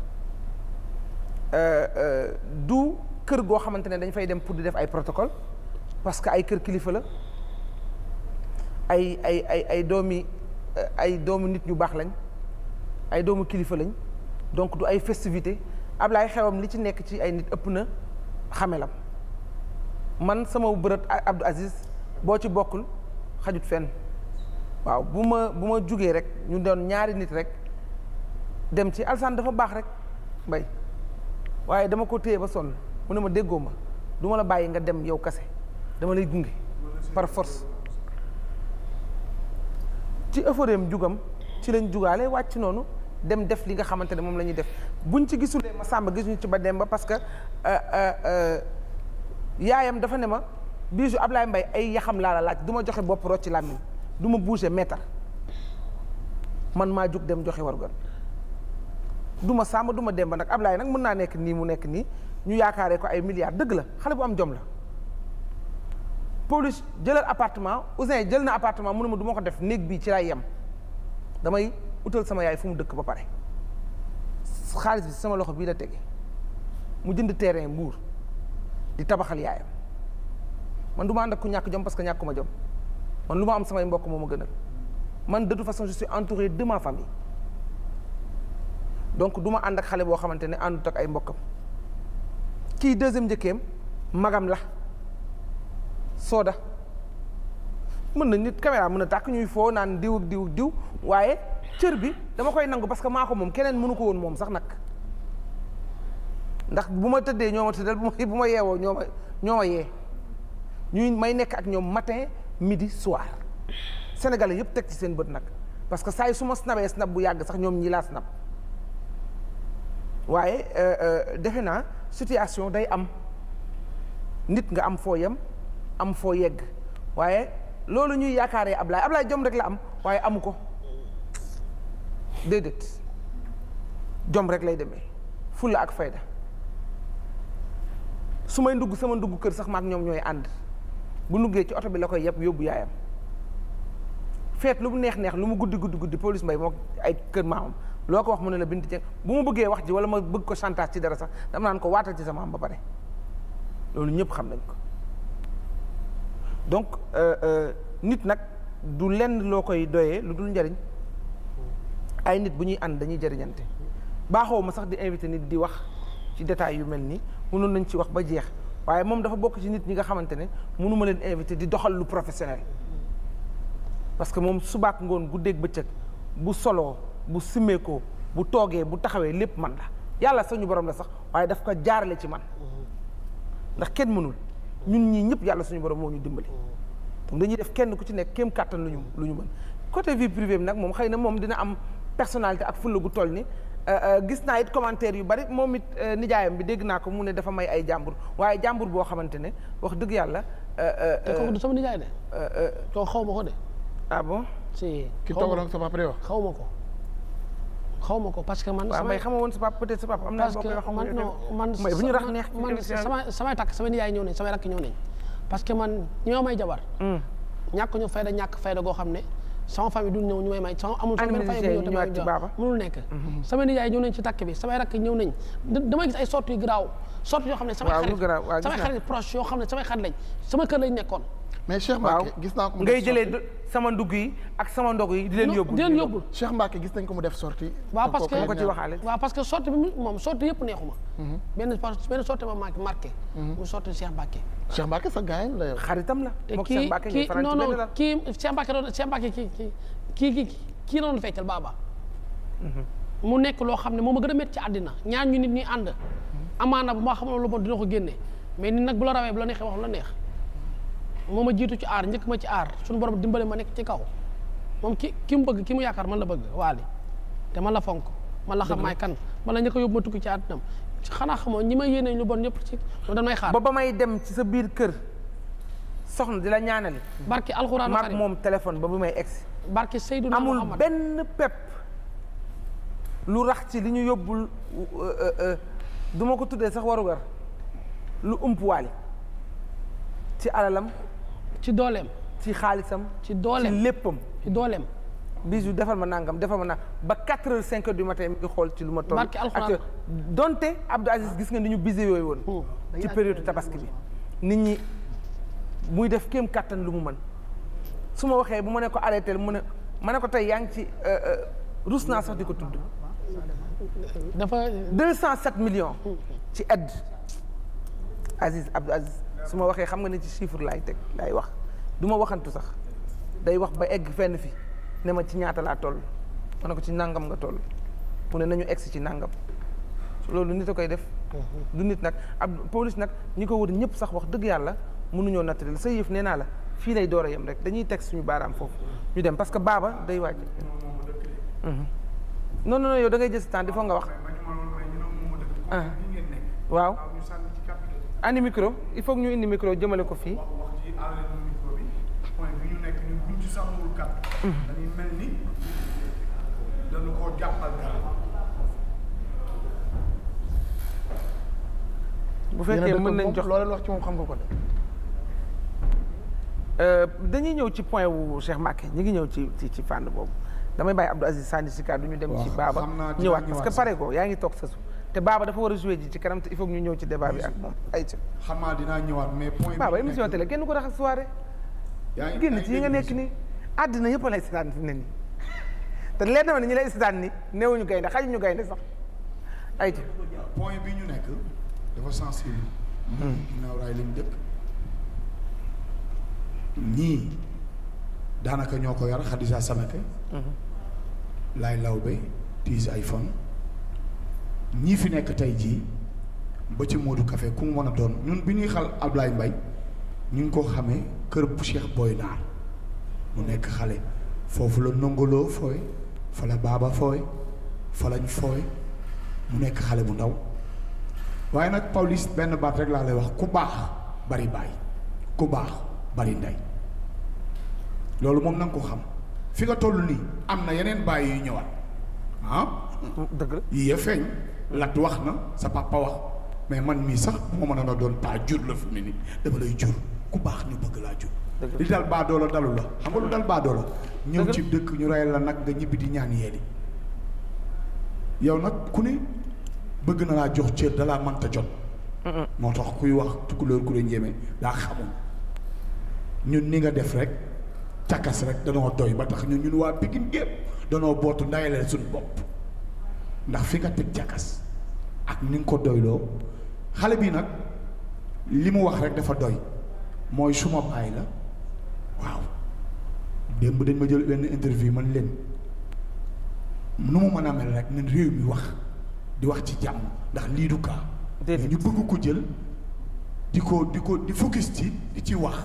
euh, euh, du kër goo xamante ne dañ fay dem pour di def ay protocole parce que ay kër kilifa la ay ay ay ay doomi euh, ay doomu nit ñu baax lañ ay doomu kilifa lañ donc du ay festivité Ablaye xewam li ci nekk ci ay nit ëpp na xamelam man sama bërët Abdou Aziz boo ci bokkul xajut fenn waaw bu ma bu ma jugee rek ñu doon ñaari nit rek dem ci alsaan dafa baax rek mbay waaye dama ko téye ba sonn mu ne ma déggoo ma du ma la bàyyi nga dem yow kase dama lay gunge par force ci ëffëreem jugam ci lañ jugaale wàcc noonu dem def li nga xamante ne moom lañuy ñuy def buñ ci gisulee ma sàmba gisuñu ci ba dem ba parce que euh, euh, euh, yaayam dafa ne ma biisu Ablaye Mbaye ay yaxam laa la laaj duma joxe bopp rocci làmmiñ du ma bouger mètre man maa jug dem joxe wargon du ma sàmm du ma dem ba ab Ablaye nag mën naa nekk nii mu nekk nii ñu yaakaaree ko ay milliards dëgg la xale bu am jom la police jëlal appartement Ousin jël na appartement mu ne ma du ko def néeg bii ci lay yem damay utal sama yaay fu mu dëkk ba pare xaalis bi sama loxo bii la tege mu jënd terrain mbuur di tabaxal yaayam man du ma ànd ak ku ñàkk jom parce que ñàkkuma jom man lu ma am samay mbokk moo ma gënal man de façon je suis entouré de ma famille donc du ma ànd ak xale boo xamante ne àndut ak ay mbokkam kii deuxième njëkkeem magam la sooda mën na nit caméra mën na tàkk ñuy foo naan diw ak diw diw waaye cër bi dama koy nangu parce que maa ko moom keneen mënu ko woon moom sax nag ndax bu ma tëddee ñoo ma tëddal bu ma bu ma yeewoo ñoo ma ñoo ma yee ñuy may nekk ak ñoom matin midi soir sénégalais yëpp teg ci seen bët nag parce que saa yi su ma snabee snab bu yàgg sax ñoom ñi laa snab waaye euh, euh, defe naa situation day am nit nga am foo yem am foo yegg waaye loolu ñuy yaakaaree ab Ablaye jom rek la am waaye amu ko déedéet jom rek lay demee fulla ak fayda su may ndugg sama ndugg kër sax maak ñoom ñooy ànd bu nuggee ci oto bi la koy yëpp yóbbu yaayam feet lu mu neex neex lu mu guddi guddi guddi police mbay moo ay kër maamam loo ko wax mu ne la Bintu Dieng bu ma bëggee wax ji wala ma bëgg ko chantage ci dara sax dama naan ko waatal ci sama am ba pare loolu ñëpp xam nañ ko donc euh, euh, nit nag du lenn loo koy doyee lu dul njariñ ay nit bu ñuy ànd dañuy jariñante baaxoo ma sax di invité nit di wax ci détail yu mel nii mënoon nañ ci wax ba jeex waaye moom dafa bokk ci nit ñi nga xamante ne mënuma leen invité di doxal lu professionnel parce que moom subaak ngoon gu guddeeg bëccëg bu solo bu simmeekoo bu toogee bu taxawee lépp man la yàlla suñu borom la sax waaye daf ko jaarale ci man ndax kenn mënul ñun ñii ñëpp yàlla suñu borom moo ñu dimbali donc dañuy def kenn ku ci nekk kéem kàttan lu ñu lu ñu mën côté vie privée bi nag moom xëy na moom dina am personnalité ak fulla gu toll ni Euh, euh, gis naa it commentaire yu bari moom it euh, nijaayam bi dégg naa ko mu ne dafa may ay jàmbur waaye jàmbur boo xamante ne wax dëgg yàlla. te kooku du sama nijaay de. xaw ma ko de. ah bon si. ki toog ak sa papa wax xaw ma ko. xaw ma ko parce que man. waaw may xamoo woon sa papa peut-être papa na. parce que man non man bu ñu rax neex man samay samay takk samay nijaay ñëw nañ samay rakk ñëw nañ parce que man ñoo may jabar. Mm. ñàkk ñu fayda ñàkk fayda goo xam ne. sama famille duñ ñëw ñu may may sama amul sama benn famille bu ñëw tamit mënul nekk mhm. sama nijaay ñëw nañ ci takk bi samay rakk ñëw nañ damay gis ay sorties yu garaaw sorties yoo xam ne samay xarit samay xarit proche yoo xam ne samay xarit lañ sama kër lañ nekkoon mais Cheikh Mbacke gis naa ko ngay jëlee sama ndugg yi ak sama ndog yi di leen yóbbu di leen yóbbu Cheikh Mbacke gis nañ ko mu def sortie waaw parce que ko ci waxaale waaw parce que sortie bi moom sortie yëpp neexuma mhm. benn benn sortie ma marqué mhm. mu sortie Cheikh Mbacke Cheikh Mbacke sa gaayam la yow xaritam la kii kii non non kii ki Mbacke ki Cheikh Mbacke kii kii kii kii kii doon feccal baaba mhm. mu nekk loo xam ne moom a gën a métti ci àddina ñaar ñu nit ñuy ànd amaana bu ma xamul lu bon dina ko génne mais nit nag bu la rawee bu la neexee wax lu la neex moo ma jiitu ci aar njëkk ma ci aar suñu borom dimbali ma nekk ci kaw moom ki ki mu bëgg ki mu yaakaar man la bëgg waali te man la fonk man la xam maay kan man la njëkk a yóbbu ma tukki ci àddinam xanaa xamoo ñi may yéene ñu bon ñëpp ci moom dañ may xaar ba ba may dem ci sa biir kër soxna di la ñaanal barki alxuraan maag moom téléphone ba bu may egsi barki Seydina amul benn pepp lu rax ci li ñu yóbbul euh, euh, euh, duma ko tuddee sax warugar lu umpuwaale ci ci dooleem. ci xaalisam. ci dooleem ci léppam. ci dooleem. yu defal ma nangam defal ma nangam ba 4 heures 5 heures du matin mi ngi xool ci lu ma toll. barke alxuraan donte Abdou Aziz gis nga ni ñu bise yooy woon. Oh. ci période tabaski bi. nit ñi muy def kéem kàttan lu mu man su ma waxee bu ma ne ko arrêté mu ne ma ne ko tey yaa ngi ci euh, euh, rus naa sax di ko tudd. dafa 207 millions. ci aide Aziz Abdou Aziz. su ma waxee xam nga ne ci chiffre laay teg laay wax du ma waxantu sax day wax ba egg fenn fi ne ma ci ñaata laa toll ma na ko ci nangam nga toll mu ne nañu egg si ci nangam loolu nit a koy def. Mhm. du nit nag ab police nag ñi ko wër ñëpp sax wax dëgg yàlla mënuñoo nattali sa yëf nee naa la fii lay door a yem rek dañuy teg suñu baaraam foofu ñu dem parce que baaba day wàcc. Mhm. non non yow da ngay jël temps di foog nga wax. Ah. waaw. andi micro il faut ñu indi micro jëmale ko fii. point bi ñu bu fekkee mën nañ jox loo leen wax ci moom xam nga ko de. Euh, dañuy ñëw ci point wu Cheikh Mbacké ñu ngi ñëw ci ci fànn boobu damay bàyyi Abdou Aziz Sandi si kàddu ñu dem. ci baaba ñëwaat parce que pare ko yaa ngi toog sa suuf. te Baba dafa war a joué ji ci kanam te il faut ñu ñëw ci débat bi ak moom ay ci xam naa dinaa ñëwaat mais point Baba émission télé kenn ko rax ak génn ci yi nga nekk nii àddina yëpp a seetaan fi mu ne nii te ñu lay seetaan ni néewuñu gaynde xajuñu gaynde sax ay ci point bi ñu nekk dafa sensible ñun hmm. ginnaaw raay lañ dëkk daanaka ñoo ko yar Khadija Samake hmm. laay ay fan ñii fi nekk tey jii ba ci Modou Café ku mu mën a doon ñun bi ñuy xal Ablaye Mbaye ñu ngi koo xamee kër bu Cheikh Boy Naar mu nekk xale foofu la nongoloo fooy fa la baaba fooy fa lañ fooy mu nekk xale bu ndaw waaye nag Pawlish benn baat rek laa lay wax ku baax bari baay ku baax bari ndey loolu moom na nga ko xam fi nga toll nii am na yeneen baay yu ñëwaat ah. yii ya feeñ. lat wax na sa papa wax mais man mii sax moo mën a na doon paa jur la fi mu nii dama lay jur ku baax ñu bëgg laa jur li dal baadoola dalu la xam nga lu dal baadoola dëkk ñu rey la nag nga ñibbi di ñaan yeeli yow nag ku ne bëgg na laa jox cër dalaa mënta jot moo tax kuy wax tukulóor ku la njéeme daa xamul ñun ni nga def rek cakkas rek danoo doy ba tax ñun ñun waa Pikine gépp danoo bootu ndayalee suñu bopp ndax fi nga teg jàkkas ak ni nga ko doyloo xale bi nag li mu wax rek dafa doy mooy suma baay la waaw démb dañ ma jël lenn interview man leen nu mu mën a mel rek nañ réew mi wax di wax ci jàmm ndax lii du kaa ñu bëgg ko jël di ko di ko di focus ci di ci wax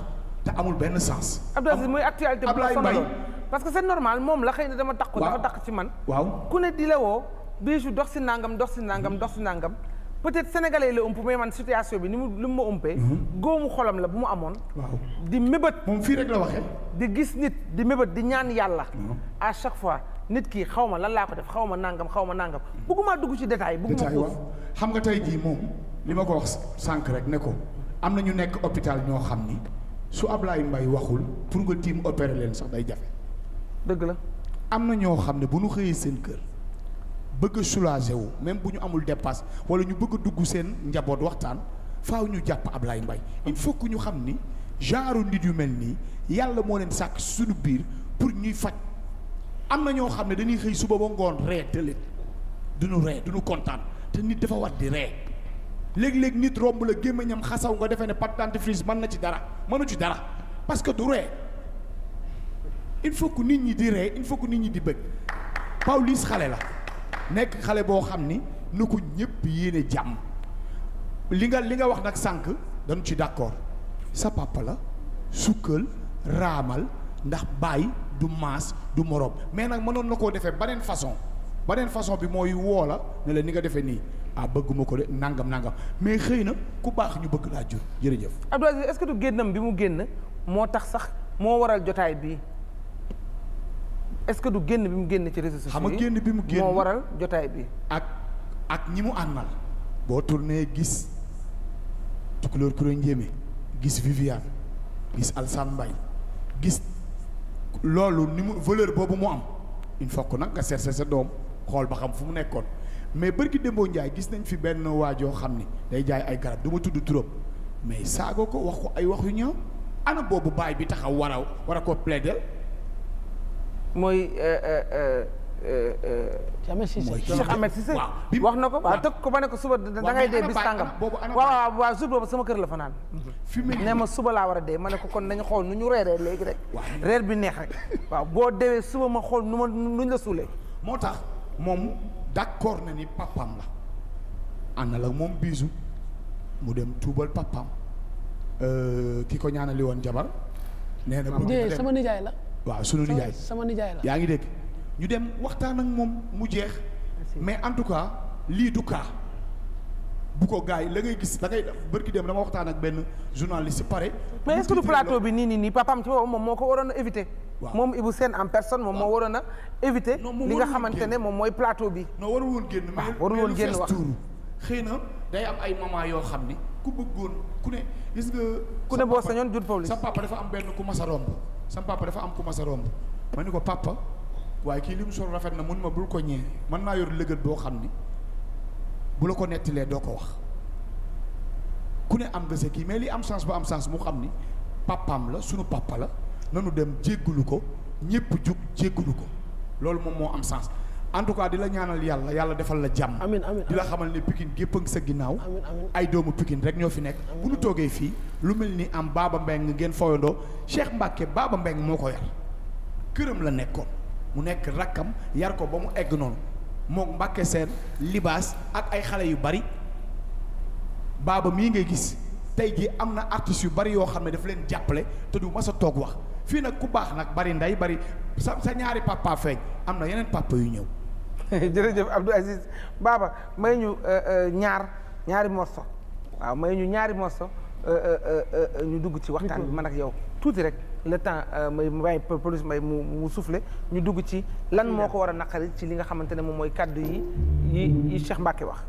te amul benn sens Abdou Aziz muy actualité bu la sonaloon parce que c'est normal moom la xëy na dama tax ko dafa tax ci man waaw ku ne di la woo Bijou dox si nangam dox si nangam dox si nangam peut-être sénégalais la ëmp mais man situation bi ni mu li mu ma ëmpee. Mhm. góomu xolam la bu mu amoon. waaw di mébat moom fii rek la waxe di gis nit di mébét di ñaan yàlla. à chaque fois nit kii xaw ma lan laa ko def xaw ma nangam xaw ma nangam bëgguma dugg ci détail. bëgguma ko xam nga tey jii moom li ma ko wax sànq rek ne ko am na ñu nekk hôpital ñoo xam ni su Ablaye Mbaye waxul pour nga tiim opérer leen sax day jafe. dëgg la am na ñoo xam ne bu ñu xëyee seen kër. bëgg a soulager wu même bu ñu amul dépasse wala ñu bëgg a dugg seen njaboot waxtaan faaw ñu jàpp Ablaye mbay il faut que ñu xam ni genre nit yu mel nii yàlla moo leen sàkk suñu biir pour ñuy faj am na ñoo xam ne dañuy xëy suba ba ngoon ree tële duñu ree duñu kontaan te nit dafa war di ree léeg-léeg nit romb la gémmiñam xasaw nga defee ne pâte dentifrice mën na ci dara mën na ci dara parce que du ree il faut que nit ñi di ree il faut que nit ñi di bëgg Pawlish xale la nekk xale boo xam ni nu ko ñëpp yéene jàmm li nga li nga wax nag sànq dañu ci d'accord sa papa la sukkal raamal ndax bàyyi du maas du morom mais nag mënoon na koo defee beneen façon beneen façon bi mooy woo la ne la ni nga defee nii ah bëgguma ko de nangam nangam mais xëy na ku baax ñu bëgg laa jur jërëjëf. Abdou Aziz est-ce que du génnam bi mu génn moo tax sax moo waral jotaay bii. est-ce que du génn bi mu génn ci réseaux sociaux yi xam nga génn bi mu moo waral jotaay bi. ak ak ñi mu àndal. boo tourné gis Tukulóor Kure Njéeme gis Viviane gis Alsane Mbaye gis loolu ni mu voleur boobu mu am il faut que nag nga chercher sa doom xool ba xam fu mu nekkoon mais bërki Dembo Ndiaye gis nañ fi benn waajoo xam ni day jaay ay garab du tudd turam mais saago ko wax ay wax yu ñaaw ana boobu baay bi taxaw war a war a ko plaider. mooy. Euh, euh, euh, Ahmed Cissé Cheikh Ahmed Cissé wax na ko waaw tëkk ko ba ne ko suba da ngay dee bis tàngam waaw waaw waaw jour boobu sama kër la fanaan ne ma suba laa war a dee ma ne ko kon nañu xool nu ñu reeree léegi rek reer bi neex rek waaw boo dewee suba ma xool nu ma nuñ la suulee moo tax moom d'accord na ni papam la na la moom biisu mu dem tuubal papam ki ko ñaanali woon jabar nee na sama nijaay la waaw sunu nijaay sama nijaay la yaa ngi dégg ñu dem waxtaan ak moom mu jeex mais en tout cas lii du cas bu ko gars yi la ngay gis da ngay bërki dem dama waxtaan ak benn journaliste pare mais est-ce que du plateau bi nii nii nii papam ci moom moo ko waroon a éviter waaw moom Ibou Sène en personne moom moo waroon a éviter li nga xamante ne mooy plateau bi non warul woon génn mais warul woon génn wax xëy na day am ay moment yoo xam ni ku bëggoon ku ne gis nga ku ne boo sañoon jur public sa papa dafa am benn ku mas a romb sama papa dafa am ku ma sa romb ma ni ko papa waaye kii li mu sol rafet na mun ma bul ko ñee man naa yor lëgët boo xam ni bu la ko nettilee doo ko wax ku ne am nga kii mais li am chance ba am chance mu xam ni papaam la sunu papa la nanu dem jéggulu ko ñépp jug jéggulu ko loolu moom moo am chance en tout cas di la ñaanal yàlla yàlla defal la jàmm. amiin amiin di la xamal ne Pikine gépp a ngi sa ginnaaw. ay doomu Pikine rek ñoo fi nekk. bu ñu toogee fii lu mel ni am Baba Mbengue ngeen fooyandoo Cheikh Mbacke Baba Mbengue moo ko yar këram la nekkoon mu nekk rakkam yar ko ba mu egg noonu moom Mbacke seen libaas ak ay xale yu bari baaba mii ngay gis tey jii am na artistes yu bari yoo xam ne daf leen jàppale te du mas a toog wax fii nag ku baax nag bari ndey bari sa sa ñaari papa feeñ am na yeneen papa yu ñëw. jërëjëf Abdou Aziz baaba may ñu euh, euh, ñaar ñaari morso waaw may ñu ñaari morso euh, ñu dugg ci waxtaan bi man ak yow tuuti rek le temps may may police may mu mu soufflé ñu dugg ci lan moo ko war a naqari ci li nga xamante ne moom mooy kàddu yi yi yi Cheikh Mbacke wax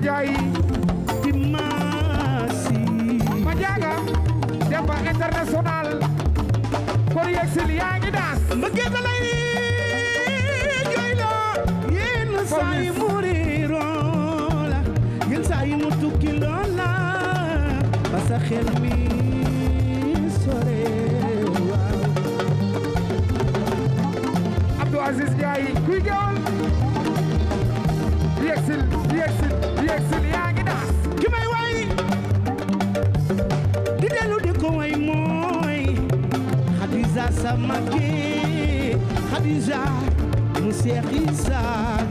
Ndiaye Dimassi Madiaga Demba international kon yegsil yaa ngi daas mbëggeel lay jooy la mu riiroo la yenn saa yi mu tukki ba sa xel mi sore waaw Aziz Ndiaye kuy gewal yegsil Sama kii Khadija mu Seex Isaa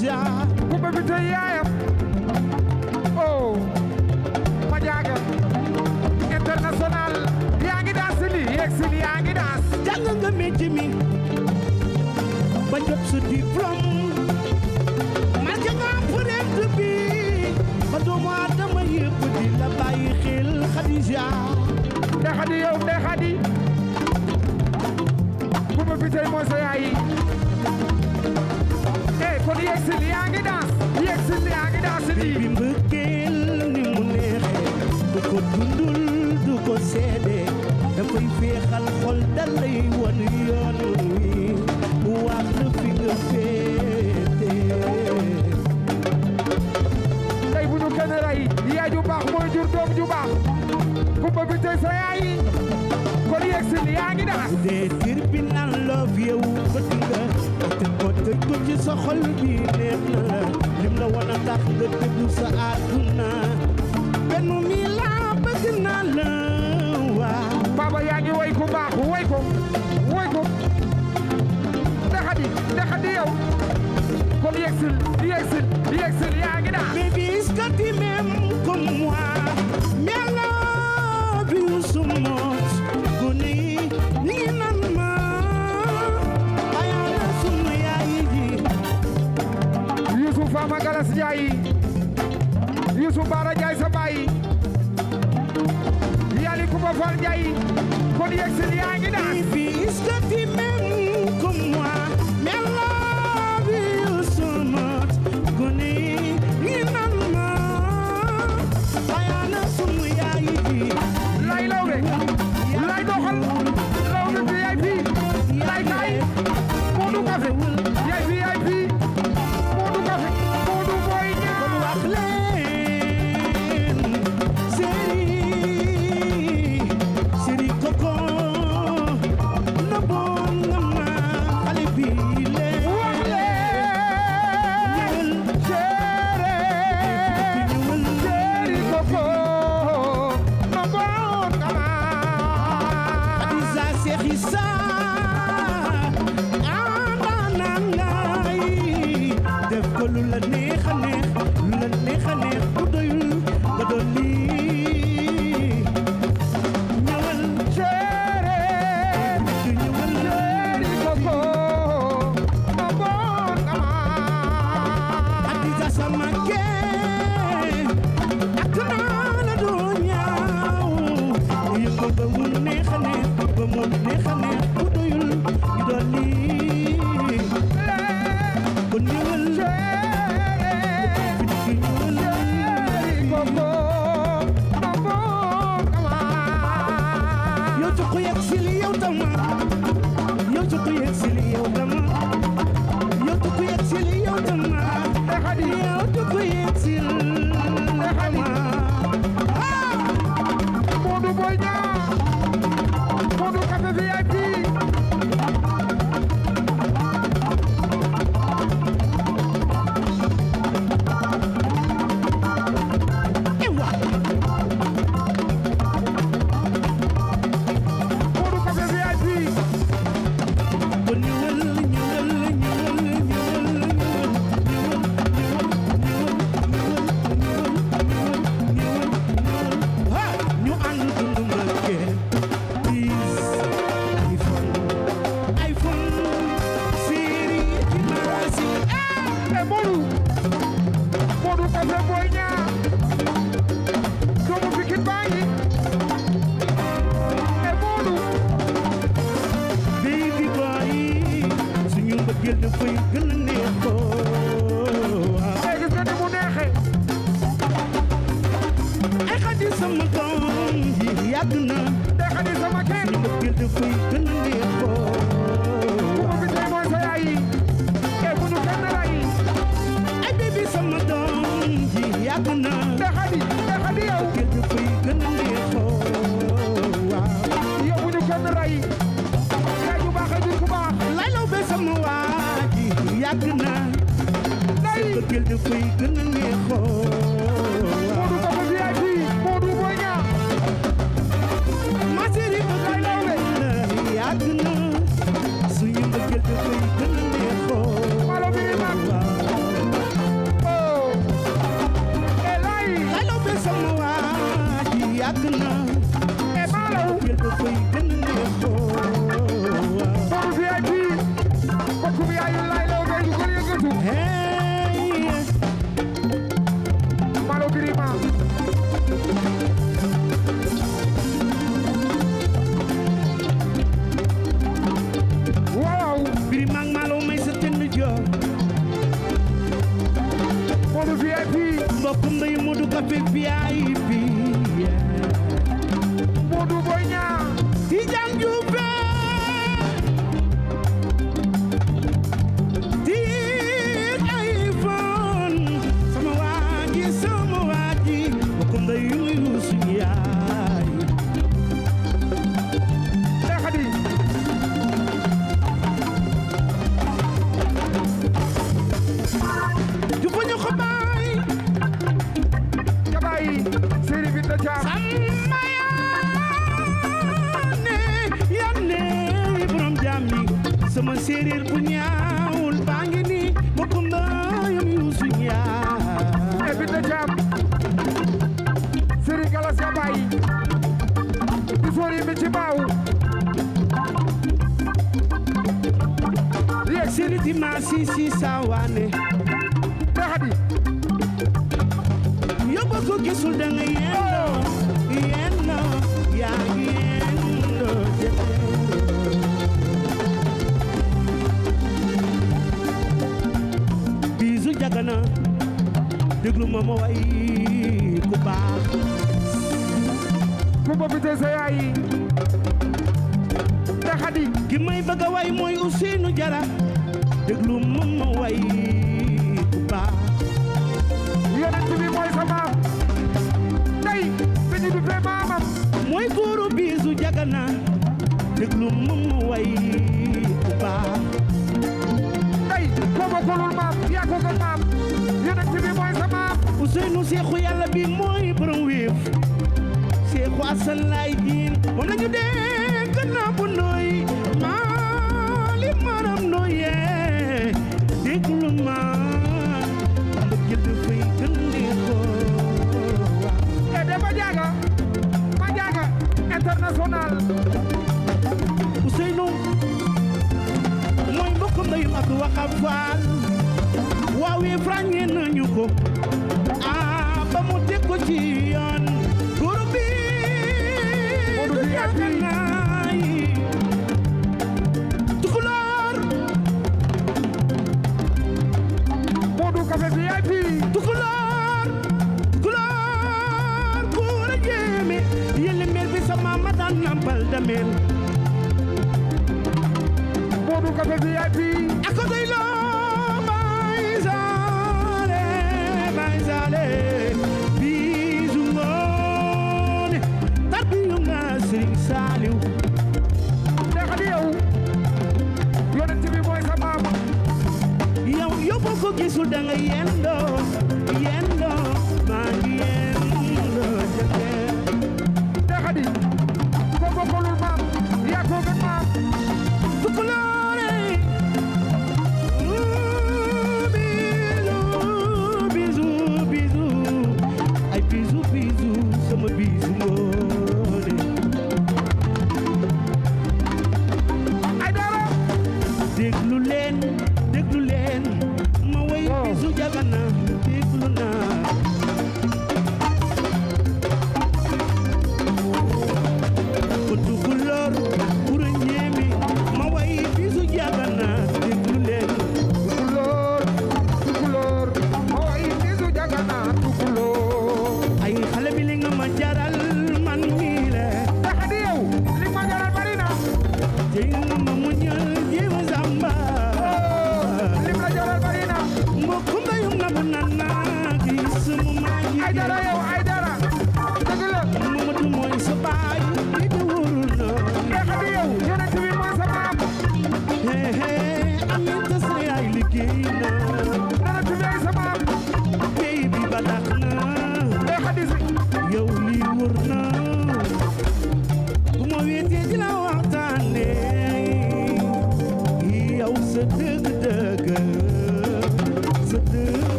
ziar bi tey yaayam oh ma jaaga international yaa ngi daas li yegg si li yaa ngi daas jàng nga métier mi ba jot sa diplôme marqué nga empreinte bi ba doomu aadama yëpp di la bàyyi xel Khadija Ndeye Khady yow Ndeye Khady kumba bi tey moo sa dee tir bi naan love yow bëgg nga te ko tëj ci sa xol na la la wan a tax nga déglu sa àdduna benn mi laa bëgg naa la waa baba yaa ngi way ko Anas Njaay Yuusu Baara Njaay sa baay Yali Kumba Faal Njaay kon yegsi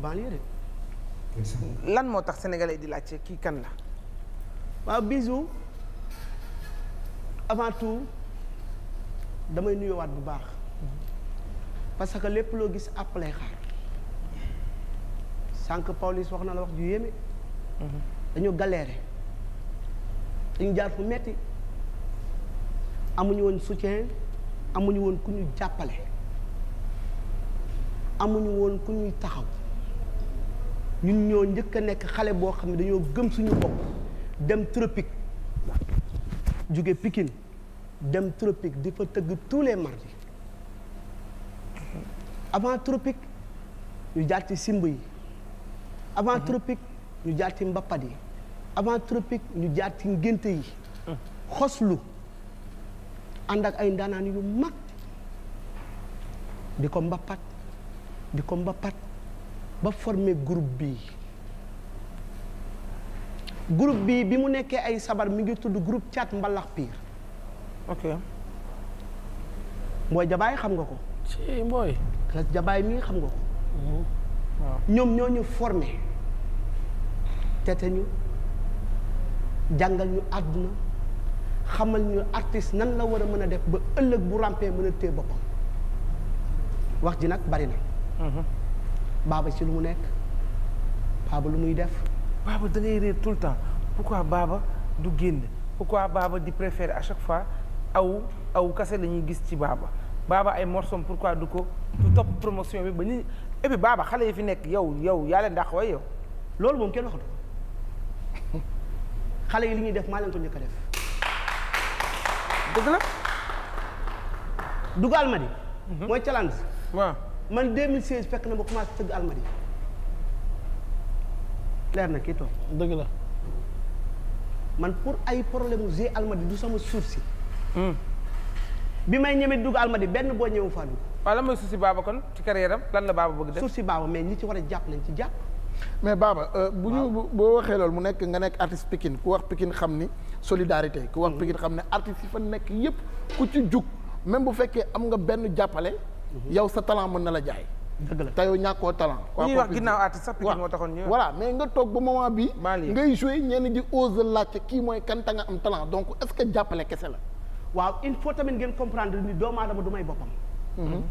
banlieue de. lan moo tax sénégalais di laajte kii kan la. waaw Bijou avant tout damay nuyoowaat bu baax parce que lépp loo gis àpp lay xaar sànq Pawlish wax na la wax ju yéeme. Mhm. dañoo galéré dañu jaar fu metti amuñu woon soutien amuñu woon ku ñu jàppale amuñu woon ku ñuy taxaw. ñun ñoo njëkk a nekk xale boo xam ne dañoo gëm suñu bopp dem tropique jóge Pikine dem tropique di fa tëgg tous les mardis avant tropique ñu jaar ci simb yi avant mhm. tropique ñu jaar ci mbappat yi avant tropique ñu jaar ci ngénte yi mhm. xoslu ànd ak ay ndaanaan yu mag di ko mbappat di ko mbappat ba formé groupe bi groupe bii bi mu nekkee ay sabar mi ngi tudd group Thiat Mbalax Pire. ok. Mboy Jabaay xam nga ko. ci Mboy. Jabaay mii xam nga ko. Mhm. waaw ñoom ñoo ñu formé te ñu jàngal ñu àdduna xamal ñu artiste nan la war a mën a def ba ëllëg bu ràmpee mën a téye boppam wax ji nag bari na. Mhm. baaba ci lu mu nekk baaba lu muy def baaba da ngay réer tout le temps pourquoi baaba du génn pourquoi baaba di préférer à chaque fois aw aw kase la gis ci baaba baaba ay morsom pourquoi du ko du topp promotion bi ba ni et baaba xale yi fi nekk yow yow yaa leen dàq yow loolu moom kenn waxatu xale yi li ñuy def maa leen ko njëkk a def dëgg la mhm. mooy challenge waaw man 2016 fekk na ma commencé tëgg almadi leer na kii toog dëgg man pour ay problème mu g almadi du sama suuf si hmm. bi may ñemee dugg almadi benn boo ñëwu faa dugg waaw lan mooy suuf si baaba kon ci carrière yaram lan la baaba bëgg def suuf si baaba mais ñi ci war a jàpp nañ ci jàpp mais Baba euh, bu ñu boo waxee loolu mu nekk nga nekk artiste Pikine ku wax Pikine xam ni solidarité ku wax hmm. Pikine xam ne artiste yi fa nekk yépp ku ci jug même bu fekkee am nga benn jàppale yow sa talent mën na la jaay. dëgg la te yow ñàkkoo talent. waa ñuy wax ginnaaw artiste sax moo taxoon ñu. voilà mais nga toog ba moment bi ngay joué ñenn di ose laajte kii mooy kan ta nga am talent donc est ce que jàppale kese la. waaw il faut tamit ngeen comprendre ni doomu aadama du may boppam. Mhm.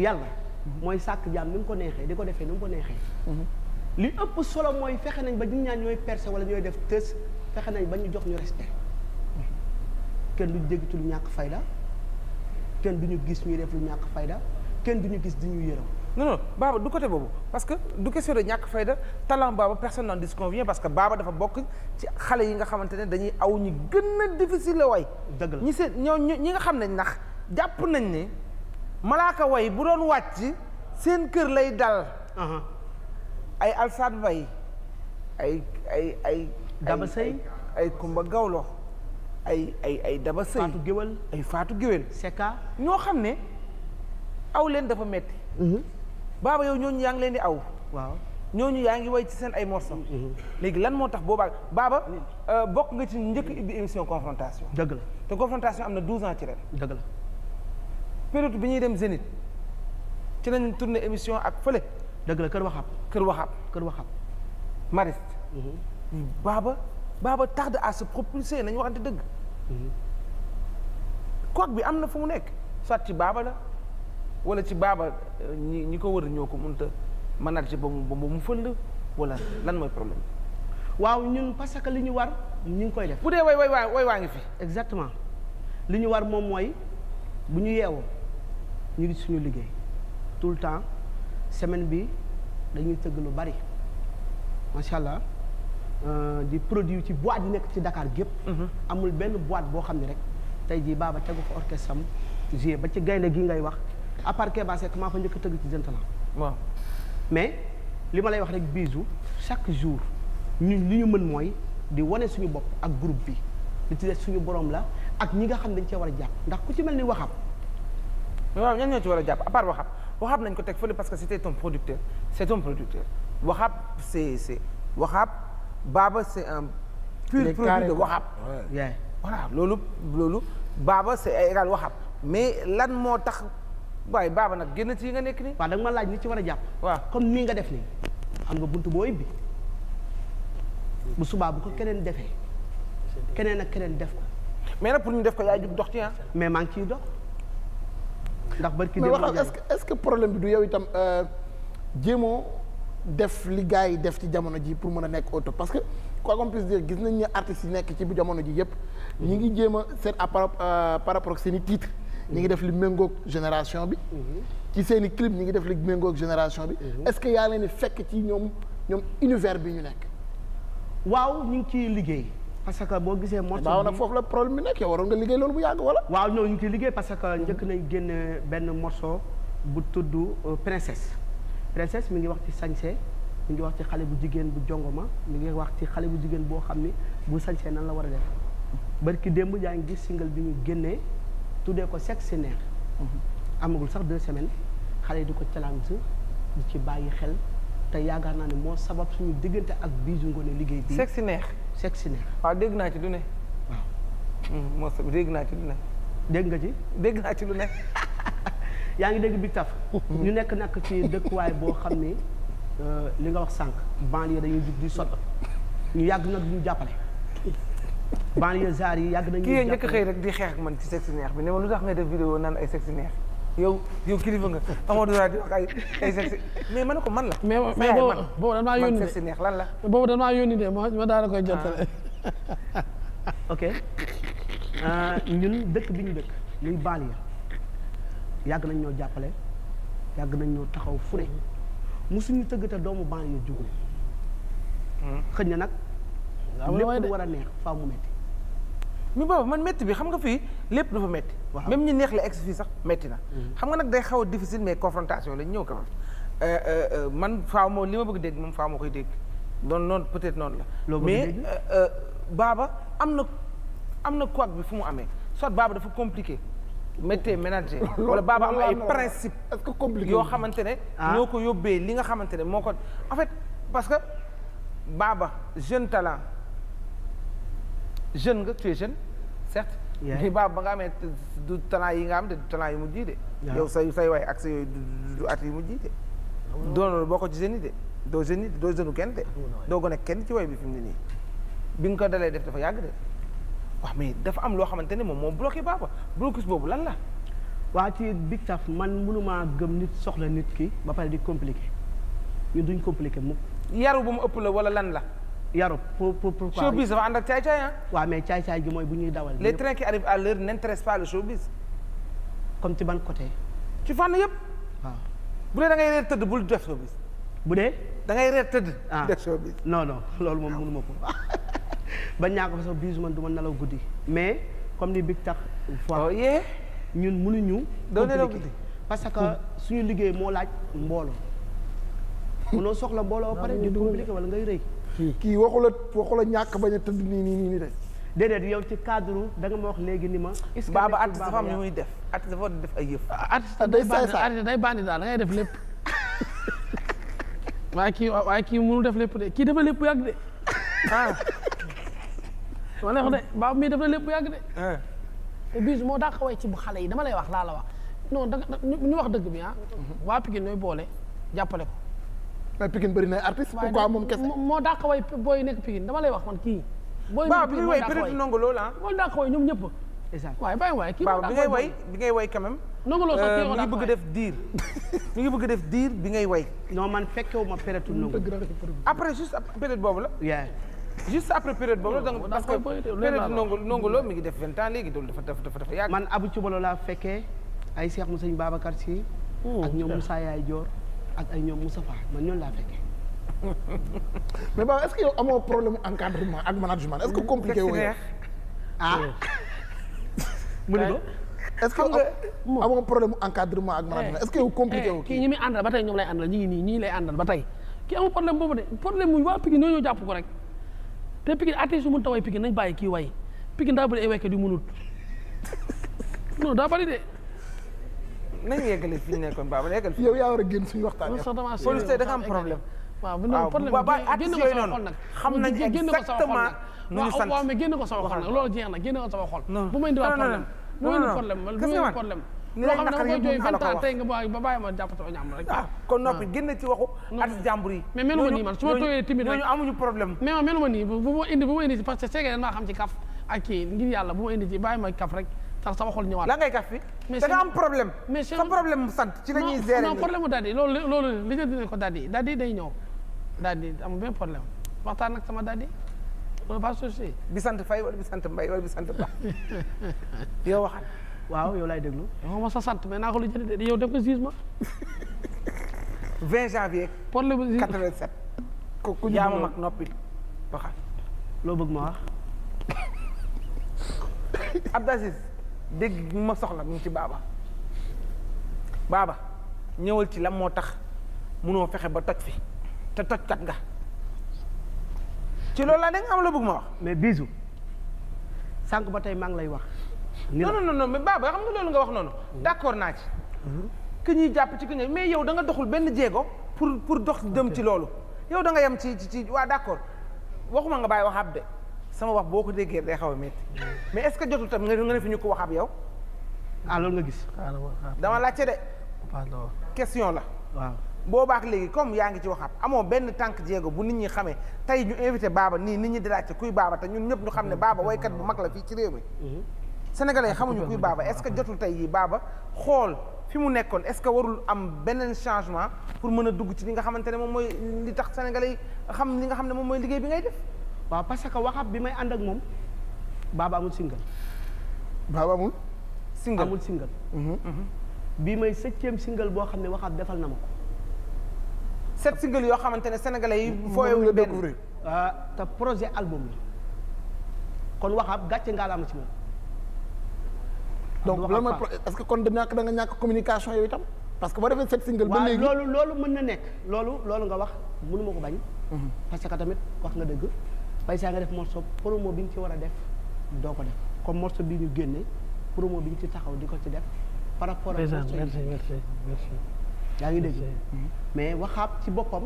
yàlla. mooy sàkk jaam ni mu ko neexee di ko defee ni mu ko neexee. Mhm. li ëpp solo mooy fexe nañ ba ñu ñaan ñooy percé wala ñooy def tës fexe nañ ba ñu jox ñu respect kenn du dégg ci ñàkk fayda. kenn du ñu gis ñuy def lu ñàkk fayda kenn du ñu gis du ñu yërëm. non non Baba du côté boobu parce que du question de ñàkk fayda talent Baba personne n'en disconvient parce que Baba dafa bokk ci xale yi nga xamante ne dañuy aw ñi gën a difficile la way. dëgg la ñi seen ñoo ñi nga xam ne nax jàpp nañ ne malaaka way bu doon wàcc seen kër lay dal. ay alsaan bay ay ay ay. daba sëy ay kumba gawloo ay ay ay daba sëy faatu géwél ay faatu géwél seka ñoo xam ne aw leen dafa metti mhm. baaba yow ñooñu yaa ngi leen di aw waaw ñooñu yaa ngi way ci seen ay morceau mhm, mhm. léegi lan moo tax boobaa baaba euh, bokk nga ci njëkk ibbi émission confrontation dëgg la te confrontation am na douze ans ci ren dëgg la période bi ñuy dem Zénith ci lañ tourné émission ak fële dëgg la kër waxam kër waxaab kër waxaab mariste baaba Baba tarde à se propulser nañu waxante dëgg. coque mhm. bi am na fu mu nekk soit ci Baba la wala ci baaba euh, ñi ñi ko a ñoo ko mënut a manager ba mu ba mu fël wala lan mooy problème waaw ñun parce que li ñu war ñu ngi koy def. bu dee way way waa waa ngi fi. exactement li ñu war moom mooy bu ñu yeewoo ñu ngi suñu liggéey tout le temps semaine bi dañuy tëgg lu bari macha allah. Euh, di produire ci boîte yi nekk ci dakaar gépp mhm. amul benn boîte boo xam ne rek tey jii baaba tegu fa orchestre am joué ba ci gaynde gi ngay wax à part Keba Seck maa fa njëkk a tëgg ci Jëntalan waaw mais li ma lay wax rek bisu chaque jour ñun li ñu mën mooy di wane suñu bopp ak groupe bi li ci des suñu borom la ak ñi nga xam dañ cee war a jàpp ndax ku ci mel ni waxam waaw ñan ñoo ci war a jàpp à part waxam waxam nañ ko teg fële parce que c'était ton producteur c'est ton producteur waxam c'est c'est waxam Baba c'est un pur produit de waxab ouais. voilà loolu loolu Baba c'est égal waxab mais lan moo tax waaye Baba nag génn ci yi nga nekk nii waaw da ma laaj ni ci war a jàpp waaw comme nii nga def nii xam nga buntu boo ibbi bu subaab bu ko keneen defee keneen ak keneen def ko mais na pour ñu def ko yaay jub dox ci ah mais maa ngi dox ndax barki mais wax est-ce que problème bi du yow itam euh, jéemoo def li gars yi def ci jamono ji pour mën a nekk au parce que quoi gis nañ ne artistes yi nekk ci bu jamono ji yëpp ñi ngi jéem a seet à par euh, rapport ak seen i ñi ngi def li méngoog génération bi mhm. ci seen i clip ñi ngi def li méngoog génération bi mhm. est-ce que yaa leen di fekk ci ñoom ñoom univers bi ñu nekk waaw ñu ngi ciy liggéey parce que boo gisee morceau bi waaw nag foofu la problème bi nekk yow waroon nga liggéey loolu bu yàgg wala waaw ñoo ñu ngi ciy liggéey parce que mhm. njëkk nañ génn benn morso bu tudd euh, princesse princesse mi ngi wax ci sañse mu ngi wax ci xale bu jigéen bu jongoma mi ngi wax ci xale bu jigéen boo xam ni bu sañsee nan la war a def ki démb jaa ngi gis single bi ñu génnee tuddee ko sexe neex mhm. amagul sax deux semaines xale yi du ko challenge di ci bàyyi xel te yaakaar naa ne moo sabab suñu diggante ak Bijou Ngoné liggéey bi sexe neex sexe neex waaw dégg naa ci du ne mhm, moo dégg naa ci dégg nga ci dégg naa ci lu ne yaa ngi dégg Big Taf ñu nekk nag ci dëkkuwaay boo xam ne euh, li nga wax sànq banlieue dañuy jug di sot ñu yàgg nag ñu jàppale banlieue zar yi yàgg nañu. kii yee njëkk xëy rek di xeex man ci sexe bi ne lu tax ngay def vidéo naan ay sexe yow yow kilifa nga Amadou Ra di wax ay ay sexe mais man ko man la. mais mais boobu boobu dañ de man sexe neex lan la. boobu dañ maa yónni de ma ma daal koy jottale. Ah. ok euh, ñun dëkk bi ñu dëkk muy banlieue. yàgg nañ ñoo jàppale yàgg nañ ñoo taxaw fure ne musuñu tëgg te doomu banlieue yu jugul hmm. xëñ na nag lépp lu war a neex faaw mu metti mi booba man métti bi xam nga fii lépp dafa métti même ñi neex la ex fii sax métti na hmm. xam nga nag day xaw a difficile mais confrontation lañ ñëw quand même euh, euh, euh, man faaw moo li ma bëgg dégg moom faaw moo koy dégg doon noonu peut-être noonu la mais baaba am na am na quoi bi fu mu amee soit baaba dafa compliqué métier ménager wala baaba am ay principe yoo xamante ne ah. ñoo ko yóbbee li nga xamante ne moo ko en fait parce que baaba jeune talent jeune nga tu es jeune certes mais baaba ba nga amee du talent yi nga am te du talent yu mu jiite yow say say waay accès yooyu du at yi mu jiite doonoolu boo ko ci jeune yi de doo jeune yi doo jeune kenn de doo gën a kenn ci way bi fi mu ne nii bi nga ko dalee def dafa yàgg de wax mais dafa am loo xamante ne moom moom moo bloqué Baba blocus boobu lan la. waa ci Big Taf man mënumaa gëm nit soxla nit ki ba pare di compliqué ñun duñ compliqué mukk yaru bu mu ëpp la wala lan la. yaru pour pour pourquoi. showbiz dafa ànd ak caay-caay ah. waa mais caay-caay gi mooy bu ñuy dawal. les trains qui arrivent à l'heure n'intéressent pas le showbiz. comme ci ban côté. ci fànn yëpp. waaw ah. bu dee da ngay reer tëdd bul def showbiz. bu dee. da ngay reer tëdd. ah def showbiz. non non loolu moom mënuma ko. bañ naa ko fa sax biisu man du ma nelaw guddi mais comme ni big tax fois oh, ñun mu doo nelaw guddi parce que suñu liggéey moo laaj mbooloo mënoo soxla mbooloo ba pare di compliqué wala ngay rëy kii waxu la waxu la ñàkk bañ a tëdd yow ci cadre da nga léegi ni ma. est-ce que dafa am lu muy def artiste dafa def a yëf. Ah, ah, artiste day saay saay bandi daal da ngay def lépp waaye kii waaye kii mënul def lépp de kii dafa lépp yàgg de ah. ma neex de mm. baab mii def na bu yàgg de. Eh. te biis moo dàq way ci bu xale yi dama lay wax laa la wax non da ñu wax dëgg bi ah. Mm-hmm. waa Pikine ñooy boole jàppale ko. waaye Pikine bëri na artiste. pourquoi moom kese moo dàq way booy yi nekk Pikine dama lay wax man kii. booy yi nekk Pikine moo dàq way waaw bi ngay nangu loolu ah. moo dàq way ñëpp. exactement waaye bàyyi waaye kii moo dàq way bi ngay way bi ngay way quand même. nangu loo sax euh, kii moo dàq way def diir mi ngi bëgg def diir bi ngay way. non man fekkewu ma période nangu. après juste période boobu la. juste après période boobu da nga parce que période nongu nongu loo mi ngi def vingt ans léegi doolu dafa laa fekkee ay Cheikh mu sëñ Babacar Si ak ñoom Moussa Yaay Joor ak ay ñoom Moussa Fall man ñoom laa fekkee mais ba est-ce que amoo problème encadrement ak management est-ce que compliqué woo ah mu ne ko est-ce que amoo problème encadrement ak management eh, est-ce que yow compliqué eh, woo kii ñi ba tey ñoom lay àndal ñi ngi nii ñii lay àndal ba tey kii amul problème boobu de problème mu waa Pikine ñoo ñoo jàpp ko rek te Pikine artiste yu mënut a way Pikine nañ bàyyi kii way Pikine daa bëri ay waykat yu mënut non daa bëri de. nañ yeggali fi ñu nekkoon Baba yeggali fi yow yaa war a génn suñu waxtaan yi. police da nga am problème. waaw na nag xam nañ exactement nu ñu sant ko sama xol nag loolu jeex na génn ko sama xol. bu may indiwaat problème bu may indi problème li lay naqari yëpp mën naa la ko wax tey nga ba bàyyi ma jàppatoo ñàmb rek ah kon noppi ah. man su ma tooyee timide amuñu problème mais man meluma nii bu ma indi bu ma indi ci parce que seegee den maa xam ci kaf ak kii ngir yàlla bu ma indi ci bàyyi ma kaf rek tax sama xol ñëwaat la kaf bi da am problème mais sa problème sant ci la ñuy gérer non problème loolu loolu li nga ko daddi daddi day ñëw daddi amul benn problème waxtaan nag sama daddi bi sant fay wala bi sant mbay wala bi sant ba waaw yow laay déglu. waaw ma sa sant mais naa ko lu jënd de yow def ko jugement. 20 janvier. problème 87. ku ku jaama mag noppi waxal. loo bëgg ma wax. Abdou Aziz dégg ma soxla mu ngi ci baaba baaba ñëwal ci lam moo tax munoo fexe ba toj fi te tojkat nga ci loolu laa da nga am la bëgg ma wax mais bisu sànq ba tey maa ngi lay wax non non non mais Baba xam nga loolu nga wax noonu mm-hmm. d'accord naa ci mm-hmm. que ñuy jàpp ci que ñuy mais yow da nga doxul benn jéego pour pour dox dem ci loolu yow da nga yem ci ci ci waa d'accord waxuma nga bàyyi waxaab de sama wax boo ko déggee day xaw a mm. mais est-ce que jotul tam nga ne fi ñu ko waxaab yow ah, ah loolu nga gis dama laajte de question la boo boobaak léegi comme yaa ngi ci waxaab amoo benn tànk jéego bu nit ñi xamee tey ñu invité baaba nii nit ñi di laajte kuy baaba te ñun ñëpp ñu xam ne mm-hmm. baaba waykat bu mag la fii ci réew mi sénégalais xamuñu kuy baaba est-ce que jotul tey yi baaba xool fi mu nekkoon est-ce que warul am beneen changement pour mën a dugg ci li nga xamante ne moom mooy li tax sénégalais yi xam li nga xam ne moom mooy liggéey bi ngay def waaw parce que waxam bi may ànd ak moom baaba amul single baaba amul single mhm. Mhm. bi single bii may septième single boo xam ne waxam defal na ma ko sept single yoo xamante ne sénégalais yi fooyewuñu benn ah, te projet album la kon waxam gàcce ngaa la am ci moom donc lan mooy est-ce que kon da ñàkk da nga ñàkk communication yooyu itam parce que boo defee set single ba léegi loolu loolu mën na nekk loolu loolu nga wax mënu ma ko bañ mhm. parce que tamit wax nga dëgg bay saa nga def morceau promo bi ñu ci war a def doo ko def comme morceau bi ñu génne promo bi ñu ci taxaw di ko ci def par rapport a morceau merci merci yaa ngi dégg mhm. mais waxaab ci boppam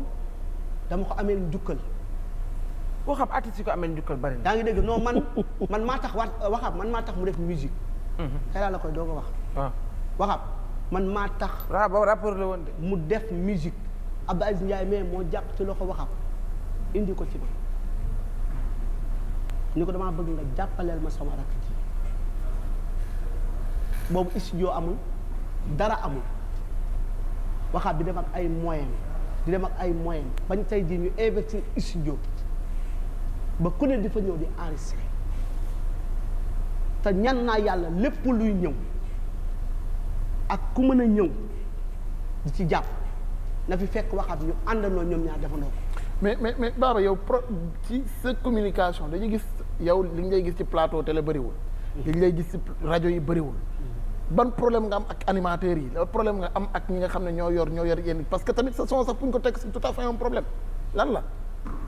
dama ko amee jukkal waxaab artiste yi ko amee njukkal bari daa ngi dégg noo man man maa tax wa waxaab man maa tax mu def musique Mhm. xelal la koy doo ko wax. Ah. waaw man maa tax. waaw boobu rapport la de. mu def musique Abdou Aziz Ndiaye mais moo jàpp ci ko waxam indi ko ci man ni ko damaa bëgg nga jàppaleel ma sama rakk ji boobu studio amul dara amul waxaat bi def ak ay moyen di dem ak ay moyen bañ tey jii ñu investir studio ba ku ne di fa ñëw di enregistré te ñan naa yàlla lépp luy ñëw ak ku mën a ñëw di ci jàpp na fi fekk waxam ñu àndandoo ñoom ñaar defandoo ko mais mais mais Baba yow pro ci sa communication dañuy gis yow li ñu lay gis ci plateau télé bëriwul li ñu lay gis ci rajo yi bëriwul ban problème nga am ak animateurs yi la problème nga am ak ñi nga xam ne ñoo yor ñoo yor yenn parce que tamit sa son sax pour ko teg c'est tout à fait un problème lan la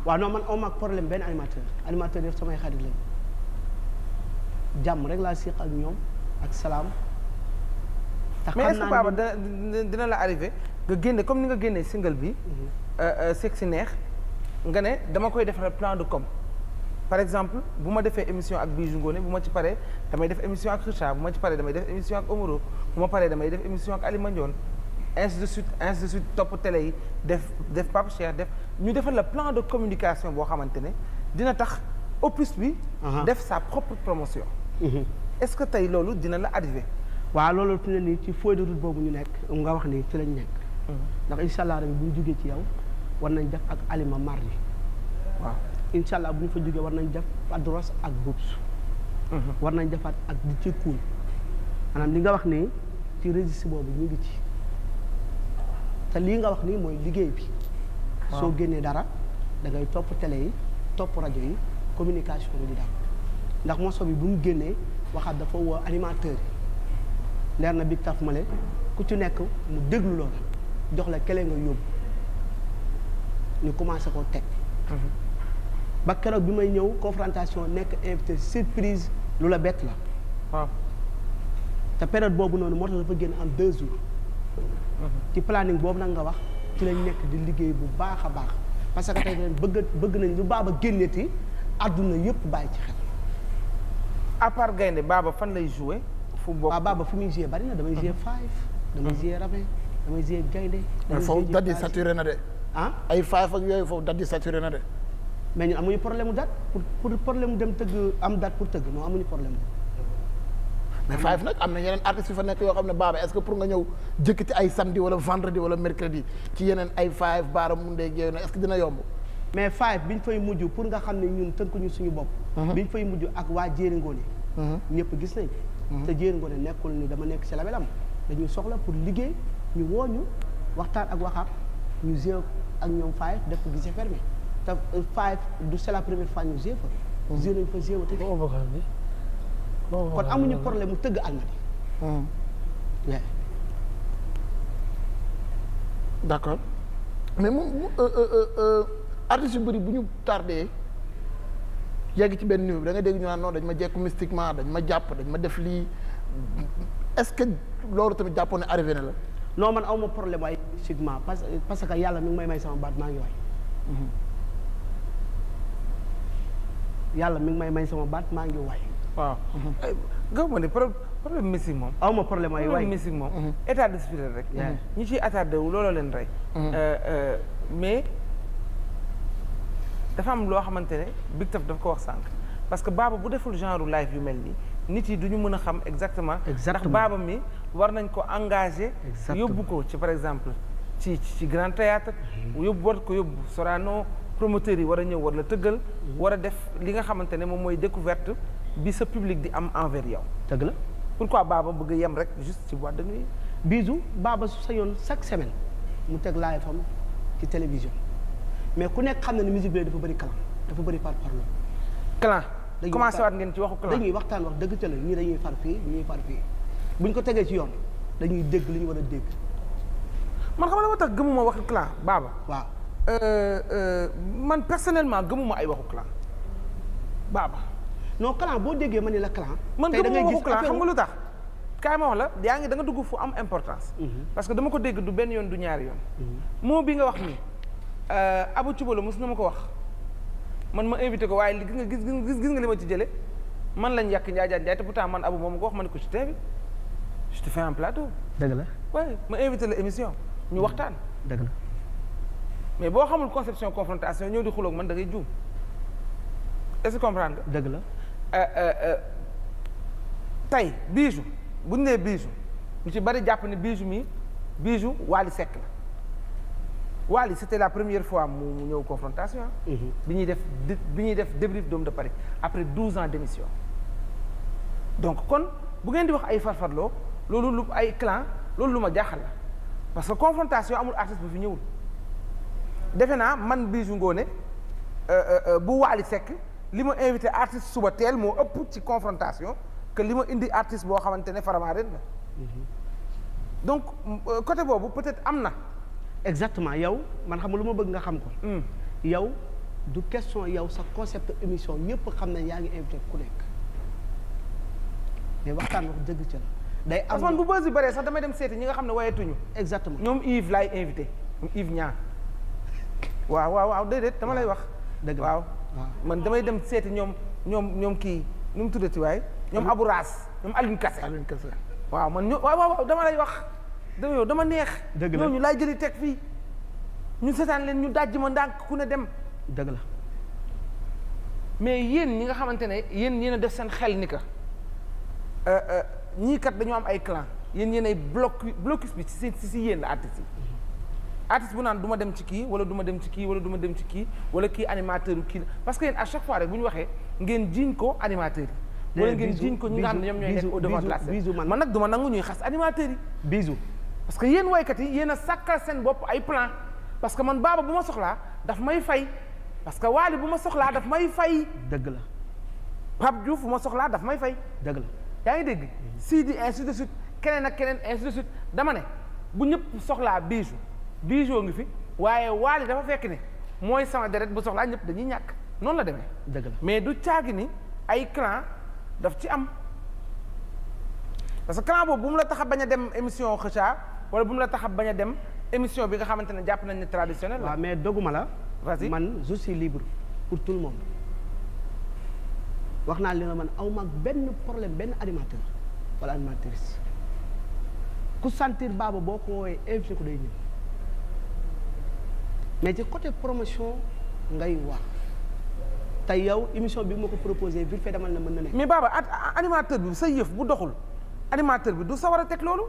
waaw non man am ak problème benn animateur animateur yëpp samay xarit lañu jàmm rek laa séq ak ñoom ak salaam. te xam naa mais est-ce que papa dina la arrivé nga génne comme ni nga génnee single bi. Mhm. Euh, euh, seeg si neex nga ne dama koy defaral plan de comme par exemple bu ma defee émission ak Bijou Ngoné bu ma ci paree damay def émission ak Richard bu ma ci paree damay def émission ak Omaro bu ma paree damay def émission ak Ali Mandione ainsi de suite ainsi de suite topp télé yi def def Pape Cheikh def ñu defal la plan de communication boo xamante ne dina tax opus bi uh-huh. def sa propre promotion Mm-hmm. est-ce que tey loolu dina la arrivé. waaw loolu tu ne nii ci feuille de route boobu ñu nekk nga wax nii ci lañ nekk. Mm-hmm. ndax incha allah rabi bu ñu jugee ci yow war nañ def ak alima yi waaw incha allah bu ñu fa jugee war nañ def adros ak bubs. Mm-hmm. war nañ defaat ak di ci kuul maanaam li nga wax nii ci registre boobu ñu ngi ci te lii nga wax nii mooy liggéey bi. soo génnee dara da ngay topp télé yi topp rajo yi communication bi di daal. ndax morceau bi bu mu génnee waxaat dafa woo animateur yi leer na big taf male ku ci nekk mu déglu loolu jox la kele nga yóbbu ñu commencé ko teg ba keroog bi may ñëw confrontation nekk invité surprise lu la bett la waaw te période boobu noonu moo tax dafa génn am deux jours ci planning boobu nag nga wax ci lañ nekk di liggéey bu baax a baax parce que tey leen bëgg bëgg nañ baax baaba génneti àdduna yépp bàyyi ci xel à part gaynde baaba fan lay jouer fu bokk waaw Baba fu muy jouer bari damay jouer mhm. five damay mhm. jouer rabin damay jouer gaynde foofu date yi na de ah ay five ak yooyu foofu date yi na de mais ñun amuñu problème mu date pour pour problème dem tëgg am date pour tëgg non amuñu problème mais five nag am na yeneen artistes yu fa nekk yoo xam ne baaba est-ce que pour nga ñëw jëkkati ay samedi wala vendredi wala mercredi ci yeneen ay five baara mu ndee géew na mais five bi ñu fay mujj pour nga xam ne ñun tënkuñu suñu bopp. Uh-huh. bi ñu fay mujj ak waa Jéeri Ngoone. Uh-huh. ñëpp gis nañ. Uh-huh. te Jéeri Ngoone nekkul ni dama nekk ci labelam dañuy soxla pour liggéey ñu woo ñu waxtaan ak waxaab ñu gérer ak ñoom five def ko gisee fermé te euh, five du c'est ñu gérer fa. gérer nañ fa kon amuñu problème mu tëgg Almadies. d'accord artistes yu bëri bu ñu tardé yegg ci benn niveau bi da nga dégg ñu naan non dañ ma jekku mystiquement dañ ma jàpp dañ ma def lii est-ce que loolu tamit jàppoon ne na la. non man aw ma problème waaye mystiquement parce parce que yàlla mi ngi may may sama baat maa ngi waay. Mm-hmm. yàlla mi ngi may may sama baat maa ngi waay. waaw. Mm-hmm. gëm ma ne problème mystique moom. aw ma problème ay waay problème mystique moom. Mm-hmm. état d'esprit rek. ñu ciy attardé wu looloo leen rey. Euh, euh, dafa am loo xamante ne Big Taf daf ko wax sànq parce que baaba bu deful genre live yu mel nii nit yi du ñu mën a xam exactement ndax baaba mi war nañ ko engagé yóbbu ko ci par exemple ci ci grand théâtre mhm. yóbbu war ko yóbbu Sorano promoteurs yi war a ñëw war la tëggal mhm. war a def li nga xamante ne moom mooy découverte bi sa public di am envers yow dëgg la pourquoi baaba bëgg yem rek juste ci boîte de nuit bisu baaba su yoon chaque semaine mu teg live am ci télévision mais ku nekk xam na ne musique bi dafa bëri clan dafa bëri par parlo clan commencé waat ngeen ci waxu clan dañuy waxtaan wax dëgg ca la ñii dañuy far fii ñuy far fii bu ñu ko tegee ci yoon dañuy dégg li ñu war a dégg man xam la ma tax gëmuma waxu clan baaba waaw euh, euh, man personnellement gëmuma ay waxu clan baaba non clan boo déggee ma ne la clan man gëmuma waxu clan xam nga lu tax kaay ma wax la yaa ngi da dugg fu am importance mhm. parce que dama ko dégg du benn yoon du ñaari yoon mhm. moo bi nga wax nii Euh, Abu Cubalo mos na ma ko wax man ma invité ko waaye gis nga gis gis nga li ma ci jële man lañ yàq Njaajaan Njaay te pourtant man Abu moom ko wax man ko ci tey bi je te fais un plateau. dëgg la waaye ma invité la émission ñu waxtaan. dëgg la boo xamul conception confrontation ñëw di xuloog man da ngay juum est-ce la euh, euh, tey biisu bu ñu nee biisu ñu ci bari jàpp ne biisu mi biisu Waly Seck la. Wally c'était la première fois mu ñëw confrontation mhm. bi ñuy def bi ñuy def débrief d'homme de pare après douze ans démision donc kon bu ngeen di wax ay farfarloo loolu lu ay clan loolu lu ma jaaxal la parce que confrontation amul artiste bu fi ñëwul defe naa man Bijou ngoone euh, euh, euh, bu Wally Seck li ma invité artiste suba teel moo ëpp ci confrontation que li ma indi artiste boo xamante ne farama ren la mhm. donc côté boobu peut-être am na exactement yow man xam lu ma bëgg nga xam ko. Hmm. yow du question yow sa concept émission ñëpp xam nañ yaa ngi invité ku nekk mais waxtaan wax dëgg ca la. day am man bu bës bi baree sax damay dem seeti ñi nga xam ne wayetuñu. exactement ñoom Yves laay invité ñoom Yves Niang. waaw waaw waaw dama lay wax. dëgg waaw man damay dem seeti ñoom ñoom ñoom kii nu mu tuddati waay. ñoom Abou Raas ñoom Alioune Kassé. Alioune Kassé waaw man ñu waaw waaw dama lay wax. da dama neex. dëgg la ñooñu laay jëli teg fii ñu setaan leen ñu dajji ma ndànk ku ne dem. dëgg la mais yéen ñi nga xamante ne yéen yéen a def seen xel ni ka euh, euh, ñii kat dañoo am ay clan yéen yéen ay bloc blocus bi ci si si yéen la artistes yi. Mm-hmm. artiste bu naan du ma dem ci kii wala du ma dem ci kii wala du ma dem ci kii wala kii animateur kii parce que yéen à chaque fois rek bu ñu waxee ngeen jiiñ ko animateur yi. wala eh, ngeen jiiñ ko ñi nga xam ne ñoom ñooy nekk nag ma nangu ñuy xas animateur yi. bisou parce que yéen waykat yi yéen a sàkkal seen bopp ay plan parce que man baaba bu ma soxlaa daf may fay parce que waali bu ma soxlaa daf may fay. dëgg la Pape Diouf fu ma soxlaa daf may fay. dëgg la yaa ngi dégg. Sidi ainsi de suite keneen ak keneen ainsi suite dama ne bu ñëpp soxlaa biisu biisoo ngi fi waaye waali dafa fekk ne mooy sama deret bu soxlaa ñëpp dañuy ñàkk noonu la demee. dëgg la mais du caagi ni ay clan daf ci am parce que clan boobu bu mu la tax bañ a dem émission xëcca wala bu mu la tax a bañ a dem émission bi nga xamante ne jàpp nañ ne traditionnel la. waaw mais doguma la. man je libre pour tout le monde. wax naa leen man aw mag benn problème benn animateur wala animatrice ku sentir baaba boo ko woowee invité ko day ñëw mais ci côté promotion ngay wax te yow émission bi mu ko proposé vite fait dama ne mën na nekk. mais baaba animateur bi sa yëf bu doxul animateur bi du sa war a teg loolu.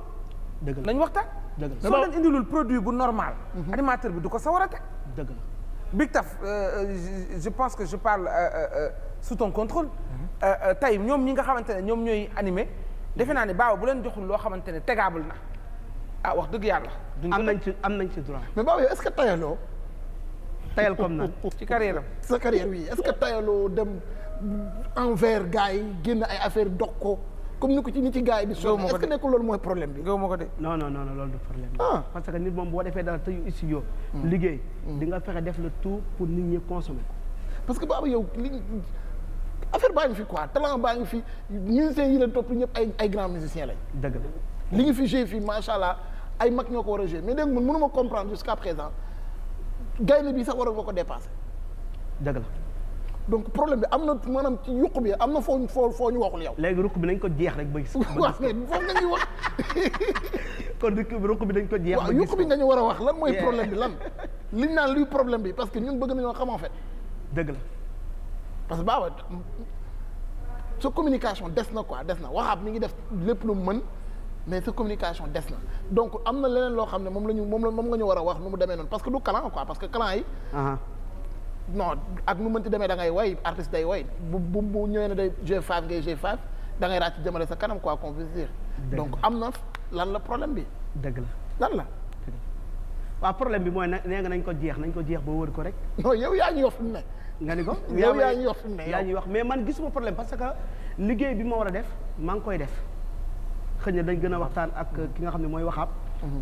dëgg la nañ waxtaan. dëgg la soo leen indilul produit bu normal. Mhm. animateur bi du ko sawar a teg. dëgg la Big euh, euh, je pense que je parle euh, sous ton contrôle. Mhm. tey ñoom ñi nga xamante ne ñoom ñooy animé. defe naa ne baaw bu leen joxul loo xamante ne tegaabul na ah wax dëgg yàlla. am nañ ci am nañ ci droit. mais baaw yow est-ce que tayaloo. tayal comme nan ci carrière am. sa carrière oui est-ce que tayaloo dem envers gars yi génn ay affaire dox ko. comme ni ko ci ni ci gars yi di sonn est-ce que nekkul loolu mooy problème bi gëw ma ko de non non loolu du problème bi ah. parce que nit moom boo defee dara tëju studio hmm. liggéey hmm. di fexe def le tout pour nit ñi consommer parce que baaba yow li affaire baa ngi fi quoi talent baa ngi fi musiciens yi la topp ñëpp ay ay grands musiciens lañ dëgg la li ñu fi joué fii macha allah ay mag ñoo ko war a joué mais dégg nga mënuma comprendre jusqu'à présent gaynde bi sax war a nga ko dépasser dëgg la donc problème bi am na maanaam ci yuq bi am na foo foo foo ñu waxul yow. léegi ruq bi nañ ko jeex rek ba gis. waaw mais foofu la wax. kon ruq bi dañ ko jeex. ba gis yuq bi nga ñu war a wax lan mooy problème bi lan. liñ naan luy problème bi parce que ñun bëgg nañoo xam en fait. dëgg la. parce que baaba sa communication des na quoi des na waxaab mi ngi def lépp lu mën mais sa communication des na donc am na leneen loo xam ne moom la moom la moom nga ñu war a demee noonu parce que du clan quoi que clan yi. Ah ah. non ak nu mënti demee da ngay woy artiste day woy bu bu bu ñëwee ne day G5 ngay G5 da ngay ràcc jëmale sa kanam quoi qu'on puisse donc am na lan la problème bi. dëgg la lan la. waa problème bi mooy na nee nga nañ ko jeex nañ ko jeex boo wër ko rek. non yow yaa ñuy wax fi mu ne. nga ni ko yow yaa ñuy wax fi yaa ñuy wax mais man gisuma problème parce que liggéey bi ma war a def maa ngi koy def xëy na dañ gën a waxtaan ak ki nga xam ne mooy waxaab.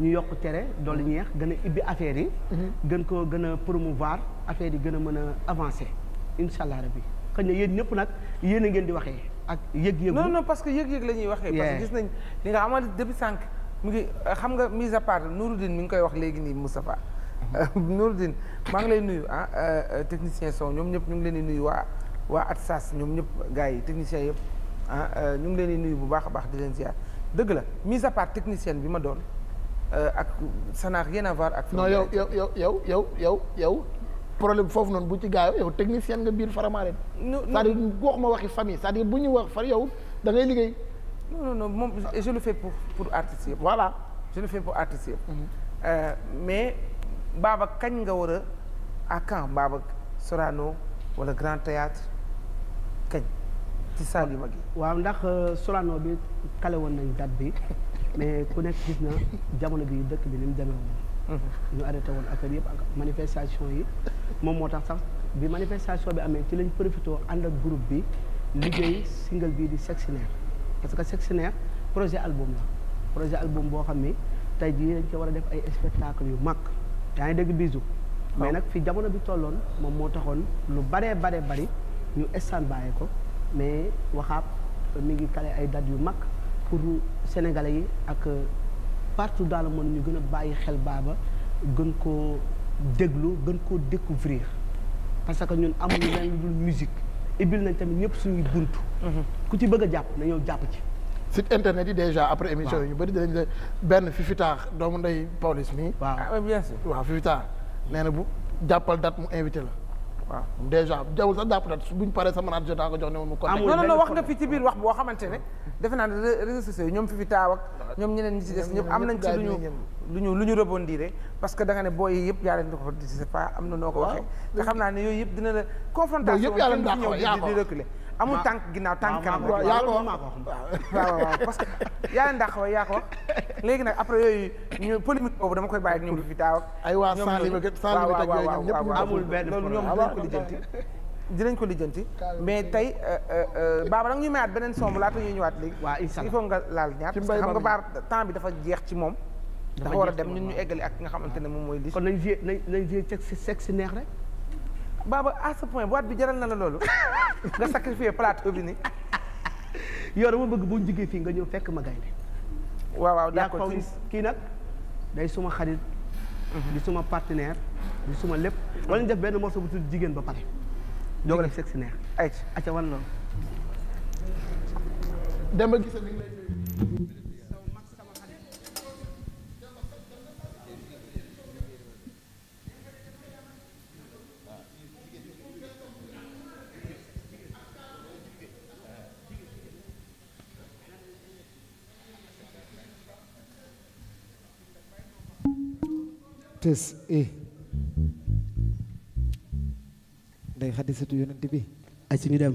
ñu yokk tere dolli ñeex gën a ibbi affaire yi. gën ko gën a promouvoir affaire yi gën a mën a avancer incha allah rabbi xëy na yéen ñëpp nag yéen a ngeen di waxee ak yëg-yëg. non non parce que yëg-yëg la ñuy waxee. parce que gis nañ li nga amal depuis sànq mu ngi xam nga mise à part Nouroudine mi ngi koy wax léegi nii Moustapha. Nouroudine maa ngi leen nuyu ah euh, technicien son ñoom ñëpp ñu ngi leen di nuyu waa waa sas ñoom ñëpp gars yi technicien yëpp ah euh, ñu ngi leen di nuyu bu baax a baax di leen ziar dëgg la mise à part bi ma doon Euh, ak ça rien à ak. non yow yow yow yow yow yow yow problème foofu noonu bu ci gaaw yow technicien nga biir Faramareen. non non c'est-à-dire waxi famille cest à bu ñu wax far yow dangay ngay liggéey. non non non moom je le fais pour pour voilà je le fais pour artiste mhm. euh, mais Baba kañ nga war a à quand Baba Sorano wala Grand Théâtre kañ ci salle yu waaw ndax euh, Sorano bi kale woon nañ date bi. mais ku nekk gis na jamono bi dëkk bi ni mu demee woon mhm. ñu arrêté woon affaire yëpp ak manifestation yi moom moo tax sax bi manifestation bi amee ci lañ profité ànd ak groupe bi liggéey single bii di sectionnaire parce que sectionnaire projet album la projet album boo xam ni tey jii dañ ko war a def ay spectacle yu mag yaa ngi dégg bisu mais nag fi jamono bi tolloon moom moo taxoon lu baree baree bari ñu estan bàyyi ko mais waxaab mi ngi kale ay date yu mag sénégalais yi ak euh, partout dans le monde ñu gën a bàyyi xel baaba gën koo déglu gën koo découvrir parce que ñun amuñu leen musique ibil nañ tamit ñëpp suñuy bunt mhm. ku ci bëgg a jàpp na jàpp ci. site internet yi déjà après émission yi ñu bëri dañ la benn Fifi doo doomu ndey Pawlish mii. waaw ah, bien sûr na bu jàppal date mu invité la. waaw déjà jawul sax jàpp na buñ paree sa manaat jotaa ko jox ne mu contact non non wax nga fi ci wax boo xamante ne defe naa ne réseaux sociaux yi ñoom fi fi taaw ak ñoom ñeneen ñi ci des ñëpp am nañ ci lu ñu lu ñu lu ñu rebondir parce que da nga ne booy yëpp yaa leen di ko di c'est pas am na noo ko waxee te xam naa ne yooyu yëpp dina la confrontation yëpp yaa leen di reculer amul tànk ginaaw tànk kanam yaa ko wax waaw waaw parce que yaa ndax yaa ko léegi nag après yooyu ñu polémique boobu dama koy bàyyi ak ñoom fi taaw ak ay waa sans limite sans limite ak yooyu ñoom ñëpp amul benn loolu ñoom ko lijjanti mais tey baaba euh, euh, euh, da nga ñuy mayaat beneen somb laata ñuy ñëwaat léegi waaw incha allah il faut nga laal ñaar xam nga baar temps bi dafa jeex ci moom dafa war a dem ñun ñu eggali ak nga xamante ne moom mooy li kon nañ nañ nañ jé ceeg neex rek baaba à ce point boîte bi jaral na la loolu nga sacrifier plateau bi ni yow dama bëgg boo jógee fii nga ñëw fekk ma gaynde waaw waaw d'accord kii nag day suma xarit mhm. di suma partenaire di suma lépp wala ñu def benn morceau bu tudd jigéen ba pare doo ko def sexe neex ay acca wan loolu dama gis tës e day xadisatu yonent bi ay ci ñu dem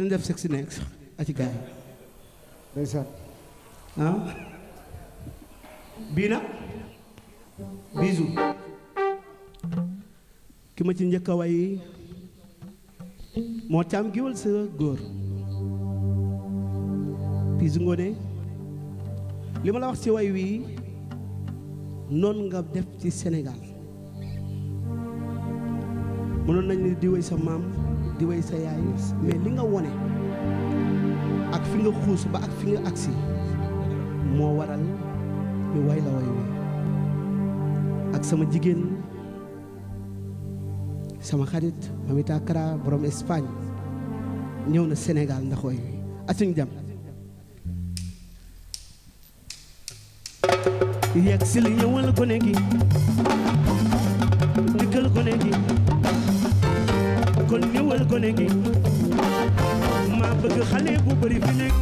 nañ def ah? bii nag bisu ki ma ci njëkk a way moo caam giwal sa góor bisu ngoone li ma la wax ci way wii noonu nga def ci Sénégal mënoon nañ di way sa maam di way sa yaay mais li nga wone ak fi nga xuus ba ak fi nga agsi moo waral ñu way la way wooy ak sama jigéen sama xarit Mamita Kara borom Espagne ñëw na Sénégal ndax way wi asuñ jam yegg si li ñëwal gone gi ndigal gone gi kon ñëwal gone gi maa bëgg xale bu bëri fi nekk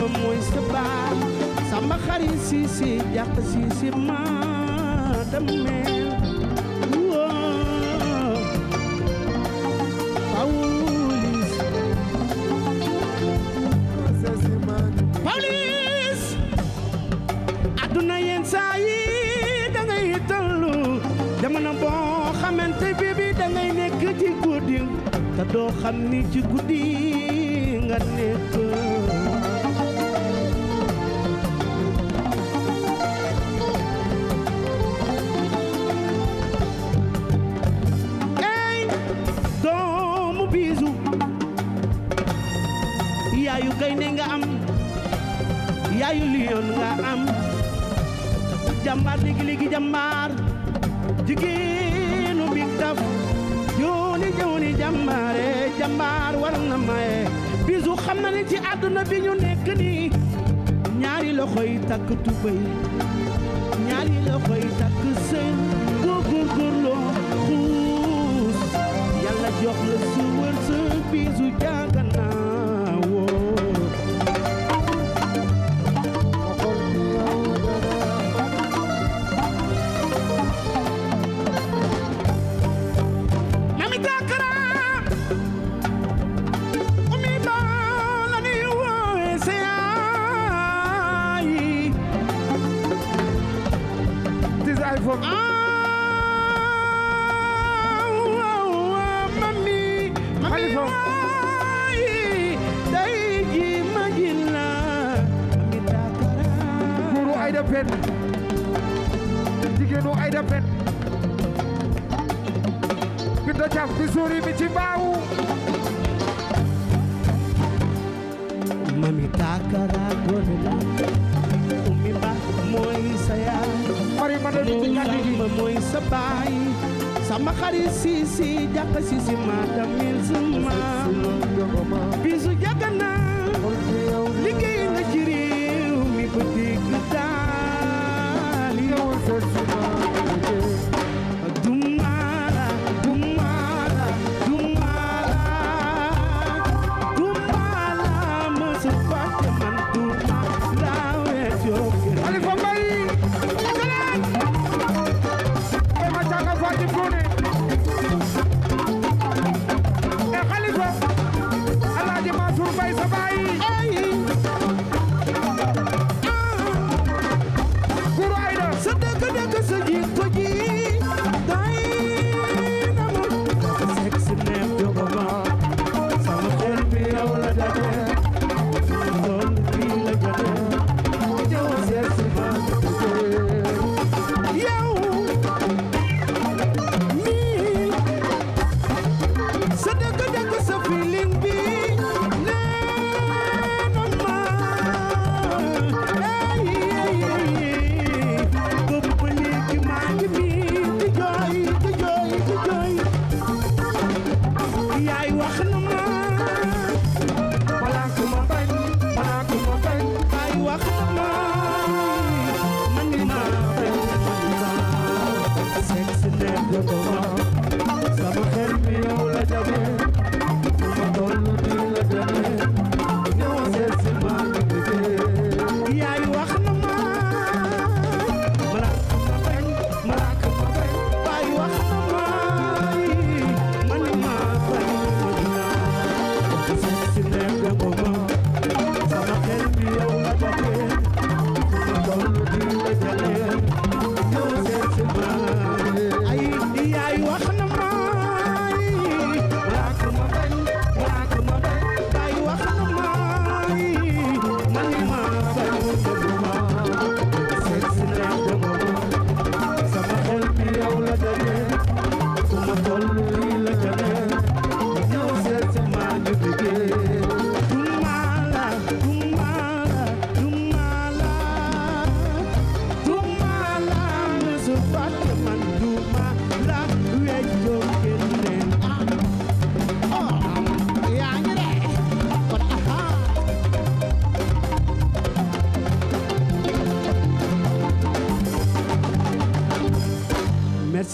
ma mooy sa baat sama xarit si si jàq si si ma dameel woo Pawlish Pawlish adduna yenn saa yi dangay tollu jamono boo xamante bi bi dangay nekk ci guddi te doo xam ni ci guddi nga nekk yaayu lion nga am jàmbaar léegi léegi jàmbaar jigéenu big taf jooni jooni jàmbaare war na maye bisu xam na ni ci àdduna bi ñu nekk nii ñaari loxoy takk tubéy ñaari loxoy takk sëy góor góor góor loo jox la su wërsëg bisu sisi mata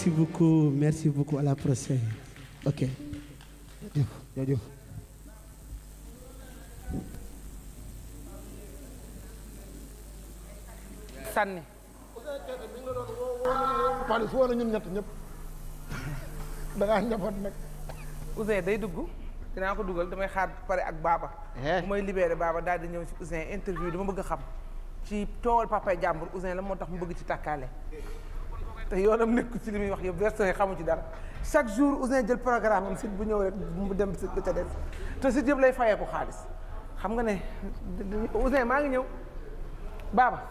merci beaucoup merci la prochaine ok. jërëjëf jërëjëf. sànni. Pali su wala ñun ñëpp da ngaa njaboot nag. Ouzin day dugg dinaa ko dugal damay xaar pare ak baaba bu eh? may libéré Baba daal di ñëw ci Ouzin interview dama bëgg xam ci tool papa jàmbur Ouzin la moo tax mu bëgg ci tàkkaale te yoonam nekku ci li muy wax yëpp version yi xamu ci dara chaque jour Ouzin jël programme am site bu ñëw rek mu dem site ba ca des te site yëpp lay fayee ko xaalis xam nga ne Ouzin maa ngi ñëw baaba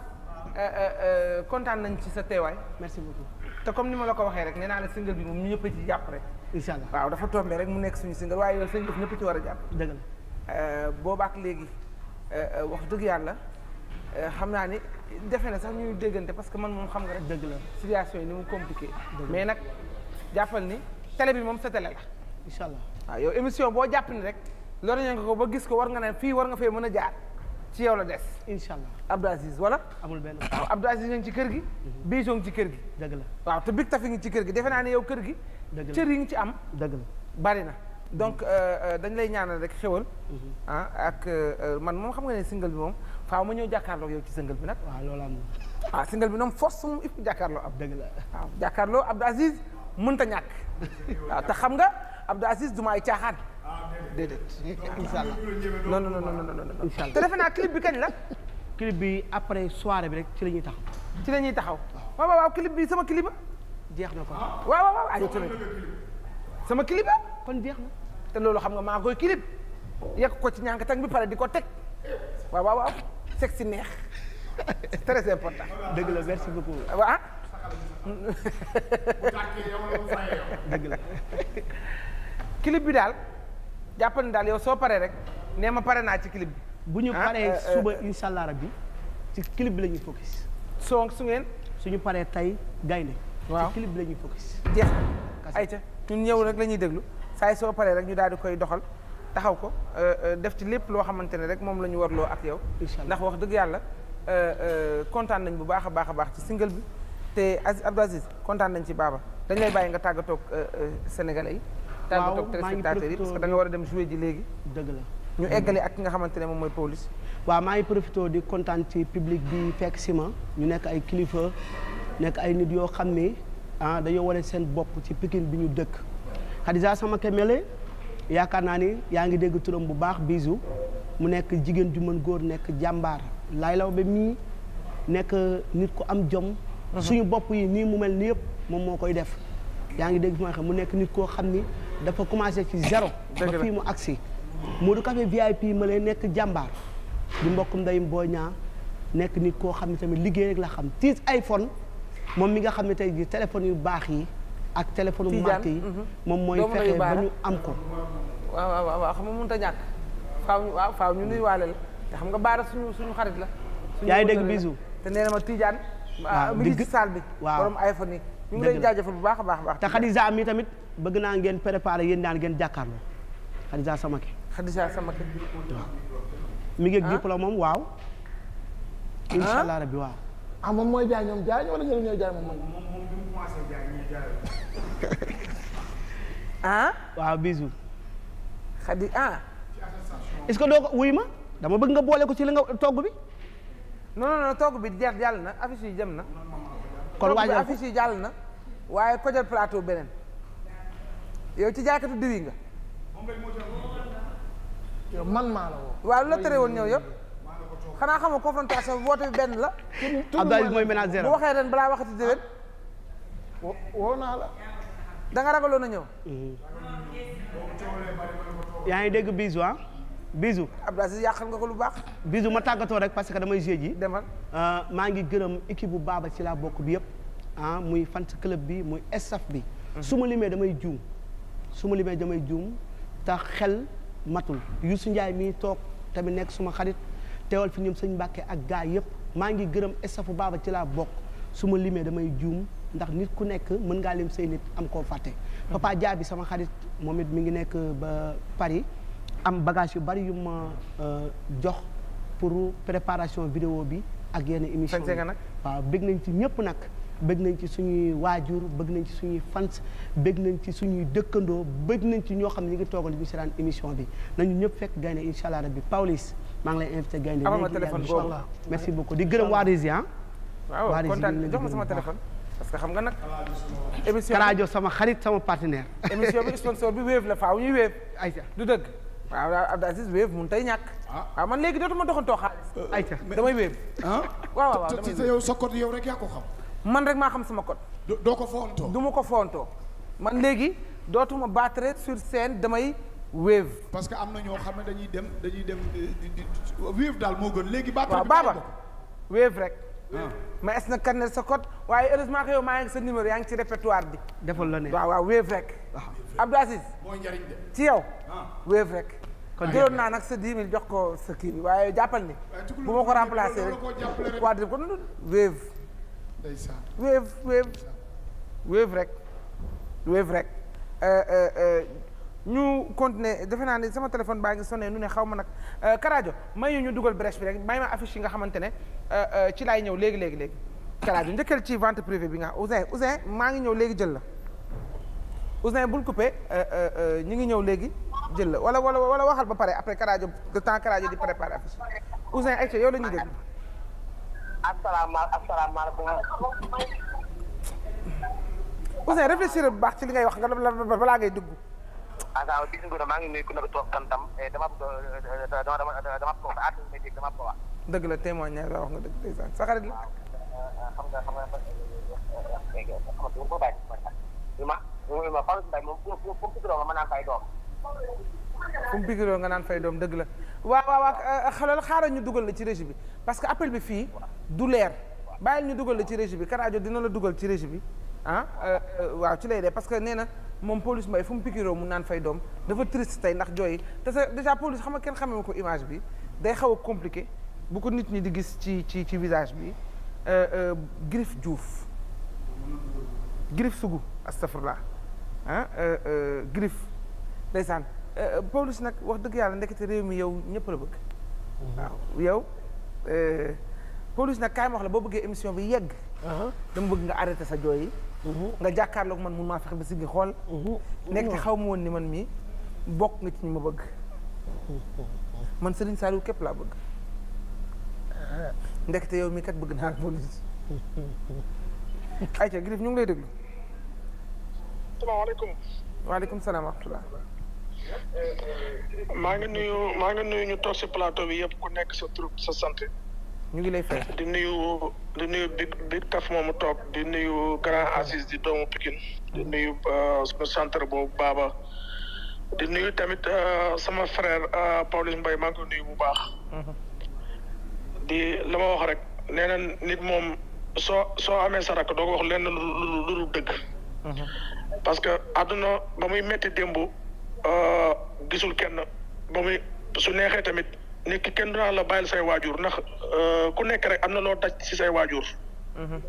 eh, eh, eh, kontaan nañ ci sa teewaay merci beaucoup te comme ni ma la ko waxee rek nee naa la single bi moom ñu ñëpp ci jàpp rek incha allah waaw dafa tombé rek mu nekk suñu single waaye yow sëñ bi ñëpp ci war a jàpp dëgg boobaak léegi wax dëgg yàlla xam defe na sax ñuy déggante parce que man moom xam nga rek. dëgg la situation yi ni mu compliqué. mais nag jàppal ni télé bi moom sa télé la. incha allah waaw yow émission boo jàpp ni rek. lor nga ko ba gis ko war nga ne fii war nga fee mën a jaar ci yow la des. incha allah Abdou Aziz wala. amul benn waaw Abdou Aziz ci kër gi. Mhm. Bijou ngi ci kër gi. dëgg la waaw te Big Tafi ngi ci kër gi defe naa ne yow kër gi. dëgg la cër yi ngi ci am. dëgg la bari na. donc mhm. euh, euh, dañ lay ñaanal rek xéwal. Mhm. ah ak euh, man moom xam nga ne single bi faaw ma ñëw jàkkaarloo yow ci sëngal bi nag. waaw loolu am na. ah sëngal bi noom force moom jàkkaarloo ab dëgg la waaw jàkkaarloo Aziz mënut a ñàkk. waaw xam nga Abdou Aziz du maay caaxaan. déedéet incha allah non non non defe naa clip bi kañ la. clip bi après soirée bi rek ci la ñuy taxaw. ci la ñuy taxaw waaw waaw clip bi sama clip. jeex na ko waaw waaw sama clip kon jeex te loolu xam nga maa koy clip yekk ko ci ñànk tang bi pare di ko teg waaw waaw waaw. sexe si neex c'est très important. dëgg la merci la. clip bi daal jàppal ni daal yow soo paree rek nee ma pare naa ci clip bi. bu ñu ah, paree euh, suba euh. incha allah rabbi ci clip bi lañuy ñuy focus. soo su ngeen. suñu paree tey gaynde waaw ci clip bi la ñuy focus. jeex ayca ñun ñëw rek la ñuy déglu saa yi soo paree rek ñu daal di koy doxal. taxaw ko euh, euh, def ci lépp loo xamante ne rek moom la ñu warloo ak yow. ndax wax dëgg yàlla euh, kontaan nañ bu baax a baax a baax ci single bi te Abdou Aziz kontaan nañ ci baaba dañ lay bàyyi nga tàggatoog sénégalais yi. tàggatoog téléspectateurs yi parce que da war a dem jouer ji léegi. dëgg la ñu eggale ak ki nga xamante ne moom mooy police. waa maa ngi profité di kontaan ci public bi fekk si ma ñu nekk ay kilifa nekk ay nit yoo xam ni ah dañoo wane seen bopp ci Pikine bi ñu dëkk yaakaar naa ni yaa ngi dégg turam bu baax bisu mu nekk jigéen ju mën góor nekk jàmbaar laay law ba mii nekk nit ku am jom mhm. suñu bopp yi nii mu mel ni yëpp moom moo koy def yaa ngi dégg fi ma xam mu nekk nit koo xam ni dafa commencé ci zéro ba fii mu agsi Modou Café VIP ma lay nekk jàmbaar di mbokkum ndeyum boo ñaa nekk nit koo xam ne tamit liggéey rek la xam tiis iPhone moom mi nga xam ne tey jii téléphone yu baax yi ak téléphone marque yi mhm. moom mooy fexe ba ñu am ko waaw waaw waaw xam nga mënut a ñàkk faaw waaw faaw ñu nuyuwaale la te xam nga baara suñu suñu xarit la yaa ngi dégg ma Tidiane ah, mi ngi bi waaw borom ñu ngi lay jaajëfal bu baax a baax baax te Khadija mi tamit bëgg naa ngeen préparé yéen daan ngeen jàkkaarloo Khadija Samake Khadija Samake waaw mi ngi ak ah. diplôme moom waaw ah. incha allah rabbi waaw ah moom mooy jaay ñoom jaay wala ñoom ñooy jaay moom mooy. moom moom bi mu commencé jaay ñuy jaay. ah. waaw bisu. xadi ah. est-ce que doo ko wuy ma dama bëgg nga boole ko ci li nga togg bi. non non non togg bi jeex jàll na affiche yi jëm na. kon waajal affiche yi jàll na. waaye ko jël plateau beneen. yow ci jaaykatu diwi nga. yow man maa la woo. waaw lu la tere woon ñëw yëpp. xanaa xamoo confrontation bi woote bi benn la. Abdoulaye mooy ménagère bu waxee nga ragaloon a ñëw. Mhm. ngi dégg bisu ah bisu. Abdoulaye nga ko lu baax. bisu ma tàggatoo rek parce que damay joué ji. demal euh, maa ngi gërëm équipe bu baaba ci laa bokk bi yëpp ah muy fan club bi muy staff bi. Mhm. su ma limee damay juum suma ma limee damay juum te xel matul Youssou Ndiaye mii toog tamit nekk suma xarit. teewal fi ñoom sëñ Mbàkke ak gaa yëpp maa ngi gërëm estafu baaba ci laa bokk su ma limee damay juum ndax nit ku nekk mën ngaa lim say nit am koo fàtte papa jaabi sama xarit moom it mi ngi nekk ba Paris am bagage yu bari yu ma euh, jox pour préparation vidéo bi ak yenn émission bi waaw bëgg nañ ci ñëpp nag bëgg nañ ci suñuy waajur bëgg nañ ci suñuy fans bëgg nañ ci suñuy dëkkandoo bëgg nañ ci ñoo xam ne ñu ngi toogal ñu si daan émission bi nañu ñëpp fekk gaynde incha allah rabbi Paulis maa lay invité gaynde amal ma téléphone di gërëm waa Rési ah. waaw kontaan jox ma sama parce que xam nga nag. émission rajo sama xarit sama partenaire. émission bi faaw ñuy wéef. ayca du dëgg. waaw Abdou Aziz wéef mun tey ñàkk. Ah. waaw man léegi dootuma doxantoo xaalis. Euh, damay wéef. Ah? waaw waaw damay wéef sa code yow rek yaa ko man rek maa xam sama code. doo ko foontoo. du ma ko foontoo. man léegi dootuma battre sur scène damay. wave. parce que am na ñoo xam ne dañuy dem dañuy dem eh, wave daal moo gën léegi. baat waaw baaba wave rek. ma es na kan ne sa code waaye heureusement que yow maa ngi sa numéro yaa ngi ci répertoire bi. defal la ne waaw waaw wave rek. Ah, Abdou Aziz. mooy njariñ de. ci yow. Ah. wave rek. kon jëloon naa nag sa 10 000 jox ko sa kii bi waaye jàppal ni. bu ma ko remplacer rek waa di ko wave. wave wave wave rek wave rek. Euh, euh, euh, ñu continuer defe naa ne sama téléphone baa ngi sonné nu ne xaw ma nag euh, Karajo may ñu dugal brèche bi rek may ma affiche yi nga xamante ne euh, euh, ci laay ñëw léegi léegi léegi. Karajo njëkkal ci vente privée bi nga Ouzin Ouzin maa ngi ñëw léegi jël la Ouzin bul coupé ñu ngi ñëw léegi jël la wala wala wala waxal ba pare après Karajo le temps Karajo di préparer affiche Ouzin ayca yow la ñuy déglu. asalaamaaleykum. Ouzin réfléchir bu baax ci li ngay wax nga balaa ngay duggu agent bi Ngouda maa ngi dëgg la témoignage la wax nga dëgg ndeysaan sa xarit la. xam nga naan fay doom. dëgg la. waaw waaw waaw xelal xaaral ñu dugal la ci régie parce que appel bi fii du leer bàyyil ñu dugal la ci régie bi Karajo dina la dugal ci régie bi ah waaw ci lay dee parce que nee na moom Pawlish Mbaye fu mu pikiroo mu naan fay doom dafa triste tey ndax jooy te sa déjà Pawlish xam nga kenn xamee ma ko image bi day xaw a compliqué bu ko nit ñi di gis ci ci ci visage bi euh, euh, Griff Diouf Griff Sougou astafurlah ah Griff ndeysaan Pawlish nag wax dëgg yàlla ndekete réew mi yow ñëpp la bëgg waaw yow Pawlish nag kaay ma wax la boo bëggee émission bi yegg uh-huh. dama bëgg nga arrêté sa jooy yi Mhm. nga jàkkaarloog man mun maa fexe ba si gi xool. Mhm. nekk te mhm. xaw ma woon ni man mii bokk nga ci ñu ma bëgg. man Serigne Saliou képp laa bëgg. ndekete yow mi kat bëgg naa ko nit. ayca Griff ñu ngi lay déglu. salaamaaleykum. waaleykum salaam wa eh, eh, maa ngi nuyu maa ngi nuyu ñu toog si plateau bi yëpp ku nekk sa tur sa sant. ñu ngi lay fay. di nuyu di nuyu big big taf moomu toog di nuyu grand assise di doomu Pikine di nuyu euh, suñu centre boobu Baba di nuyu tamit euh, sama frère euh, Pawlish Mbaye maa ngi nuyu bu baax. Mhm. di la ma wax rek nee na nit moom soo soo amee sa doo ko wax lenn lu lu dëgg. Mhm. parce que àdduna ba muy métti démb gisul kenn ba muy su neexee tamit. nit ki kenn dinaa la bàyyil say waajur ndax euh, ku nekk rek am na loo daj si say waajur. Mhm.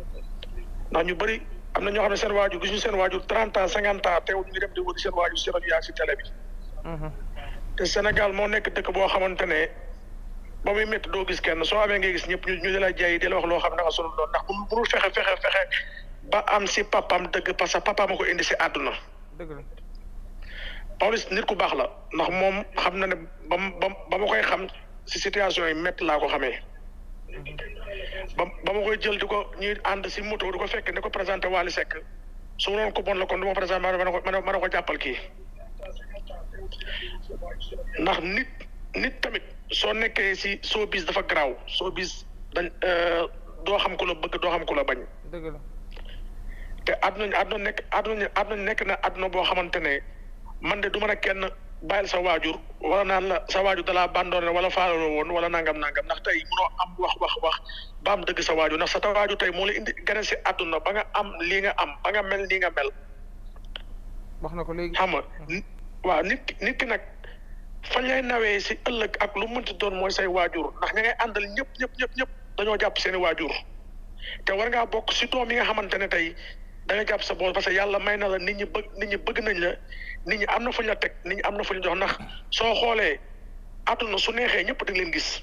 ndax ñu bari am na ñoo xam ne seen waajur gis ñu seen waajur trente ans cinquante ans teewul ñu dem di wër seen waajur seen yaag mhm. te Sénégal moo nekk dëkk boo xamante ne ba muy métti doo gis kenn soo amee ngay gis ñëpp ñu ñu di la jaay di la wax loo xam ne nga sonal lool ndax bu bu fexe fexe fexe ba am si papam dëgg parce que papa ma ko indi si àdduna. Pawlish nit ku baax la ndax moom xam na ne ba ba ba ma koy xam si situation yi métti laa ko xamee ba ba ma koy jël di ko ñuy ànd si moto du ko fekk ne ko présenté Wally Seck su ma ko bon la kon du ma présenté ma ko ma ne ko jàppal kii ndax nit nit tamit soo nekkee si soo bis dafa garaaw soo bis dañ euh, doo xam ku la bëgg doo xam ku la bañ. dëgg la te àdduna àdduna nekk àdduna àdduna nekk na àdduna boo xamante ne man de du ma ne kenn. bàyyil sa waajur wala naan la sa waajur dalaa bandoone wala faalalo woon wala nangam nangam ndax tey munoo am wax wax wax ba am dëgg sa waajur ndax sa ta waajur tey moo la indi gane si àdduna ba nga am lii nga am ba nga mel lii nga mel. na ko léegi xam waaw nit nit ki nag fañ lay nawee si ëllëg ak lu mënti doon mooy say waajur ndax ña ngay àndal ñëpp ñëpp ñëpp ñëpp dañoo jàpp seeni waajur te war ngaa bokk si doom yi nga xamante ne tey da nga jàpp sa bopp parce que yàlla may na la nit ñi bëgg nit ñi bëgg nañ la nit ñi am na fu ñu la teg nit ñi am na fu ñu jox ndax soo xoolee àdduna su neexee ñëpp dañ leen gis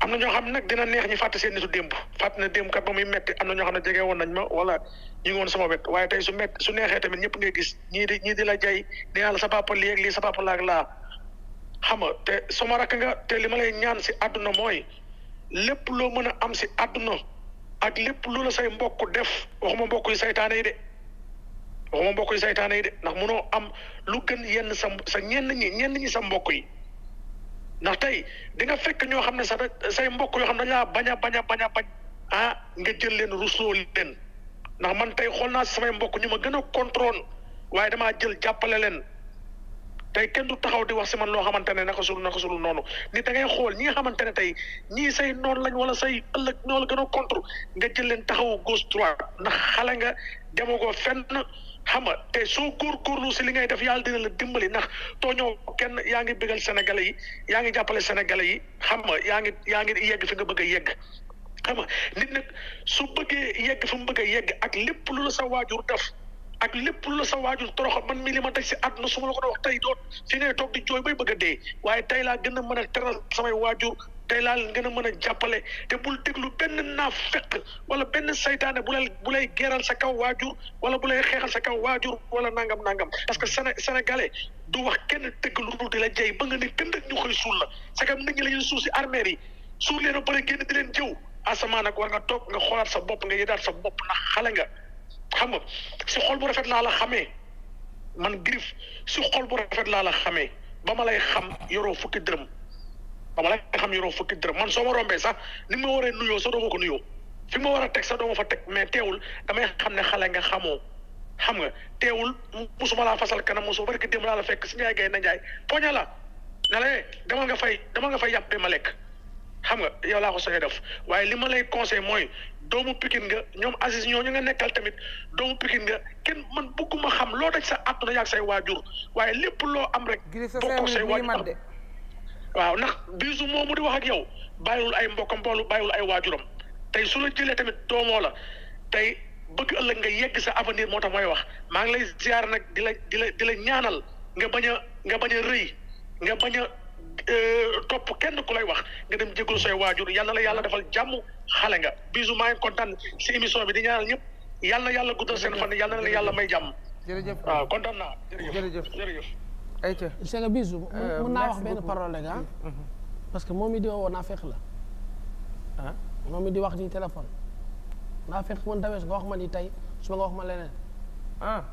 am na ñoo xam ne nag dina neex ñi fàtt seen nitu démb fàtt na démb kat ba muy metti am na ñoo xam ne jege woon nañ ma wala ñu ngi sama wet waaye tey su metti su neexee tamit ñëpp ngay gis ñii di ñii di la jay dinaa sa papa lii ak sa papa laa ak laa xam nga te sama rakk nga te li ma lay ñaan si àdduna mooy lépp loo mën a am si àdduna ak lépp lu la say mbokk def waxuma mbokk yu saytaane waxuma mbokk yi saytaane yi de ndax mënoo am lu gën yenn sa sa ñenn ñi ñenn ñi sa mbokk yi ndax tey di fekk ñoo xam ne sa say mbokk yoo xam ne dañaa bañ a bañ a bañ ah nga jël leen rusloo leen ndax man tey xool naa samay mbokk ñu ma gën a contrôle waaye damaa jël jàppale leen tey kenn du taxaw di wax si man loo xamante ne naka na naka sulu noonu ni da ngay xool ñi nga xamante ne tey ñii say noonu lañ wala say ëllëg ñoo la gën a contre nga jël leen taxaw gauche droite ndax xale nga demagoo fenn xam nga te soo lu si li ngay def yàlla dina la dimbali ndax tooñoo kenn yaa ngi bëggal sénégalais yi yaa ngi jàppale sénégalais yi xam nga yaa ngi yaa ngi yegg fi nga bëgg a yegg xam nga nit nag su bëggee yegg fi mu bëgg a yegg ak lépp lu la sa waajur def ak lépp lu la sa waajur toroxa man mii li ma teg si àdduna su ma la ko doon wax tey doon fi ngay toog di jooy bay bëgg a dee waaye tey laa gën a mën a teral samay waajur tey laa leen gën a mën a jàppale te bul déglu benn naa fekk wala benn saytaane bu lay bu lay geeral sa kaw waajur wala bu lay xeexal sa kaw waajur wala nangam nangam parce que Séné sénégalais du wax kenn dëgg lu dul di la jey ba nga ne kënd ñu koy suul la c'est que nit ñi la ñuy suul si armeer yi suul leen a bëri génn di leen jëw asamaan war nga toog nga xoolaat sa bopp nga yëdaat sa bopp ndax xale nga xam nga si xol bu rafet laa la xamee man Griff si xol bu rafet laa la xamee ba ma lay xam yoroo fukki dërëm. dama la xam yoroo fukki dërëm man soo ma rombee sax ni ma waree nuyoo sa dooma ko nuyoo fi ma war a teg sa dooma fa teg mais teewul damay xam ne xale nga xamoo xam nga teewul musuma laa fasal kanam musu barki démb laa la fekk si Ndiaye Gaye na Ndiaye poña la na eh, dama nga fay dama nga fay yàppee ma lekk xam nga yow laa ko def waaye li ma lay conseil mooy doomu pikin nga ñoom Aziz ñoo ñu nga nekkal tamit doomu pikin nga kenn man bëgguma xam loo daj sa àdduna yaag say waajur waaye lépp loo am rek bokkul say waajur waaw ndax biisu mu di wax ak yow bàyyiwul ay mbokkam bàyyiwul ay waajuram tey su la jëlee tamit doomoo la tey bëgg ëllëg nga yegg sa avenir moo tax mooy wax maa ngi lay ziar nag di la di la di la ñaanal nga bañ a nga bañ a rëy nga bañ a euh, topp kenn ku lay wax nga dem jégalu say waajur yal na la yàlla defal jàmm xale nga biisu maa ngi kontaan si émission bi di ñaanal ñëpp yal na yàlla guddal seen fan yal na la yàlla may jàmm. kontaan naa jërëjëf jërëjëf. ayca c'est que bisu. mën euh, naa wax benn parole rek ah. mm-hmm. parce que moom mi di woo naa fekk la. ah moom mi di wax nii téléphone. naa fekk man tamit nga wax ma ni tey suba nga wax ma leneen. ah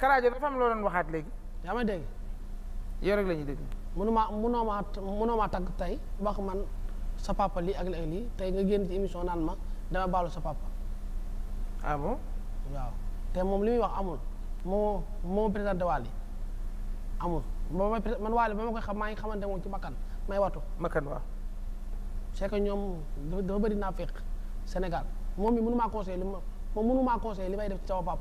Karaajo dafa loo doon waxaat léegi. yaa ma dégg. yow rek dégg. mënu maa mënoo maa mënoo maa tàgg tey wax man sa papa lii ak lii tey nga génn di émission naan ma dama baalu sa papa. Ah waaw te moom li muy wax amul. moo moo présenté Wally amul ba ma man Wally ba ma koy xam maa ngi xamante moom ci makkan may watu makkan waaw que ñoom dafa bëri naa fekk Sénégal moom mi mënu maa conseillé li ma moom mënu maa conseillé li may def ci sama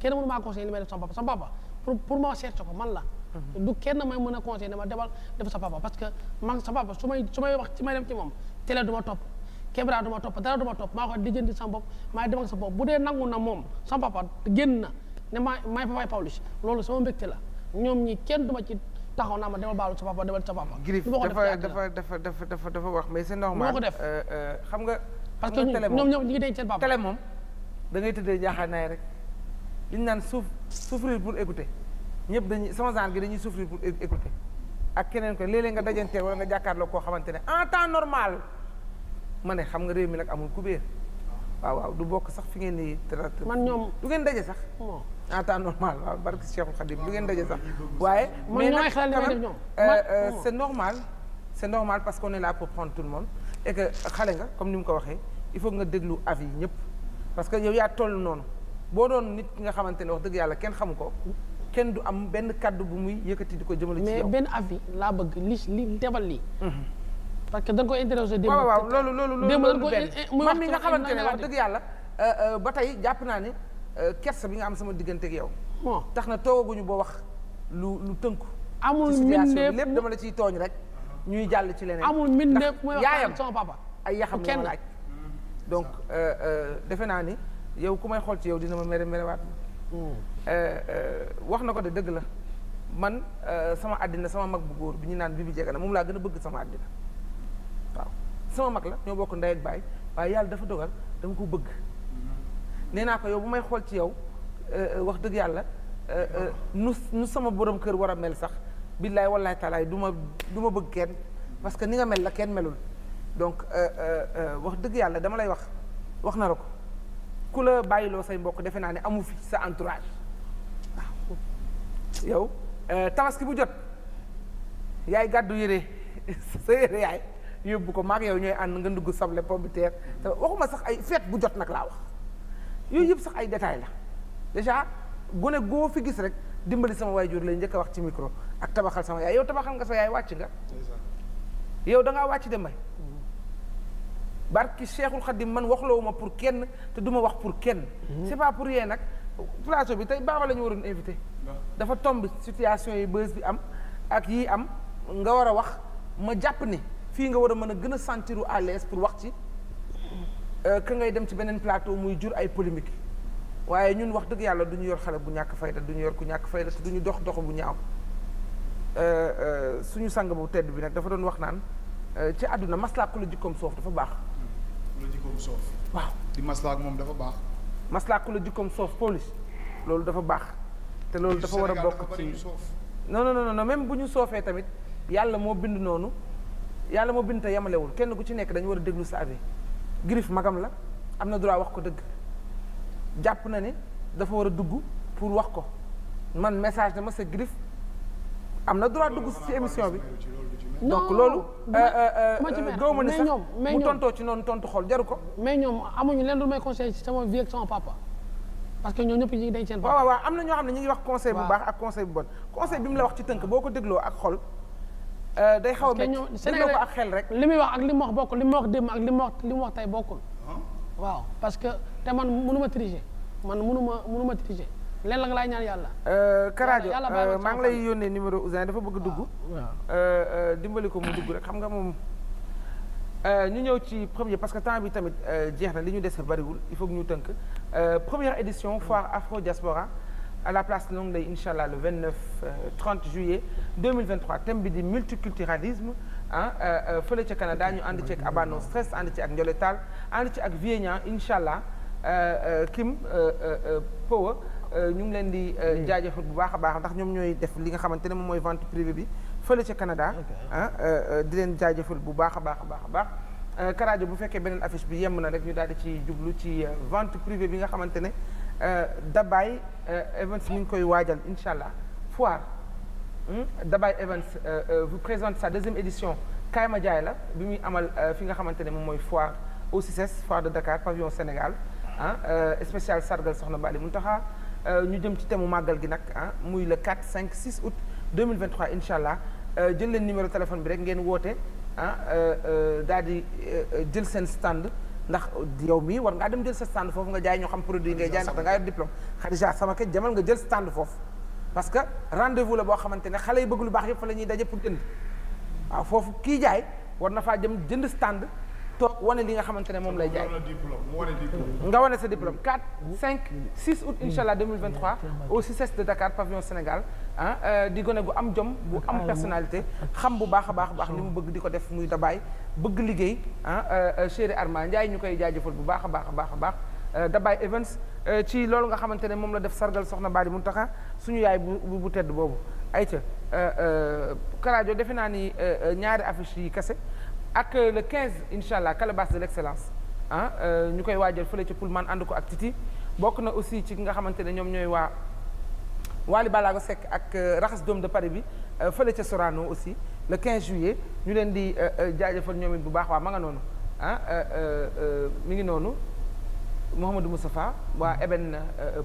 kenn mënu maa conseillé li may def sama papa sama papa pour pour ma seet ko man la mhm. du kenn may mën a conseillé ne demal def sa papa parce que man sa papa su may su may wax ci may dem ci moom télé du top topp caméra du topp dara du ma topp maa ko lijjanti sama bopp maa ngi dem ak sa bopp bu dee nangu na moom sama papa na ne maay maay papaay Pawlish loolu sama mbégte la ñoom ñi kenn duma ci taxaw naa ma demal baalu sa papa demal sa papa. Griff dafa dafa dafa dafa dafa dafa wax mais c'est normal. moo ko euh, euh, xam nga. parce que ñoom ñoom ñu ngi denc seen papa. télé moom da ngay tëddee jaaxaanaay rek li ñu naan suuf souffrir pour écouter ñëpp dañuy sama genre gi dañuy souffrir pour écouter ak keneen ko léeg-léeg nga dajanteel wala nga jàkkaarloo koo xamante ne en normal ma ne xam nga réew mi nag amul kubéer waaw waaw du bokk sax fi ngeen di. man ñoom du ngeen daje sax. en temps normal waaw barke Cheikhul Khadim du ngeen daje sax waaye mais nag euh, euh, oh. c' parce que on est là pour prendre xale nga comme ni mu ko waxee il faut nga déglu avis ñëpp parce que yow yaa toll noonu boo doon nit ki nga xamante ne wax dëgg yàlla kenn xamu ko kenn du am benn kàddu bu muy yëkkati di ko jëmale ci yow mais benn avis laa bëgg li li debal lii mhm. parce que da nga koy interroger démb waaw waaw loolu loolu loolu loolu benn eh, man nga xamante ne wax dëgg yàlla euh, ba tey jàpp naa ne Euh, kersa bi nga am sama diggante ak yow. tax na toogaguñu ba wax lu lu tënku. amul mbindeef lépp dama la ciy tooñ rek. ñuy jàll ci leneen amul mbindeef yaayam sama papa ay yaxam la ma laaj. donc euh, euh, defe naa ni yow ku may xool ci yow dina ma mere hmm. wax na ko de dëgg la man sama àddina sama mag bu góor bi ñu naan bi bi jege na moom laa gën a bëgg sama àddina waaw sama mag la ñoo bokk ndey ak baay waaye yàlla dafa dogal dama ko bëgg. nee naa ko yow bu may xool ci yow euh, euh, wax dëgg yàlla euh, nu nu sama borom kër war a mel sax billaay wallaay taalaay du ma bëgg kenn parce que ni nga mel la kenn melul donc wax dëgg yàlla dama lay wax wax na la ko ku la bàyyiloo say mbokk defe naa ne amu fi sa entourage waaw yow tabaski bu jot yaay gàddu yére sa yére yaay yóbbu ko maak yow ñooy ànd nga ndugg sable pomme te waxuma sax ay fête bu jot nag laa wax yooyu yëpp sax ay détails la déjà gone goo fi gis rek dimbali sama jur lay njëkk a wax ci micro ak tabaxal sama yaay yow tabaxal nga sa yaay wàcc nga. yow da ngaa wàcc dem bay barki Cheikhul Khadim man waxlawuma pour kenn te duma wax pour kenn. Mhm. c'est pas pour rien nag plateau bi tey baaba lañu waroon invité. dafa tomb situation yi bës bi am ak yii am nga war a wax ma jàpp ni fii nga war a mën a gën a sentiru à pour wax ci. que euh, ngay dem ci beneen plateau muy jur ay polémique waaye ñun wax dëgg yàlla du ñu yor xale bu ñàkk fayda du ñu yor ku ñàkk fayda te du ñu dox dox bu ñaaw euh, euh, suñu sang bu tedd bi nag dafa doon wax naan ci àdduna maslaak ku la jikkoom soof dafa baax. ku soof. waaw di maslaak moom dafa baax. maslaak ku la jikkoom soof police loolu dafa baax. te loolu dafa war a bokk ci non non non même bu ñu soofee tamit yàlla moo bind noonu yàlla moo bind te yemalewul kenn ku ci nekk dañu war a déglu sa avis Grif magam la am na droit wax ko dëgg jàpp na ne dafa war a dugg pour wax ko man message dama sa Grif am na droit dugg ci émission bi donc loolu. Euh, euh, euh, gaaw ma ni sax mu tontoo ci noonu tontu xol jaru ko. mais ñoom amuñu leen lu may conseil sama vie ak sama papa. parce ñoom ñëpp ñu ngi denc seen papa. waaw waaw am na ñoo xam ne ñu ngi wax conseil bu baax ak conseil bu bon conseil bi mu la wax ci tënk boo ko dégloo ak xol. Euh, day xaw a métti ak xel rek. li muy wax ak li mu wax bokkul li mu wax dém ak li mu wax li mu wax tey bokkul. Uh-huh. waaw parce que te man mënu ma tricher man mënu ma mënu ma tricher lenn la nga laay ñaan yàlla. Euh, Karajo euh, maa ngi lay yónnee numéro Ousin dafa bëgg dugg. Ah, dimbali ko mu dugg rek xam nga moom. ñu ñëw ci premier parce que temps bi tamit jeex na li ñu dese bariwul il faut ñu tënk première édition foire afro diaspora à la place Langley incha allah le 29 euh, 30 juillet 2023 thème bi di multiculturalisme ah fële ca Canada ñu ànd ci ak Abano Stress ànd ci ak Ndioletal ànd ci ak Vienna incha allah euh, Kim Power ñu ngi leen di jaajëfal bu baax a baax ndax ñoom ñooy def li nga xamante ne moom mooy vente privée bi fële ca Canada ah di leen jaajëfal bu baax a baax a baax a baax Karajo bu fekkee beneen affiche bi yem na rek ñu daal di ci jublu ci vente privée bi nga xamante ne Euh, Dabay euh, Evans mi ngi koy waajal incha allah foire hmm? Dabay Evans euh, vous présente sa deuxième édition ma Jaay la bi muy amal fi nga xamante ne moom mooy foire au CICES foire de Dakar pavillon Sénégal ah spécial sargal Soxna Bali taxa ñu jëm ci temu mu màggal gi nag ah muy le 4 5 6 août 2023 incha allah jël leen numéro téléphone bi rek ngeen woote ah daal di jël seen stand. ndax yow mii war ngaa dem jël sa stand foofu nga jaay ñoo xam produit ngay jaay ndax da ngaa yor diplôme Khadija sama kër jamal nga jël stand foofu parce que rendez-vous la boo xamante ne xale yi bëgg lu baax yëpp fa la ñuy daje pour jënd waaw foofu kii jaay war na faa jëm jënd stand toog wane li nga xamante ne moom lay jaay nga wane sa diplôme 4 5 6 août incha au CICES de Dakar pavillon Sénégal ah euh, di gone gu am jom bu am personnalité xam bu baax a baax baax li mu bëgg di ko def muy dabaay bëgg liggéey ah euh, euh, chéri Arma Ndiaye ñu koy jaajëfal bu baax a baax a baax a baax Dabaye Evans ci loolu nga xamante ne moom la def sargal soxna mun Muntaxa suñu yaay bu bu tedd boobu ayca Karajo defe naa ni ñaari affiche yi kese ak le 15 incha allah calebasse de l'excellence ah, ñu koy waajal fële ca man ànd ko ak Titi bokk na aussi ci nga xamante ne ñoom ñooy waa Wally Ballago sekk ak euh, raxas doom de Paris bi euh, fële ca soraano aussi le juillet ñu leen di euh, jaajëfal ñoom bu baax waa ma nga noonu ah mi ngi noonu Mouhamadou Moustapha waa Eben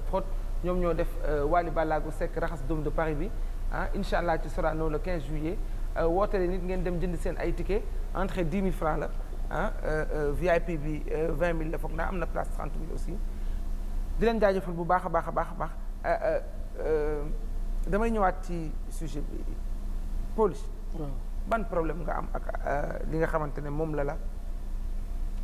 Prod ñoom ñoo def Wally ko sekk raxas doom de Paris bi ah incha allah ci Sorano le 15 juillet woote nit ngeen dem jënd seen ay ticket entrée 10 000 francs la ah VIP bi 20 000 la foog naa am na place 30 000 aussi di leen jaajëfal bu baax a baax a baax a baax. Euh, damay ñëwaat ci sujet bi police ban problème nga am ak euh, li nga xamante ne moom la la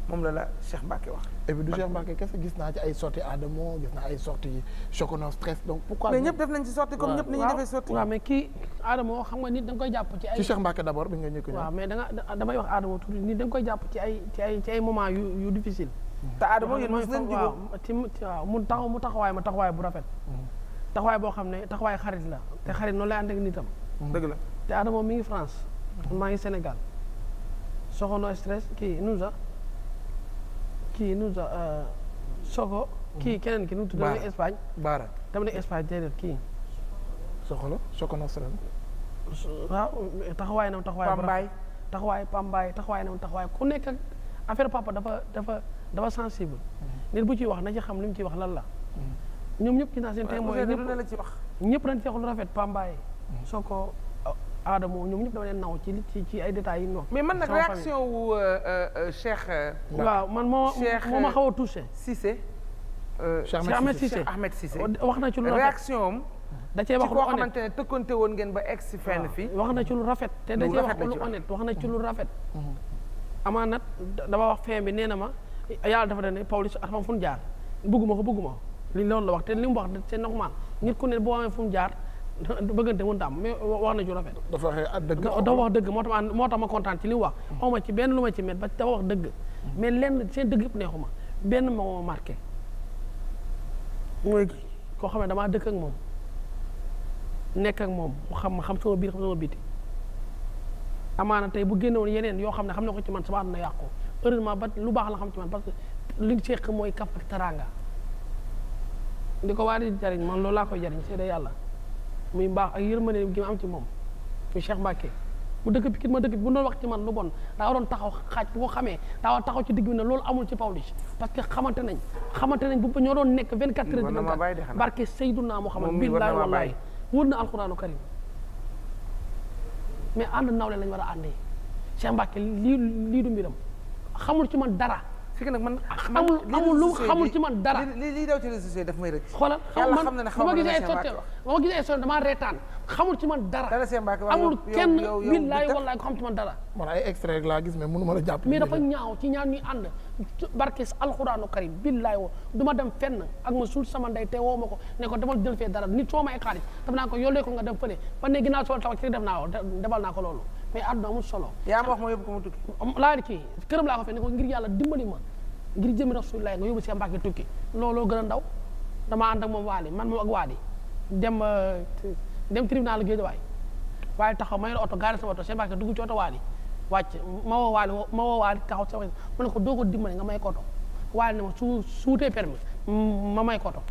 moom la la Cheikh Mbacké wax. et du Cheikh Mbacké kese gis naa ci ay sorties Adamo gis naa ay sorties Chocono stress donc. pourquoi mais ñëpp def nañ ci sortie comme ñëpp nañu defee sortie. waaw mais kii Adamo xam nga nit da nga koy jàpp ci ay. ci Cheikh Mbacké d'abord bi nga a koy jàpp ay ci ay ci ay moments yu yu difficile. te Adamo yéen mos leen jubóo mu taxaw mu taxawaay ma taxawaay bu rafet. Mm-hmm. taxawaay boo xam ne taxawaay xarit la te xarit noonu lay ànd ak nitam. Mm. la te Adama mu ngi France. maa ngi Sénégal soxo no stress kii nu sax kii nu sax soxo kii keneen ki nu mu tudd ne Espagne. Baara dama ne Espagne déedéet kii. soxla soxo no stress. taxawaay nam taxawaay. Pambaay taxawaay Pambaay taxawaay ku nekk ak affaire papa dafa dafa dafa sensible. Mm. nit bu ciy wax na ci xam li mu ciy wax lan la. Mm. ñoom ñëpp ci naa seen témoin ñëpp dañ ci wax lu rafet Pambaay soo ko Adamo ñoom ñëpp dama leen naw ci ci ci ay détails yi ñu mais man nag réaction wu euh, euh, Cheikh euh, waaw man moo moo ma xaw a touché si Cheikh Ahmed Cissé Ahmed wax na ci lu rafet réaction am wax lu xamante ne tëkkante woon ngeen ba egg si fenn fii wax na ci lu rafet te da cee wax lu honnête wax na ci lu mm-hmm. rafet mm-hmm. amaanat dama wax fin bi nee na ma yàlla dafa dane Pawlish atamam fu nu jaar bëgguma ko bëgguma li loolu la wax te li mu wax c'est normal nit ku ne boo amee mu jaar bëggante mënut am mais wax na ju rafet. Ah dafa wax dëgg dafa wax dëgg moo tax ma kontaan ci li mu wax. xaw ma ci benn lu ma ci met wax dëgg. mais lenn seen dëgg yëpp neexuma benn moo ma marqué. mooy koo xam ne damaa dëkk ak moom nekk ak moom xam ma xam sama biir xam sama te amaana tey bu génne woon yeneen yoo xam ne xam ne ko ci man sama àdduna yàqu heureusement ba lu baax la xam ci man parce que liñ seq mooy kaf ak taraanga. di ko waari jariñ man loolu laa koy jariñ seede yàlla muy mbaax ak yërmande gi ma am ci moom muy Cheikh Mbacke mu dëkk Pikine ma dëkk bu doon wax ci man lu bon daa taxaw xaaj bu ko xamee daa war taxaw ci digg bi ne loolu amul ci paw Pawlish parce que xamante nañ xamante nañ bu ñoo doon nekk 24 heures dina barke Seydunaa Muhammad billaahi wallaahi wër na alquraanu karim mais ànd nawle lañ war a àndee Cheikh Mbacke lii lii du mbiram xamul ci man dara fi nag man amul amul lu xamul ci man dara li li daw ci réseaux sociaux daf may na ne xaw ma gisee ay sortie ba ma gisee ay sortie damaa reetaan xamul ci man dara amul laa gis mais ma dafa ñaaw ci ñaar ñuy ànd barke alxuraanu karim billaay woo du ma dem fenn ma suul sama ndey te woo ma ko ne ko demal jël fee dara naa ko yollee ko nga dem fële ba ne ginnaaw solo tawa ci def naa ko loolu mais àdduna amul solo yaa ma wax mu laa kii këram laa ko fee ne ko ngir yàlla dimbali ma ngir jëm Rasulullah nga yóbbu Cheikh Mbacke tukki looloo gën a ndaw damaa moom waali man moom ak waali dem euh, dem tribunal Guédiawaye waaye taxaw may oto gaari sama oto Cheikh Mbacke dugg ci waali ma woo ma woo taxaw sama ma ko doo ko nga may ko oto waali ne ma may ko oto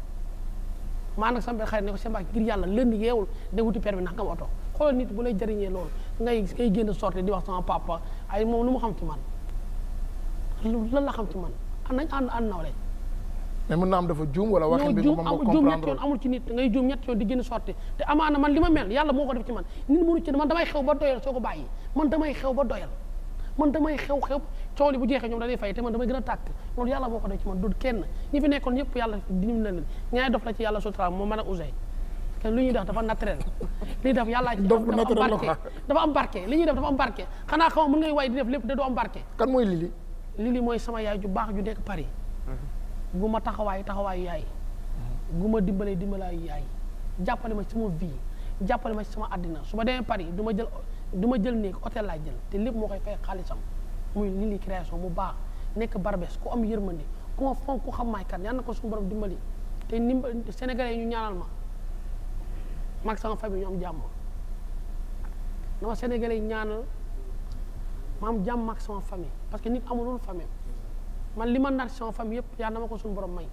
maa nag sama xarit ne ko Cheikh Mbacke ngir yàlla lënd yeewul de wuti permis ndax nga ma oto xoolal nit bu lay jariñee loolu ngay ngay génn sorti di wax sama papa ay moom lu xam ci man lan xam ci nañ ànd ànd nawle mais mën naa am dafa juum wala waxin bi moom moo juum ñett yoon amul ci nit ngay juum ñett yoon di génn sorti te amaana li ma mel yàlla moo ba doyal soo ko bàyyi man damay xew bu jeexee ñoom dañuy fay te man damay gën a tàkk loolu yàlla moo ko def ci man fi nekkoon ñëpp yàlla diñu na leen ñaay dof a usey te lu ñuy def dafa naturel li ñuy def dafa am barke li ñuy def dafa am barke xanaa xaw mën ngay waay di def lépp da doo am barke kan mooy lili Lili mooy sama yaay ju baax ju nekk Paris mm-hmm. gu ma taxawaay taxawaay yaay mm-hmm. gu ma dimbalee dimbalaayu yaay jàppale ma ci sama vie jàppale ma sama àddina su ma demee Paris du ma jël du jël néeg hôtel laa jël te lépp moo koy fay xaalisam muy Lili création bu baax nekk Barbès ku am yërmande ku ma fonk ku xam maay kan yal na ko suñu borom dimbali te ni Sénégalais ñu ñaanal ma mag sama famille ñu am jàmm na ma Sénégalais yi mag sama famille parce que nit amulul famille man li ma nar sama famille yëpp yaa na ma ko suñu borom may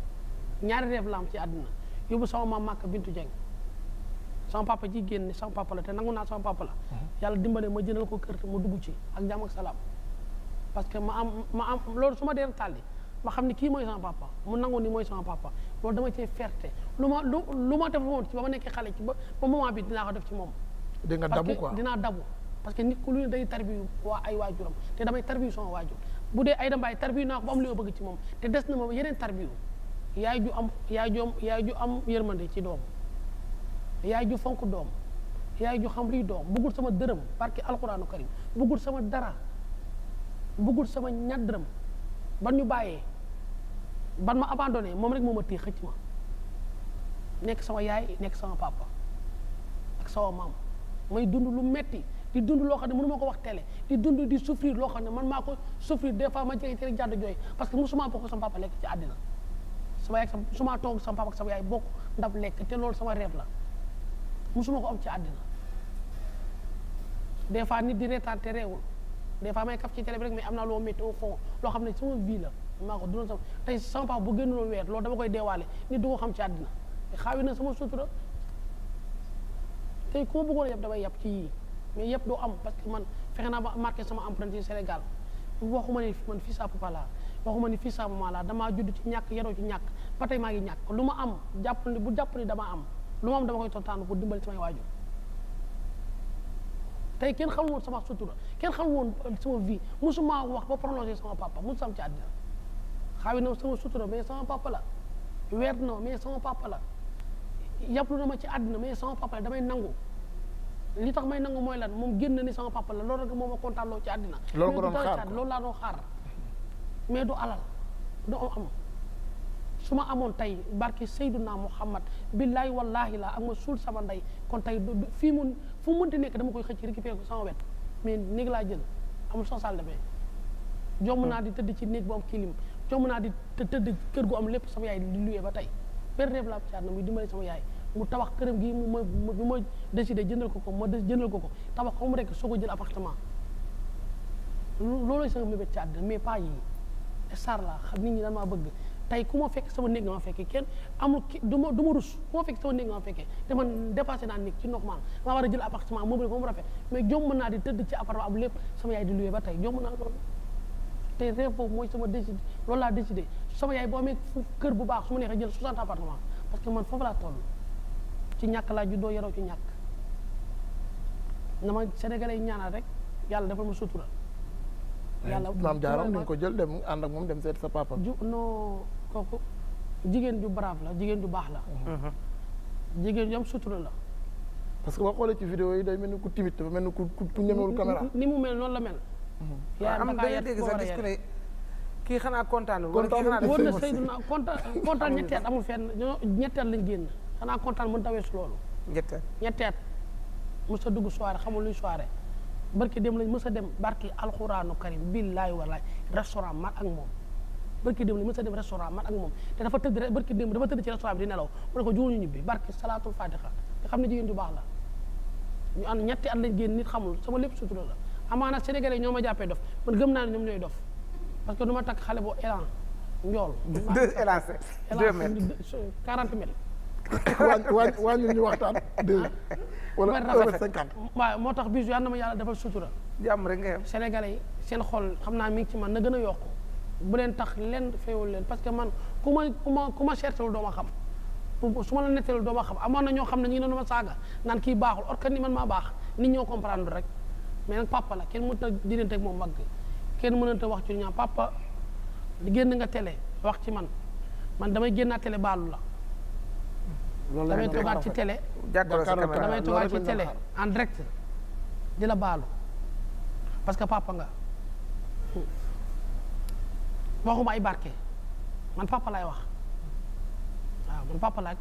ñaari rêve la am ci àdduna yóbbu sama ma màkk bintu jeng sama papa ji génn sama papa la te nangu naa sama papa la mhm. yàlla dimbale ma jëndal ko kër ma dugg ci ak jàmm ak salaam parce ma am ma am loolu su ma deen tàlli ma xam ni kii mooy sama papa mu nangu ni mooy sama papa loolu dama cee fierté lu ma lu lu ma def moom ci ba ma nekkee xale ci ba ba moment bi dinaa ko def ci moom. di nga dabu dinaa dabu. parce que nit ku lu day tarbiyu waa ay waajuram te damay tarbiyu sama waajur bu dee ay dambaay tarbiyu naa ko ba am li ma bëgg ci moom te des na moom yeneen tarbiyu yaay ju am yaay ju am yaay ju am ci doom yaay ju fonk doom yaay ju xam luy doom bëggul sama dërëm barke alxuraanu karim bëggul sama dara bëggul sama ñaar ban ñu bàyyee ban ma abandonné moom rek moom ma téye xëcc ma nekk sama yaay nekk sama papa ak sama maam may dund lu metti di dund loo xam ne mënu ma ko wax télé di dund di souffrir loo xam ne man maa ko souffrir des fois ma jege ci jàdd jooy parce que musuma bokk sama papa lekk ci àddina sama yaay musuma toog sama papa ak sama yaay bokk ndab lekk te loolu sama rêve la musuma ko am ci àddina des fois nit di reetaan te des fois may ci télé bi rek am naa loo métti au loo xam ne sama bii la maa ko dund sama tey sama papa bu génnoon weer loolu dama koy deewaale nit du xam ci àddina xaawi na sama sutura tey ku ma bëggoon a yab damay yab ci yii mais yëpp doo am parce que man fexe naa ba marqué sama empreinte yi Sénégal waxuma ne man fii saa papa laa waxuma ni fii saa maman laa damaa judd ci ñàkk yaroo ci ñàkk maa ngi ñàkk lu ma am jàpp bu jàpp ne am lu ma koy tontaanu pour dimbali samay waajur tey kenn xamul woon sama sutura kenn xamul woon euh, sama vie musuma wax ba prononcé sama papa musu sam ci àddina xaawi na sama sutura mais sama papa la weer na mais sama papa la yàpp na ma ci àddina mais sama papa damay nangu li tax may nangu mooy lan moom génn ni sama papa la loolu rek moom a kontaan loo ci àddina loolu ko doon xaar loolu laa mais du alal du am am su ma amoon tey barke Seyduna Muhammad billaay wallaahi la ak ma suul sama ndey kon tey fii mun fu mu mënti nekk dama koy xëcc récupéré ko sama wet mais néeg laa jël amul sax salle de naa di tëdd ci néeg bu am kilim jomm naa di tëdd kër gu am lépp sama yaay di ba tey benn rêve laa ci àddina muy dimbali sama yaay mu tabax këram gi mu ma mu ma décidé jëndal ko ko ma jëndal ko ko tabax ko mu rekk soo ko jël appartement loolooy sama mébét ci àddina mais pas yii xam nit ñi daan maa bëgg tey ku ma fekk sama néeg fekkee kenn amul ki du ma du ma rus ku ma fekk sama néeg nga ma fekkee te man dépassé maa war a jël appartement moom la ko mais jom mën naa di tëdd ci appartement bu lépp sama yaay tey jom naa loolu te réew boobu mooy sama décidé loolu laa décidé sama yaay boo amee kër bu baax su ma neexee jël 60 appartement parce que man foofu laa toll ci ñàkk laa doo yaroo ci ñàkk na ma sénégalais yi ñaanal rek yàlla dafa ma sutura. yàlla maam jaaram dañ ko jël dem ànd ak moom dem seet sa papa. ju non kooku jigéen ju brave la jigéen ju baax la. Mhm. jigéen ju am sutura la. parce que boo xoolee ci vidéo yi day mel ni ku timide dafa mel ni ku ku ñemewul caméra. ni mu mel noonu la mel. Mhm. yaa am da dégg kii xanaa kontaanul. kontaan wóor na Seydou naa kontaan kontaan ñetteel amul fenn ñetteel lañ génn. xanaa kontaan mënut a weesu loolu. ñetti at ñetti at mës a dugg soirée xamul luy soirée barki dem lañ mës a dem barki alxuraanu karim billaahi wallaahi restaurant man ak moom. barki dem lañ mës a dem restaurant man ak moom te dafa tëdd rek barki dem dafa tëdd ci restaurant bi di nelaw ne ko jóguñu ñibbi barki salaatul fatiha te xam ne jigéen ju baax la. ñu ànd ñetti at lañ génn nit xamul sama lépp sutura amaa amaana sénégalais ñoo ma jàppee dof man gëm naa ne ñoom ñooy dof parce que du ma takk xale bu élan njool. deux élan deux mètres quarante mètres. waa waa ñu waxtaan deux wala un heure cinquante waaw moo tax bis yu na ma yàlla defal sutura. jàmm rek nga yem Sénégalais yi seen xol xam naa mi ngi ci man na gën a yokk bu leen tax leen feewul leen parce que man ku ma ku ma ku ma seetalul doo ma xam su ma la nettalul doo ma xam amoon na ñoo xam ne ñi ngi doon ma saaga naan kii baaxul or ka ni man maa baax nit ñoo comprendre rek mais nag la kenn mënut a teg ak moom mbagg kenn mënut a wax ci ñaam papa génn nga tele wax ci man man damay génnaat télé baalu la. loolu damay toogaat ci télé. jàkkaarloo damay toogaat ci télé en direct di la baalu parce que papa nga waxuma ay barke man papa laay wax waaw man papa wax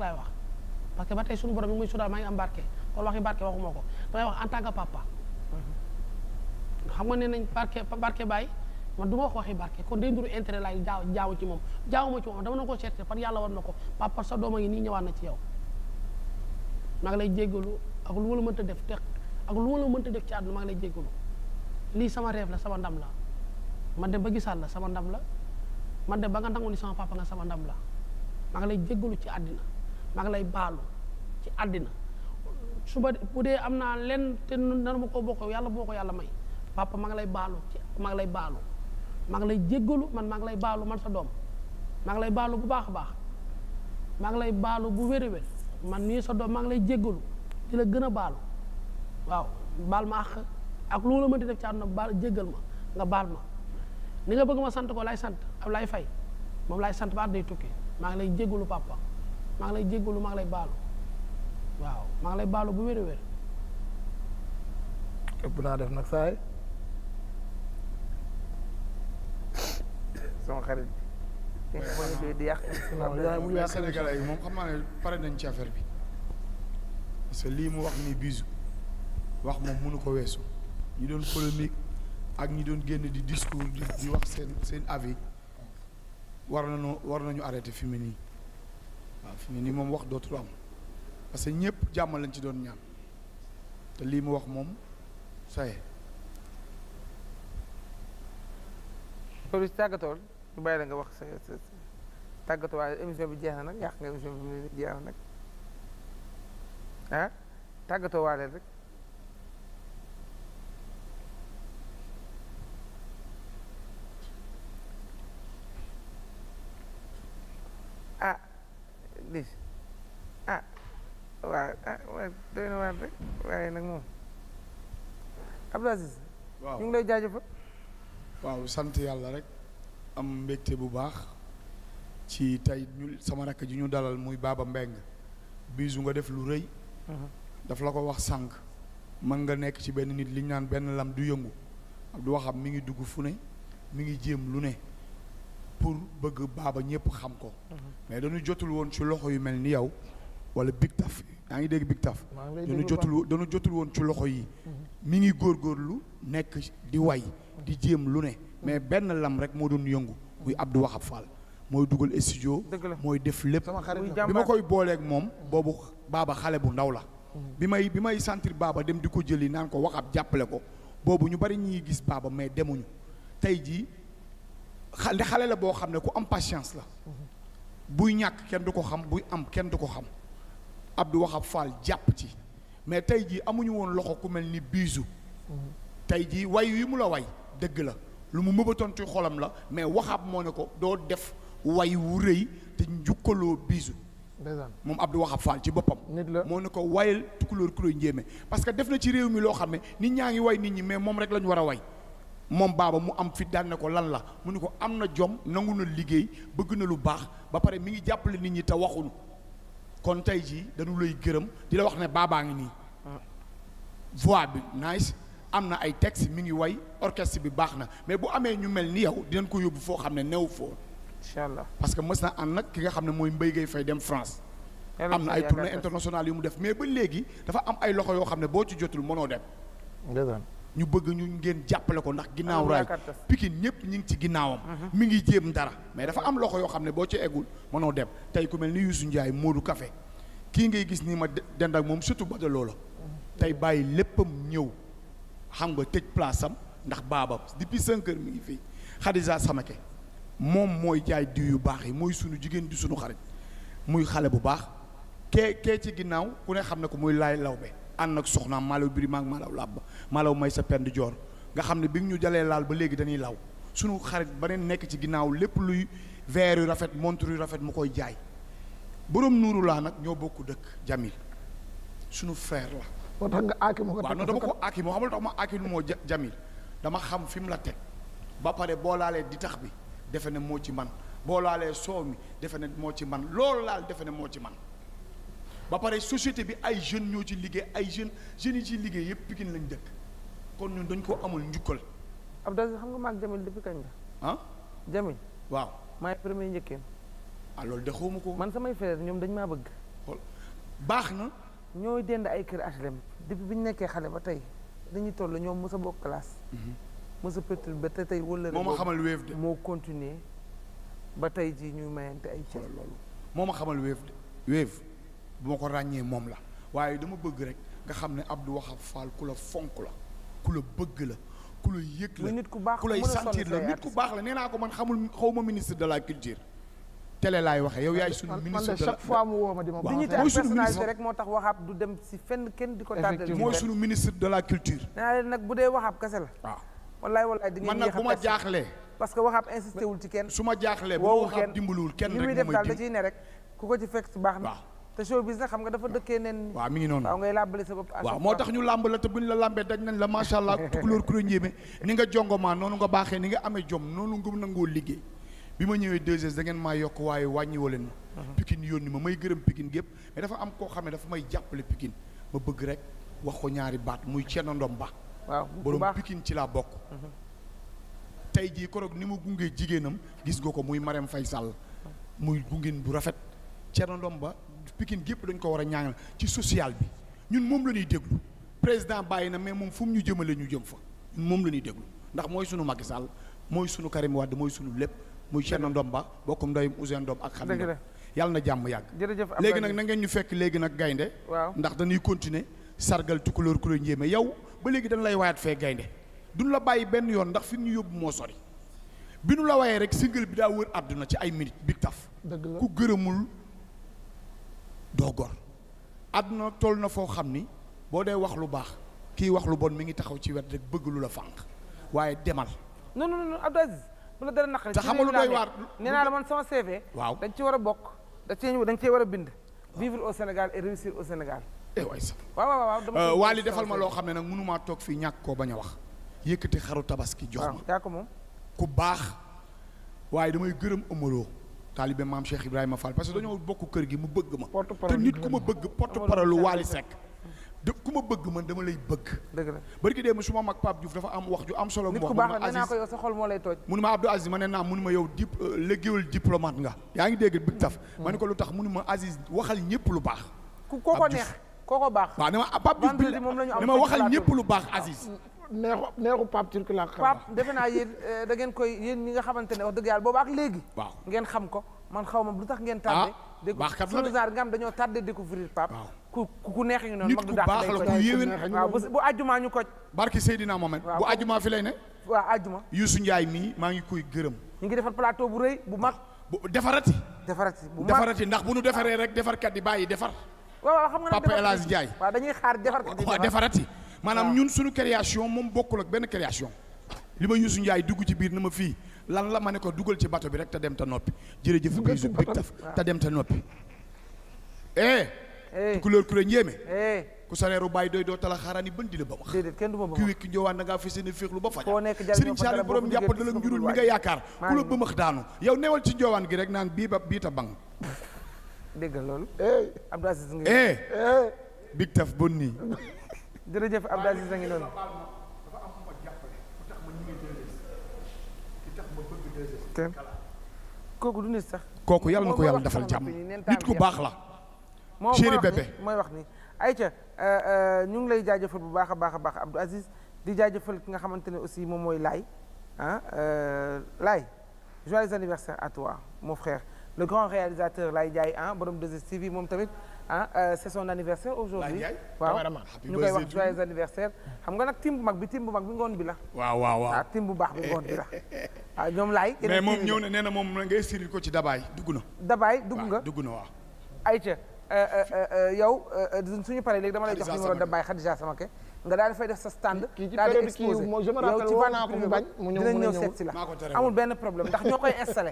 parce que ba tey suñu borom mi muy sudaal maa ngi am barke kon waxi barke waxuma ko damay wax en tant que papa xam nga nee nañ barke barke bàyyi man du ma wax waxi barke kon day nduru intérêt laay jaaw jaaw ci moom jaawuma ci moom dama na ko seet par yàlla war na ko papa sa doom a ngi nii ñëwaat na ci yow maa ngi lay jéggalu ak lu ma la mënta def te ak lu ma la mënta def ci àdduna maa lay jéggalu lii sama reef la sama ndam la man dem ba gisaat la sama ndam la man dem ba nga nangu ni sama papa nga sama ndam la maa lay jéggalu ci àddina maa lay baalu ci àddina suba bu am naa lenn te nanu ma koo bokk yàlla boo ko yàlla may papa maa lay baalu ci maa lay baalu maa lay jéggalu man maa lay baalu man sa doom maa ngi lay baalu bu baax a baax maa ngi lay baalu bu wér-wér man nii sa doom maa lay jéggalu di la gën a baalu waaw baal ma àq ak lu ma la mënti def ci àdduna baal jéggal ma nga baal ma ni nga bëgg ma sant ko lay sant ab lay fay moom lay sant ba day tukki maa ngi lay jéggalu papa maa ngi lay jéggalu maa ngi lay baalu waaw maa ngi lay baalu bu wér a wér ëpp naa def nag saay sama respecté wala mu yàq Sénégalais yi moom xam ne pare nañ ci affaire bi parce lii mu wax ni bisu wax moom mënu ko weesu ñi doon polémique ak ñi doon génn di discours di wax seen seen avis war nañu war nañu arrêté fi mu nii moom wax dootul am parce que ñëpp jàmm lañ ci doon ñaan te lii mu wax moom ça y est. ñu bàyyi la nga wax sa sa tàggatu waaye bi jeex na nag yàq nga émission bi jeex na nag ah tàggatoo waale rek ah dis ah waaw ah waaw doy na waar rek waaye nag moom Abdou Aziz ñu ngi lay jaajëfal waaw sant yàlla rek am mbégte bu baax ci tey sama rakk ji ñu dalal muy Baba Mbengue bisu nga def lu rëy mhm. daf la ko wax sànq mën nga nekk ci benn nit li ñu naan benn lam du yëngu du waxam mi ngi dugg fu ne mi ngi jéem lu ne pour bëgg baaba ñëpp xam ko mhm. mais dañu jotul woon ci loxo yu mel ni yow wala big taf ngi dégg big taf dañu jotul jotul woon ci loxo yi mhm. mi ngi góorgóorlu nekk di way di jéem lu ne mais benn lam rek moo doon yëngu muy Abdou Wahab Fall mooy dugal studio mooy def lépp bi ma koy booleek moom boobu baaba xale bu ndaw la bi may bi may sentir baaba dem di ko jëli naan ko waxab jàppale ko boobu ñu bari ñi gis baaba mais demuñu tey jii xale xale la boo xam ne ku am patience la buy ñàkk kenn du ko xam buy am kenn du ko xam Abdou Wahab Fall jàpp ci mais tey jii amuñu woon loxo ku mel ni biisu mhm. tey jii way wi mu la way dëgg la lu mu mëbatoon ci xolam la mais waxaab moo ne ko doo def way wu rëy te njukkaloo biisu moom Abdou Waxab Fall ci boppam moo ne ko wayal tukulóor kulóoy njéeme parce que def na ci réew mi loo xam ne nit ñaa ngi way nit ñi mais moom rek la ñu war a way moom baaba mu am fit daan ne ko lan la mu ne ko am na jom nangu na liggéey bëgg na lu baax ba pare mi ngi jàppale nit ñi te waxuñu kon tey jii danu lay gërëm di la wax ne baabaa ngi nii ah. voix bi nice am na ay texte mi ngi way orchestre bi baax na mais bu amee ñu mel ni yow dinañ ko yóbbu foo xam ne new foo incha allah parce que mës na ànd nag ki nga xam ne mooy Mbaye Gueye Faye dem France am na ay tournée internationale yu mu def mais ba léegi dafa am ay loxo yoo xam ne boo ci jotul mënoo dem ñu bëgg ñu ngeen jàppale ko ndax ginnaaw raay Pikine ñëpp ñi ngi ci ginnaawam mhm. mi ngi jéem dara mais dafa am loxo yoo xam ne boo ci eggul mënoo dem tey ku mel ni Youssou Ndiaye Modou Café kii ngay gis nii ma dend ak moom surtout ba de loola mhm. tey bàyyi léppam ñëw xam nga tëj place am ndax baabam depuis cinq heures mi ngi fii Khadija Samake moom mooy jaay diw yu baax yi mooy suñu jigéen di suñu xarit muy xale bu baax kee kee ci ginnaaw ku ne xam ne ko muy laay lawbe ànd ak soxnaam maalaw biri maag maalaw làbb maalaw may sa pend joor nga xam ne bi ñu jalee laal ba léegi dañuy law sunu xarit beneen nekk ci ginnaaw lépp luy verre yu rafet montre yu rafet mu koy jaay boroom nuuru laa nag ñoo bokk dëkk Jamil sunu frère moo tax nga aaki moo ko waaw non dama ko aaki moo xamul ma aaki lu moo dama xam fi mu la ba pare boo laalee di tax bi defe ne moo ci man boo laalee soow mi defe ne moo ci man loolu laal defe ne moo ci man ba pare société bi ay jeunes ñoo ci liggéey ay jeunes jeunes yi ci liggéey yëpp Pikine lañ dëkk kon ñun dañ koo amul njukkal Abdou xam nga maag Jamil depuis kañ la ah Jamil waaw maay premier njëkkeem ah loolu de xawma ko man samay frère ñoom dañ maa bëgg baax na ñooy dend ay kër HLM depuis bi ñu nekkee xale ba tey dañuy toll ñoom mos a bokk classe. mos mhm. a ba te tey wala. moo ma xamal wéef de moo continuer ba tey jii ñuy mayante ay cër loolu. moo ma xamal wéef de wéef bu ma ko ràññee moom la waaye dama bëgg rek nga xam ne Abdou Wahab Fall ku la fonk la ku la bëgg la. ku lay yëg la ku lay sentir la nit ku baax nee naa ko man xamul xaw ma ministre de la culture. télé laay waxee yow yaay suñu ministre de chaque fois mu woo ma di ma kenn di ko tàggal mooy suñu ministre de la culture naa leen nag bu dee waxaab kese la waaw wallaay wallaay di man nag bu ma jaaxlee parce que waxaab insisté wul ci kenn su ma jaaxlee bu waxaab dimbaluwul kenn rek li muy def daal da ciy ne rek ku ko ci fekk baax na te showbiz nag xam nga dafa dëkkee neen waaw mi ngi noonu waaw ngay làmbale sa bopp waaw moo tax ñu làmb la te bu ñu la làmbee daj nañ la macha allah ku la njéeme ni nga jongomaa noonu nga baaxee ni nga amee jom noonu ngum nangoo liggéey bi ma ñëwee 2S yokk waaye wàññiwoo leen ma. yoon uh-huh. yónni ma may gërëm Pikine gépp mais dafa am koo xam ne dafa may jàppale pikin ma bëgg rek wax ko ñaari baat muy Thierno Ndom Ba. waaw borom Pikine ci laa bokk. Uh-huh. tey jii koroog ni mu gungee jigéenam gis nga ko muy Marème fay Sall muy gungin bu rafet Thierno Ndom Ba Pikine gépp dañ ko war a ñaanal ci social bi ñun moom la ñuy déglu président bàyyi na mais moom fu mu ñu jëmale ñu jëm fa ñun moom la ñuy déglu ndax mooy sunu Macky mooy sunu Karim Wade mooy sunu lépp. muy Thierno Ndomba bokkum ndoyum Ousseyn Ndomb ak xam yàlla na jàmm yàgg léegi nag na ngeen ñu fekk léegi nag gaynde ndax dañuy continuer sargal tukulóor ku la njéeme yow ba léegi dañ lay waayat fee gaynde duñ la bàyyi benn yoon ndax fi ñu yóbbu moo sori bi nu la wayee rek single bi daa wër àdduna ci ay minute big taf ku gërëmul doo gor àdduna toll na foo xam ni boo dee wax lu baax kii wax lu bon mi ngi taxaw ci wet rek bëgg lu la fànq waaye demal bu la dara naqari te xamal lu doy waar nee naa la man sama CV waaw dañ ci war a bokk da ci dañ cee war a bind vivre au Sénégal et réussir au Sénégal eh waay sax waaw waaw waaw euh, defal ma loo xam ne nag mënumaa toog fii ñàkk koo bañ a wax yëkkati xaru tabaski jox ma ko moom ku baax waaye damay gërëm ëmmaloo taalibe maam Cheikh Ibrahima Fall parce que dañoo bokk kër gi mu bëgg ma te nit ku ma bëgg porte parole Wally Seck de ku ma bëgg man dama lay bëgg. dëgg la barki dee su ma mag Pape Diouf dafa am wax ju am solo. mu wax ma Aziz nit ku baax lay tooj. mun ma Abdou Aziz ma ne naa mun ma yow dip euh, nga. yaa ngi dégg big taf. Mm. ma ne ko lu tax mun ma Aziz waxal ñëpp lu baax. ku koo ko neex koo ko baax. waaw ne ma Pape Diouf bi ne ma waxal ñëpp lu baax Aziz. Ah, mm, neexu neexu Pape Turc laa xam. defe naa euh, da ngeen koy yéen ñi nga xamante ne wax dëgg yàlla booba ak waaw ngeen xam ko man xaw ma lu tax ngeen tardé. ah baax kat la de découvrir dañoo tardé découvrir Pape ku ku neex ngi noonu. mag du dàq nit ku baax la ku yéwén waaw bu àjjuma ñu ko. barki Seydina Mohamed bu àjjuma fi lay ne. waaw àjjuma. Youssou mii maa ngi koy gërëm. ñu ngi defar plateau bu rëy bu mag. bu defarati. defarati bu mag ndax bu nu defaree rek defarkat di bàyyi defar. waaw xam nga nag Papa El Hadj Ndiaye. waaw dañuy xaar defarkat di defarati. maanaam ñun suñu création moom bokkul ak benn création. li ma Youssou Ndiaye dugg ci biir na ma fii lan la ma ne ko dugal ci bato bi rek te dem te noppi jërëjëf. dugg ci bato bi te dem te noppi. eh couleur couleur njéeme ku sa reeru doy doo tala xaaraan yi bën di la ba max ku wékki njowaan da ngaa fas yéene féexlu ba faja sëriñ Saliou borom njàpp da la njurul mi nga yaakaar ku la ba daanu yow newal ci njowaan gi rek naan bii ba bii ta bang dégg loolu Abdou Aziz nga big taf bon nii jërëjëf Abdou Aziz ngi noonu kooku du nit sax kooku yàlla na ko yàlla defal jàmm nit ku baax la chéri bébé mooy wax ni ca euh, euh, ñu ngi lay jaajëfal bu baax a baax a baax Abdou Aziz di jaajëfal ki nga xamante ne aussi moom mooy Laay ah euh, Laay joyeux anniversaire à toi mon frère le grand réalisateur Laye Ndiaye ah borom 2STV moom tamit ah c'est son anniversaire aujourd'hui waaw ñu koy wax joyeux anniversaire xam nga nag tim bu mag bi tim bu mag bi ngoon bi la waaw waaw waaw ah, bu baax bi ngoon bi la waaw ah, ñoom laay mais moom ñëw na nee na moom ngay siril ko ci dabaay dugg na dabaay dugg nga dugg na waaw ayca Euh, euh, euh, yow suñu paree léegi dama lay jox numéro de Baye Khadija nga daal fay def sa stand. daal di exposé yow ci fan ko mu bañ. mu ñëw dinañ ñëw seet si la amul benn problème ndax ñoo koy installé.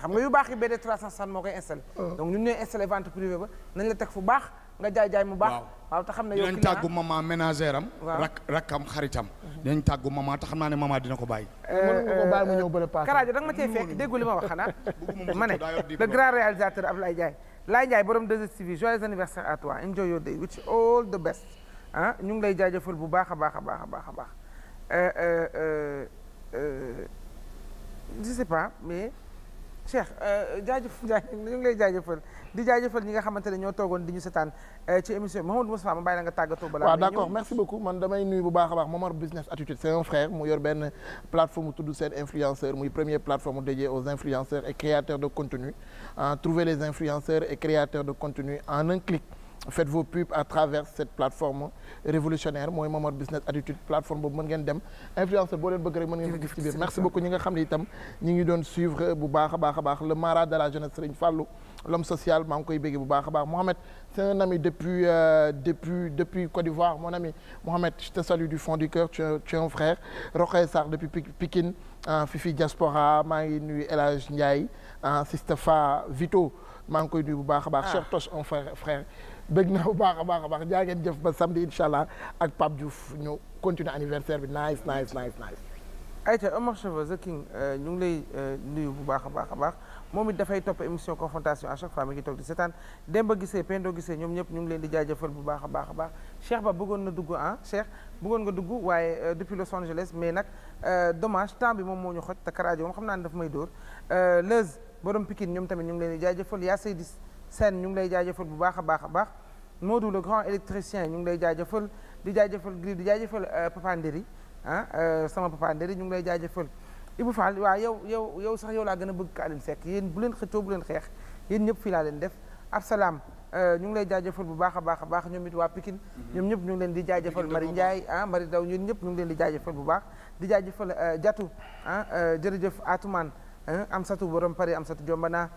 xam nga yu baax yi BD 360 moo koy installé. Oh. donc ñun ñooy installé vente privée ba nañ la teg fu baax nga jaay jaay mu baax. waaw te xam ne yow dinañ am. rak rakkam xaritam. dinañ tàggu maman te xam naa ne maman dina ko bàyyi. mën nga ko bàyyi mu ñëw bële paase. Karajo danga ma cee fekk déggu li ma wax xanaa. ma ne le grand réalisateur Ablaye Ndiaye Laye Ndiaye borom 2STV joyeux anniversaire à toi enjoy your day wish all the best ah ñu ngi lay jaajëfal bu baax a baax a baax a baax a baax euh, euh, euh, je sais pas mais Cheikh jaajëf jaajëf ñu lay jaajëfal. di jaajëfal ñi nga xamante ne ñoo toogoon di ñu setaan eh, ci émission bi Mouhamadou Moustapha ma bàyyi la nga tàggatoo balaa waaw merci beaucoup man damay nuyu bu baax a baax Momar Business Attitude c'est un frère mu yor benn plateforme mu tudd seen influenceur muy première plateforme dédiée aux influenceurs et créateurs de contenu ah, trouver les influenceurs et créateurs de contenu en un clic faites vos pubs à travers cette plateforme révolutionnaire mooy Momar Business Attitude plateforme boobu mën ngeen dem influenceur boo leen bëgg rek mën merci beaucoup ñi nga xam ne itam ñi ngi doon suivre bu baax a baax a baax le mara de la jeunesse Serigne Fallou l'homme social maa ngi koy bégge bu baax a baax Mohamed c'est un ami depuis euh, depuis depuis Côte d'Ivoire mon ami Mohamed je te salue du fond du cœur tu un frère Rokhaya Sarr depuis Pikine euh, Fifi Diaspora maa ngi nuyu El n Ndiaye euh, Sistafa Vito maa ngi koy bu baax a baax ah. Cheikh Toch un bëgg naa bu baax a baax a baax jaa ngeen jëf ba samedi incha allah ak Pape Diouf ñu continuer anniversaire bi nice nice nice nice ayca Omar Cheveux The King euh, ñu ngi lay euh, nuyu bu baax a baax a baax moom it dafay topp émission confrontation à chaque fois mi ngi toog di seetaan Demba Gisee Pendo Gisee ñoom ñëpp ñu ngi leen di jaajëfal bu baax a baax a baax Cheikh Ba bëggoon na dugg ah Cheikh bëggoon nga dugg waaye euh, depuis Los Angeles mais nag dommage temps bi moo ñu xoj te karaajo moom xam naa ne daf may dóor Leuz borom Pikine ñoom tamit ñu ngi leen jaajëfal yaa Seydis seen ñu ngi lay jaajëfal bu baax a baax a baax Modou le grand électricien ñu ngi lay jaajëfal di jaajëfal Grib di jaajëfal euh, Papa Ndéri ah euh, sama Papa Ndéri ñu ngi lay jaajëfal Ibou Fall waaw yow yow yow sax yow laa gën a bëgg Kaalim Seck yéen bu leen xëccoo bu leen xeex yen ñëpp fii laa leen def Absalaam euh, ñu ngi lay jaajëfal bu baax a baax a baax ñoom it waa Pikine ñoom ñëpp ñu ngi leen di jaajëfal Mari Ndiaye ah Mari Daw ñun ñëpp ñu ngi leen di jaajëfal bu baax di jaajëfal Jatu ah jërëjëf Atumaan am satu borom Paris am satu jombana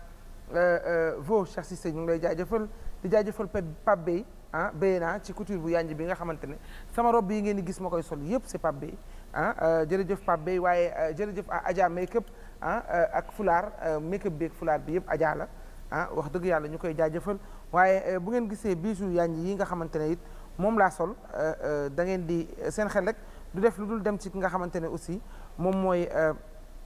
Euh, euh, vos Cheikh ñu ngi lay jaajëfal di jaajëfal Pape Bey ah béy naa ci couture bu yànj bi nga xamante ne sama robe yi ngeen di gis ma koy sol yëpp si Pape Bey ah euh, jërëjëf Pape Bey waaye jërëjëf à Adja make-up ah ak fulaar make-up bi ak fulaar bi yëpp Adja la ah wax dëgg yàlla ñu koy jaajëfal waaye bu ngeen gisee bijoux yànj yi nga xamante ne it moom laa sol da ngeen di seen xel rek du def lu dul dem ci ki nga xamante ne aussi moom mooy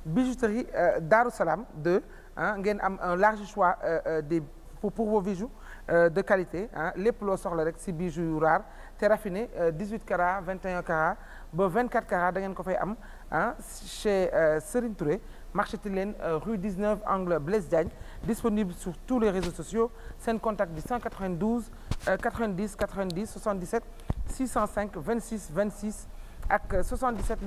bijouterie Daaru Salaam 2 ah ngeen am un large choix euh, euh, des pour pour vos bijoux euh, de qualité ah lépp loo soxla rek si bijoux yu raar te raffiné 18 carats 21 carats ba 24 carats da ngeen ko fay am ah chez Serigne Touré marché Tilène rue 19 angle Blaise Diagne disponible sur tous les réseaux sociaux seen contact di 192 90 90 77 605 26 26 ak 77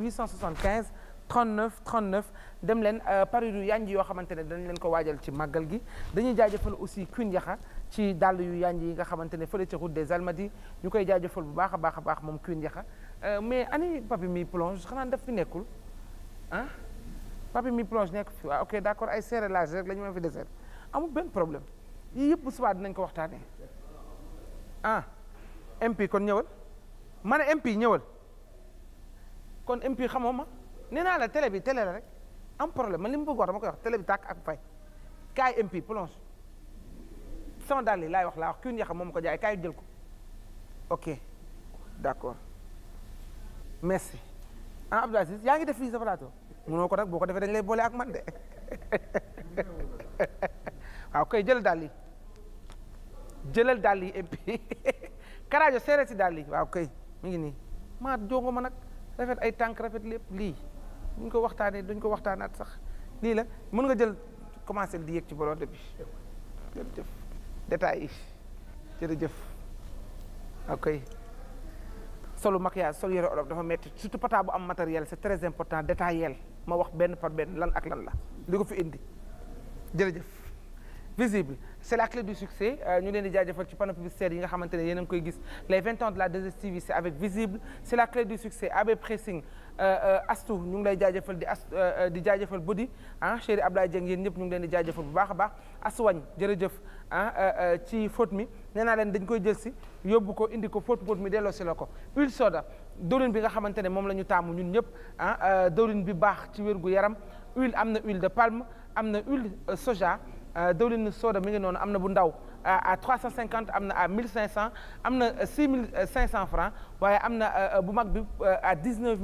dem leen euh, paris yu yanj yoo xamante ne dañ leen ko waajal ci màggal gi dañuy jaajëfal aussi Queen Yaxa ci dàll yu yanj yi nga xamante ne fële ca route des Almadies ñu koy jaajëfal bu baax a baax a baax moom Queen Yaxa euh, mais ani papi mi plonge xanaa daf fi nekkul ah papi mi plonge nekk fi waaw ok d'accord ay serrelage rek la ñu mën fi deseer amu benn problème yii yëpp bu subaa dinañ ko waxtaanee ah MP kon ñëwal ma ne MP ñëwal kon MP xamoo ma nee naa la télé bi télé la rek am problème ma li mu bëgg wax dama koy wax télé tàkk ak fay kaay MP plonge sama dàll yi laay wax laa wax kiun moom ko jaay kay jël ko ok d'accord merci ah Abdou Aziz yaa ngi def lii sa plateau munoo ko nag boo ko defee dañ lay boole ak man de koy jël dàll yi jëlal dàll yi MP karaajo seere si dàll yi koy mu ngi nii maa jongo ma nag rafet ay tànk rafet lépp lii buñ ko waxtaanee dañ ko waxtaanaat sax lii la mën nga jël commencé di yéeg ci borode bi jërëjëf détails yi jërëjëf ok solu maquillage sol yére olof dafa metti surtout pata am matériel c'est très important détaillé ma wax benn par benn lan ak lan la li ko fi indi jërëjëf visible c'est la clé du succès euh, ñu leen di jaajëfal ci panneau publicitaire yi nga xamante ne a ngi koy gis les vingt ans de la 2STV c'est avec visible c'est la clé du Euh, euh, astu ñu ngi lay jaajëfal di as euh, di jaajëfal buddi ah ab Abdoulaye Dieng yéen ñëpp ñu ngi leen di jaajëfal bu baax a baax asuwañ jërëjëf ah ci fóot mi nee naa leen dañ koy jël si yóbbu ko indi ko fóot fóot mi delloo si la ko huile soda dëwlin bi nga xamante ne moom la ñu taamu ñun ñëpp ah dëwlin bi baax ci wér gu yaram huile am na huile de palme am na huile soja dëwlin soda mi ngi noonu am na bu ndaw à 350 am na à 1500 am na 6500 euh, francs waaye am na euh, bu mag bi euh, à 19000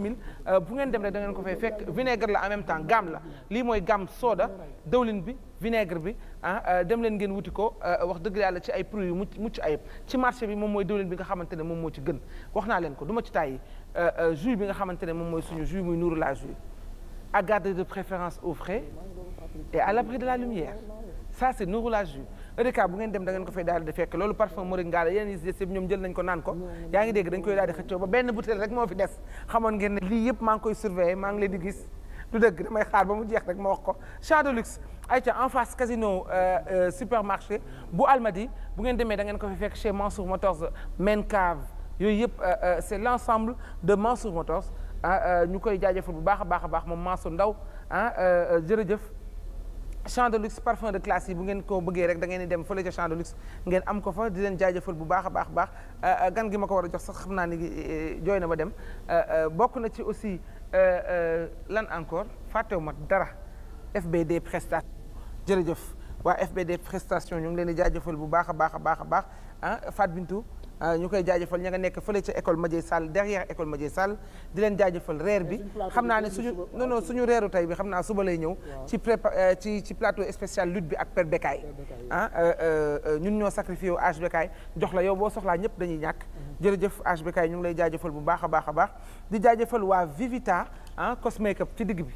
bu ngeen dem rek da ngeen ko fay fekk vinaigre la en même temps gamme la lii mooy gamme soda dawlin bi vinaigre bi ah dem leen ngeen wuti ko wax dëgg yàlla ci ay prix yu mucc mucc ayib ci marché bi moom mooy dawlin bi nga xamante ne moom moo ci gën wax naa leen ko du ma ci tàyyi jus bi nga xamante ne moom mooy suñu jus muy nuuru la jus à garder de préférence au frais et à l'abri de la lumière ça c'est EDK bu ngeen dem da ngeen ko fay daal di fekk loolu parfum moringa la ko naan ko yaa ngi dégg dañ koy daal di xëccoo ba benn bouteille rek moo fi rek ma wax ko Chat de luxe ayca en face casino euh, euh, supermarché bu Almadi bu ngeen demee da ngeen ko fi fekk chez Mansour Motors main cave yooyu yëpp euh, c'est l'ensemble de Mansour Motors ah, ñu koy jaajëfal bu baax a baax a baax moom Mansour Ndaw ah jërëjëf champ de luxe parfum de classe yi bu ngeen ko bëggee rek da ngeen di dem fële ca champ de luxe ngeen am ko fa di leen jaajëfal bu baax a baax baax euh, euh, gan gi ma ko war a jox sax xam naa ni euh, jooy na ba dem bokk na ci aussi lan encore fàttewu ma dara FBD prestation jërëjëf waa FBD prestation ñu ngi leen di jaajëfal bu baax a baax a baax a baax ah Fat Bintou Euh, ñu koy jaajëfal ña nga nekk fële ca école Madiaye Sall derrière école Madiaye Sall di leen jaajëfal reer bi xam naa ne suñu non suñu reeru tey bi xam naa suba lay ñëw ci prépa euh, ci ci plateau spécial lutte bi ak Père Bekaay ah, euh, ñun ñoo sacrifié wu Age jox la yow boo soxlaa ñëpp dañuy ñàkk mhm. jërëjëf Age Bekaay ñu ngi lay jaajëfal bu baax a baax a baax di jaajëfal waa Vivita ah cosmake up ci digg bi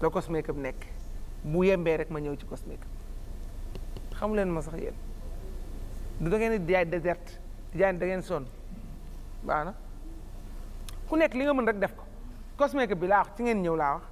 la cosmake up nekk bu yembee rek ma ñëw ci cosmake up xamu leen ma sax yéen du da ngeen di jaay désert Tidiane dangeen son sonn na ku nekk li nga mën rek def ko cosmétique bi laa wax ci ngeen ñëw laa wax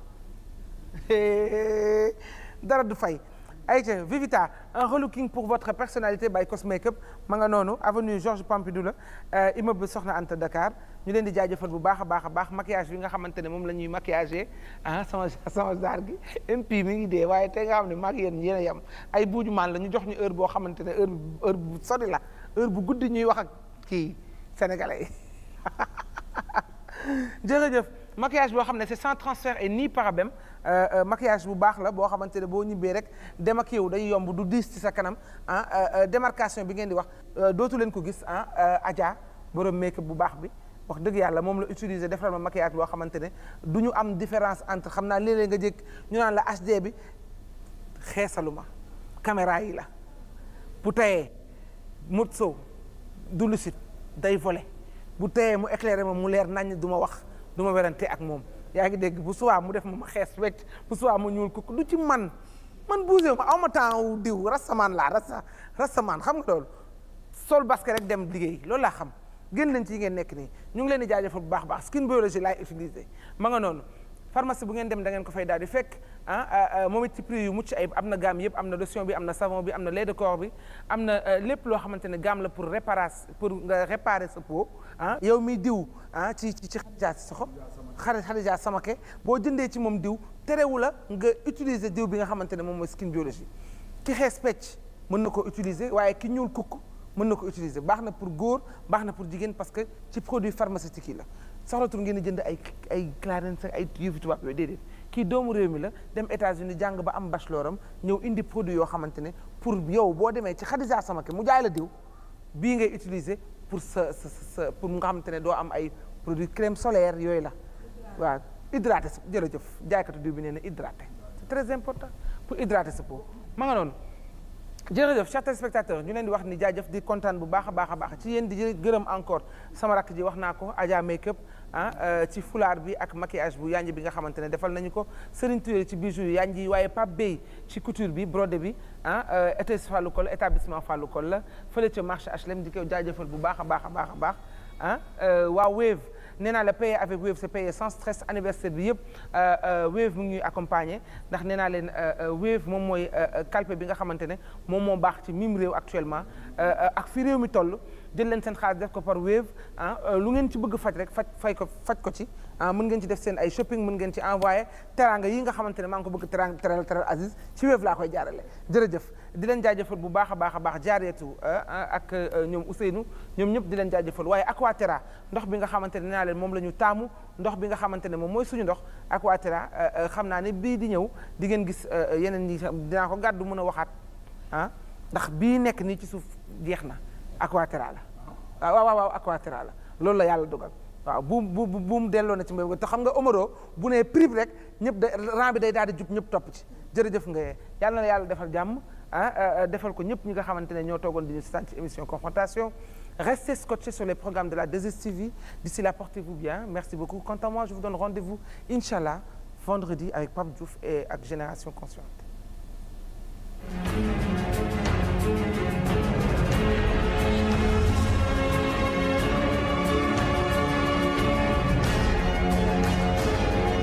dara du fay ayca Vivita un relooking pour votre personnalité by Cosmakeup ma nga noonu avenue Georges du la euh, immeuble Soxna Anta Dakar ñu leen di jaajëfal bu baax a baax a baax maquillage bi nga xamante ne moom la ñuy maquillagé ah sama sama jaar gi MP mi ngi dee waaye te nga xam ne mag yéen yéen a yem ay buuju maan la ñu jox ñu heure boo xamante ne heure bu sori la heure bu guddi ñuy wax ak kii sénégalais yi jërëjëf maquillage boo xam ne c'est sans transfert et nii parabène euh, euh, maquillage bu baax la boo xamante ne boo ñibbee rek dem ak yow day yomb du diis ci sa kanam ah euh, démarcation bi ngeen di wax dootu leen ko gis ah Adja borom make bu baax bi wax dëgg yàlla moom la utiliser defaral ma maquillage boo xamante ne du ñu am différence entre xam naa léeg nga jëkk ñu naan la HD bi xeesaluma ma la bu tayee motso du lucide day volé bu teyee mu éclairé ma mu leer naññ du ma wax du ma werante ak moom yaa ngi dégg bu suwaa mu def ma ma xees wecc bu suwaa mu ñuul kukk du ci man man bougé ma aw ma temps diw rastaman laa rasta rastaman xam nga loolu sol basket rek dem liggéey loolu laa xam gën leen ci yi ngeen nekk nii ñu ngi leen di jaajëfal bu baax baax skin biologie laay utiliser ma nga noonu pharmacie bu ngeen dem da ngeen ko fay daal di fekk Ah, ah, ah moom ci prix yu mucc ayib am na gamme yëpp am na lotion bi am na savon bi am na lait de corps bi am na euh, lépp loo xamante ne gamme la pour réparer pour nga réparer sa peau ah yow miy diw ah ci ci ci Khadija Soxo sama Samake boo jëndee ci moom diw terewu nga utiliser diw bi nga xamante ne moom mooy skin biologie ki xees pecc mën na ko utiliser waaye ki ñuul kukk mën na ko utiliser baax na pour góor baax na pour jigéen parce que ci produit pharmaceutique yi la soxlatul ngeen di jënd ay ay clarins ay yëfu tubaab yooyu déedéet kii doomu réew mi la dem États-Unis jàng ba am bachelor am ñëw indi produit yoo xamante ne pour yow boo demee ci sama Samake mu jaay la diw bii ngay utiliser pour sa sa sa pour nga xamante ne doo am ay produit crème solaire yooyu la waaw hydraté sa jërëjëf jaaykatu diw bi nee na hydraté c'est très important pour hydrater sa peau ma nga noonu jërëjëf chers téléspectateurs ñu leen di wax ni jaajëf di kontaan bu baax a baax a baax ci yéen di gërëm encore sama rakk ji wax naa ko Adja Makeup ah euh, ci fulaar bi ak maquillage bu yanj bi nga xamante ne defal nañu ko Serigne Touré ci bijoux yu yanj yi waaye Pape Bey ci couture bi brodé bi ah ETS euh, Fallou Koll établissement Fallou Koll la fële marché HLM di koy jaajëfal bu baax a baax a baax a baax ah euh, waa Wave nee naa la payer avec Wave c'est payer sans stress anniversaire bi yëpp Wave mu ngi ñuy accompagner ndax nee naa leen Wave moom mooy calpe bi nga xamante ne moom moo baax ci mim réew actuellement ak fi réew mi toll jël leen seen xaalis def ko par wave ah euh, lu ngeen ci bëgg faj rek faj fay ko faj ko ci ah mën ngeen ci def seen ay shopping mën ngeen ci envoyé teranga yi nga xamante ne maa ngi ko bëgg teranga teral teral Aziz ci wave laa koy jaarale jërëjëf di leen jaajëfal bu baax a baax a baax jaareetu ah, ah, ak euh, ñoom Ousseynou ñoom ñëpp di leen jaajëfal waaye ak Aquatera ndox bi nga xamante ne naa leen moom la ñu taamu ndox bi nga xamante ne moom mooy suñu ndox ak Aquatera euh, xam naa ne bii di ñëw di ngeen gis yeneen yi dinaa ko gàddu mën a waxaat ah ndax bii nekk nii ci suuf jeex na aquatera la waaw waaw waaw aquatera la loolu la yàlla dogal waaw buum bu buum delloo na ci mbay mbéy te xam nga Omaro bu nee prive rek ñëpp da rang bi day daal di jub ñëpp topp ci jërëjëf nga yàlla na yàlla defal jàmm ah, ah, ah defal ko ñëpp ñi nga xamante ne ñoo toogoon di ñu seetaan ci émission confrontation restez scotchés sur les programmes de la 2STV d'ici là portez-vous bien merci beaucoup quant à moi je vous donne rendez-vous inchallah vendredi avec Pape Diouf et ak Génération Consciente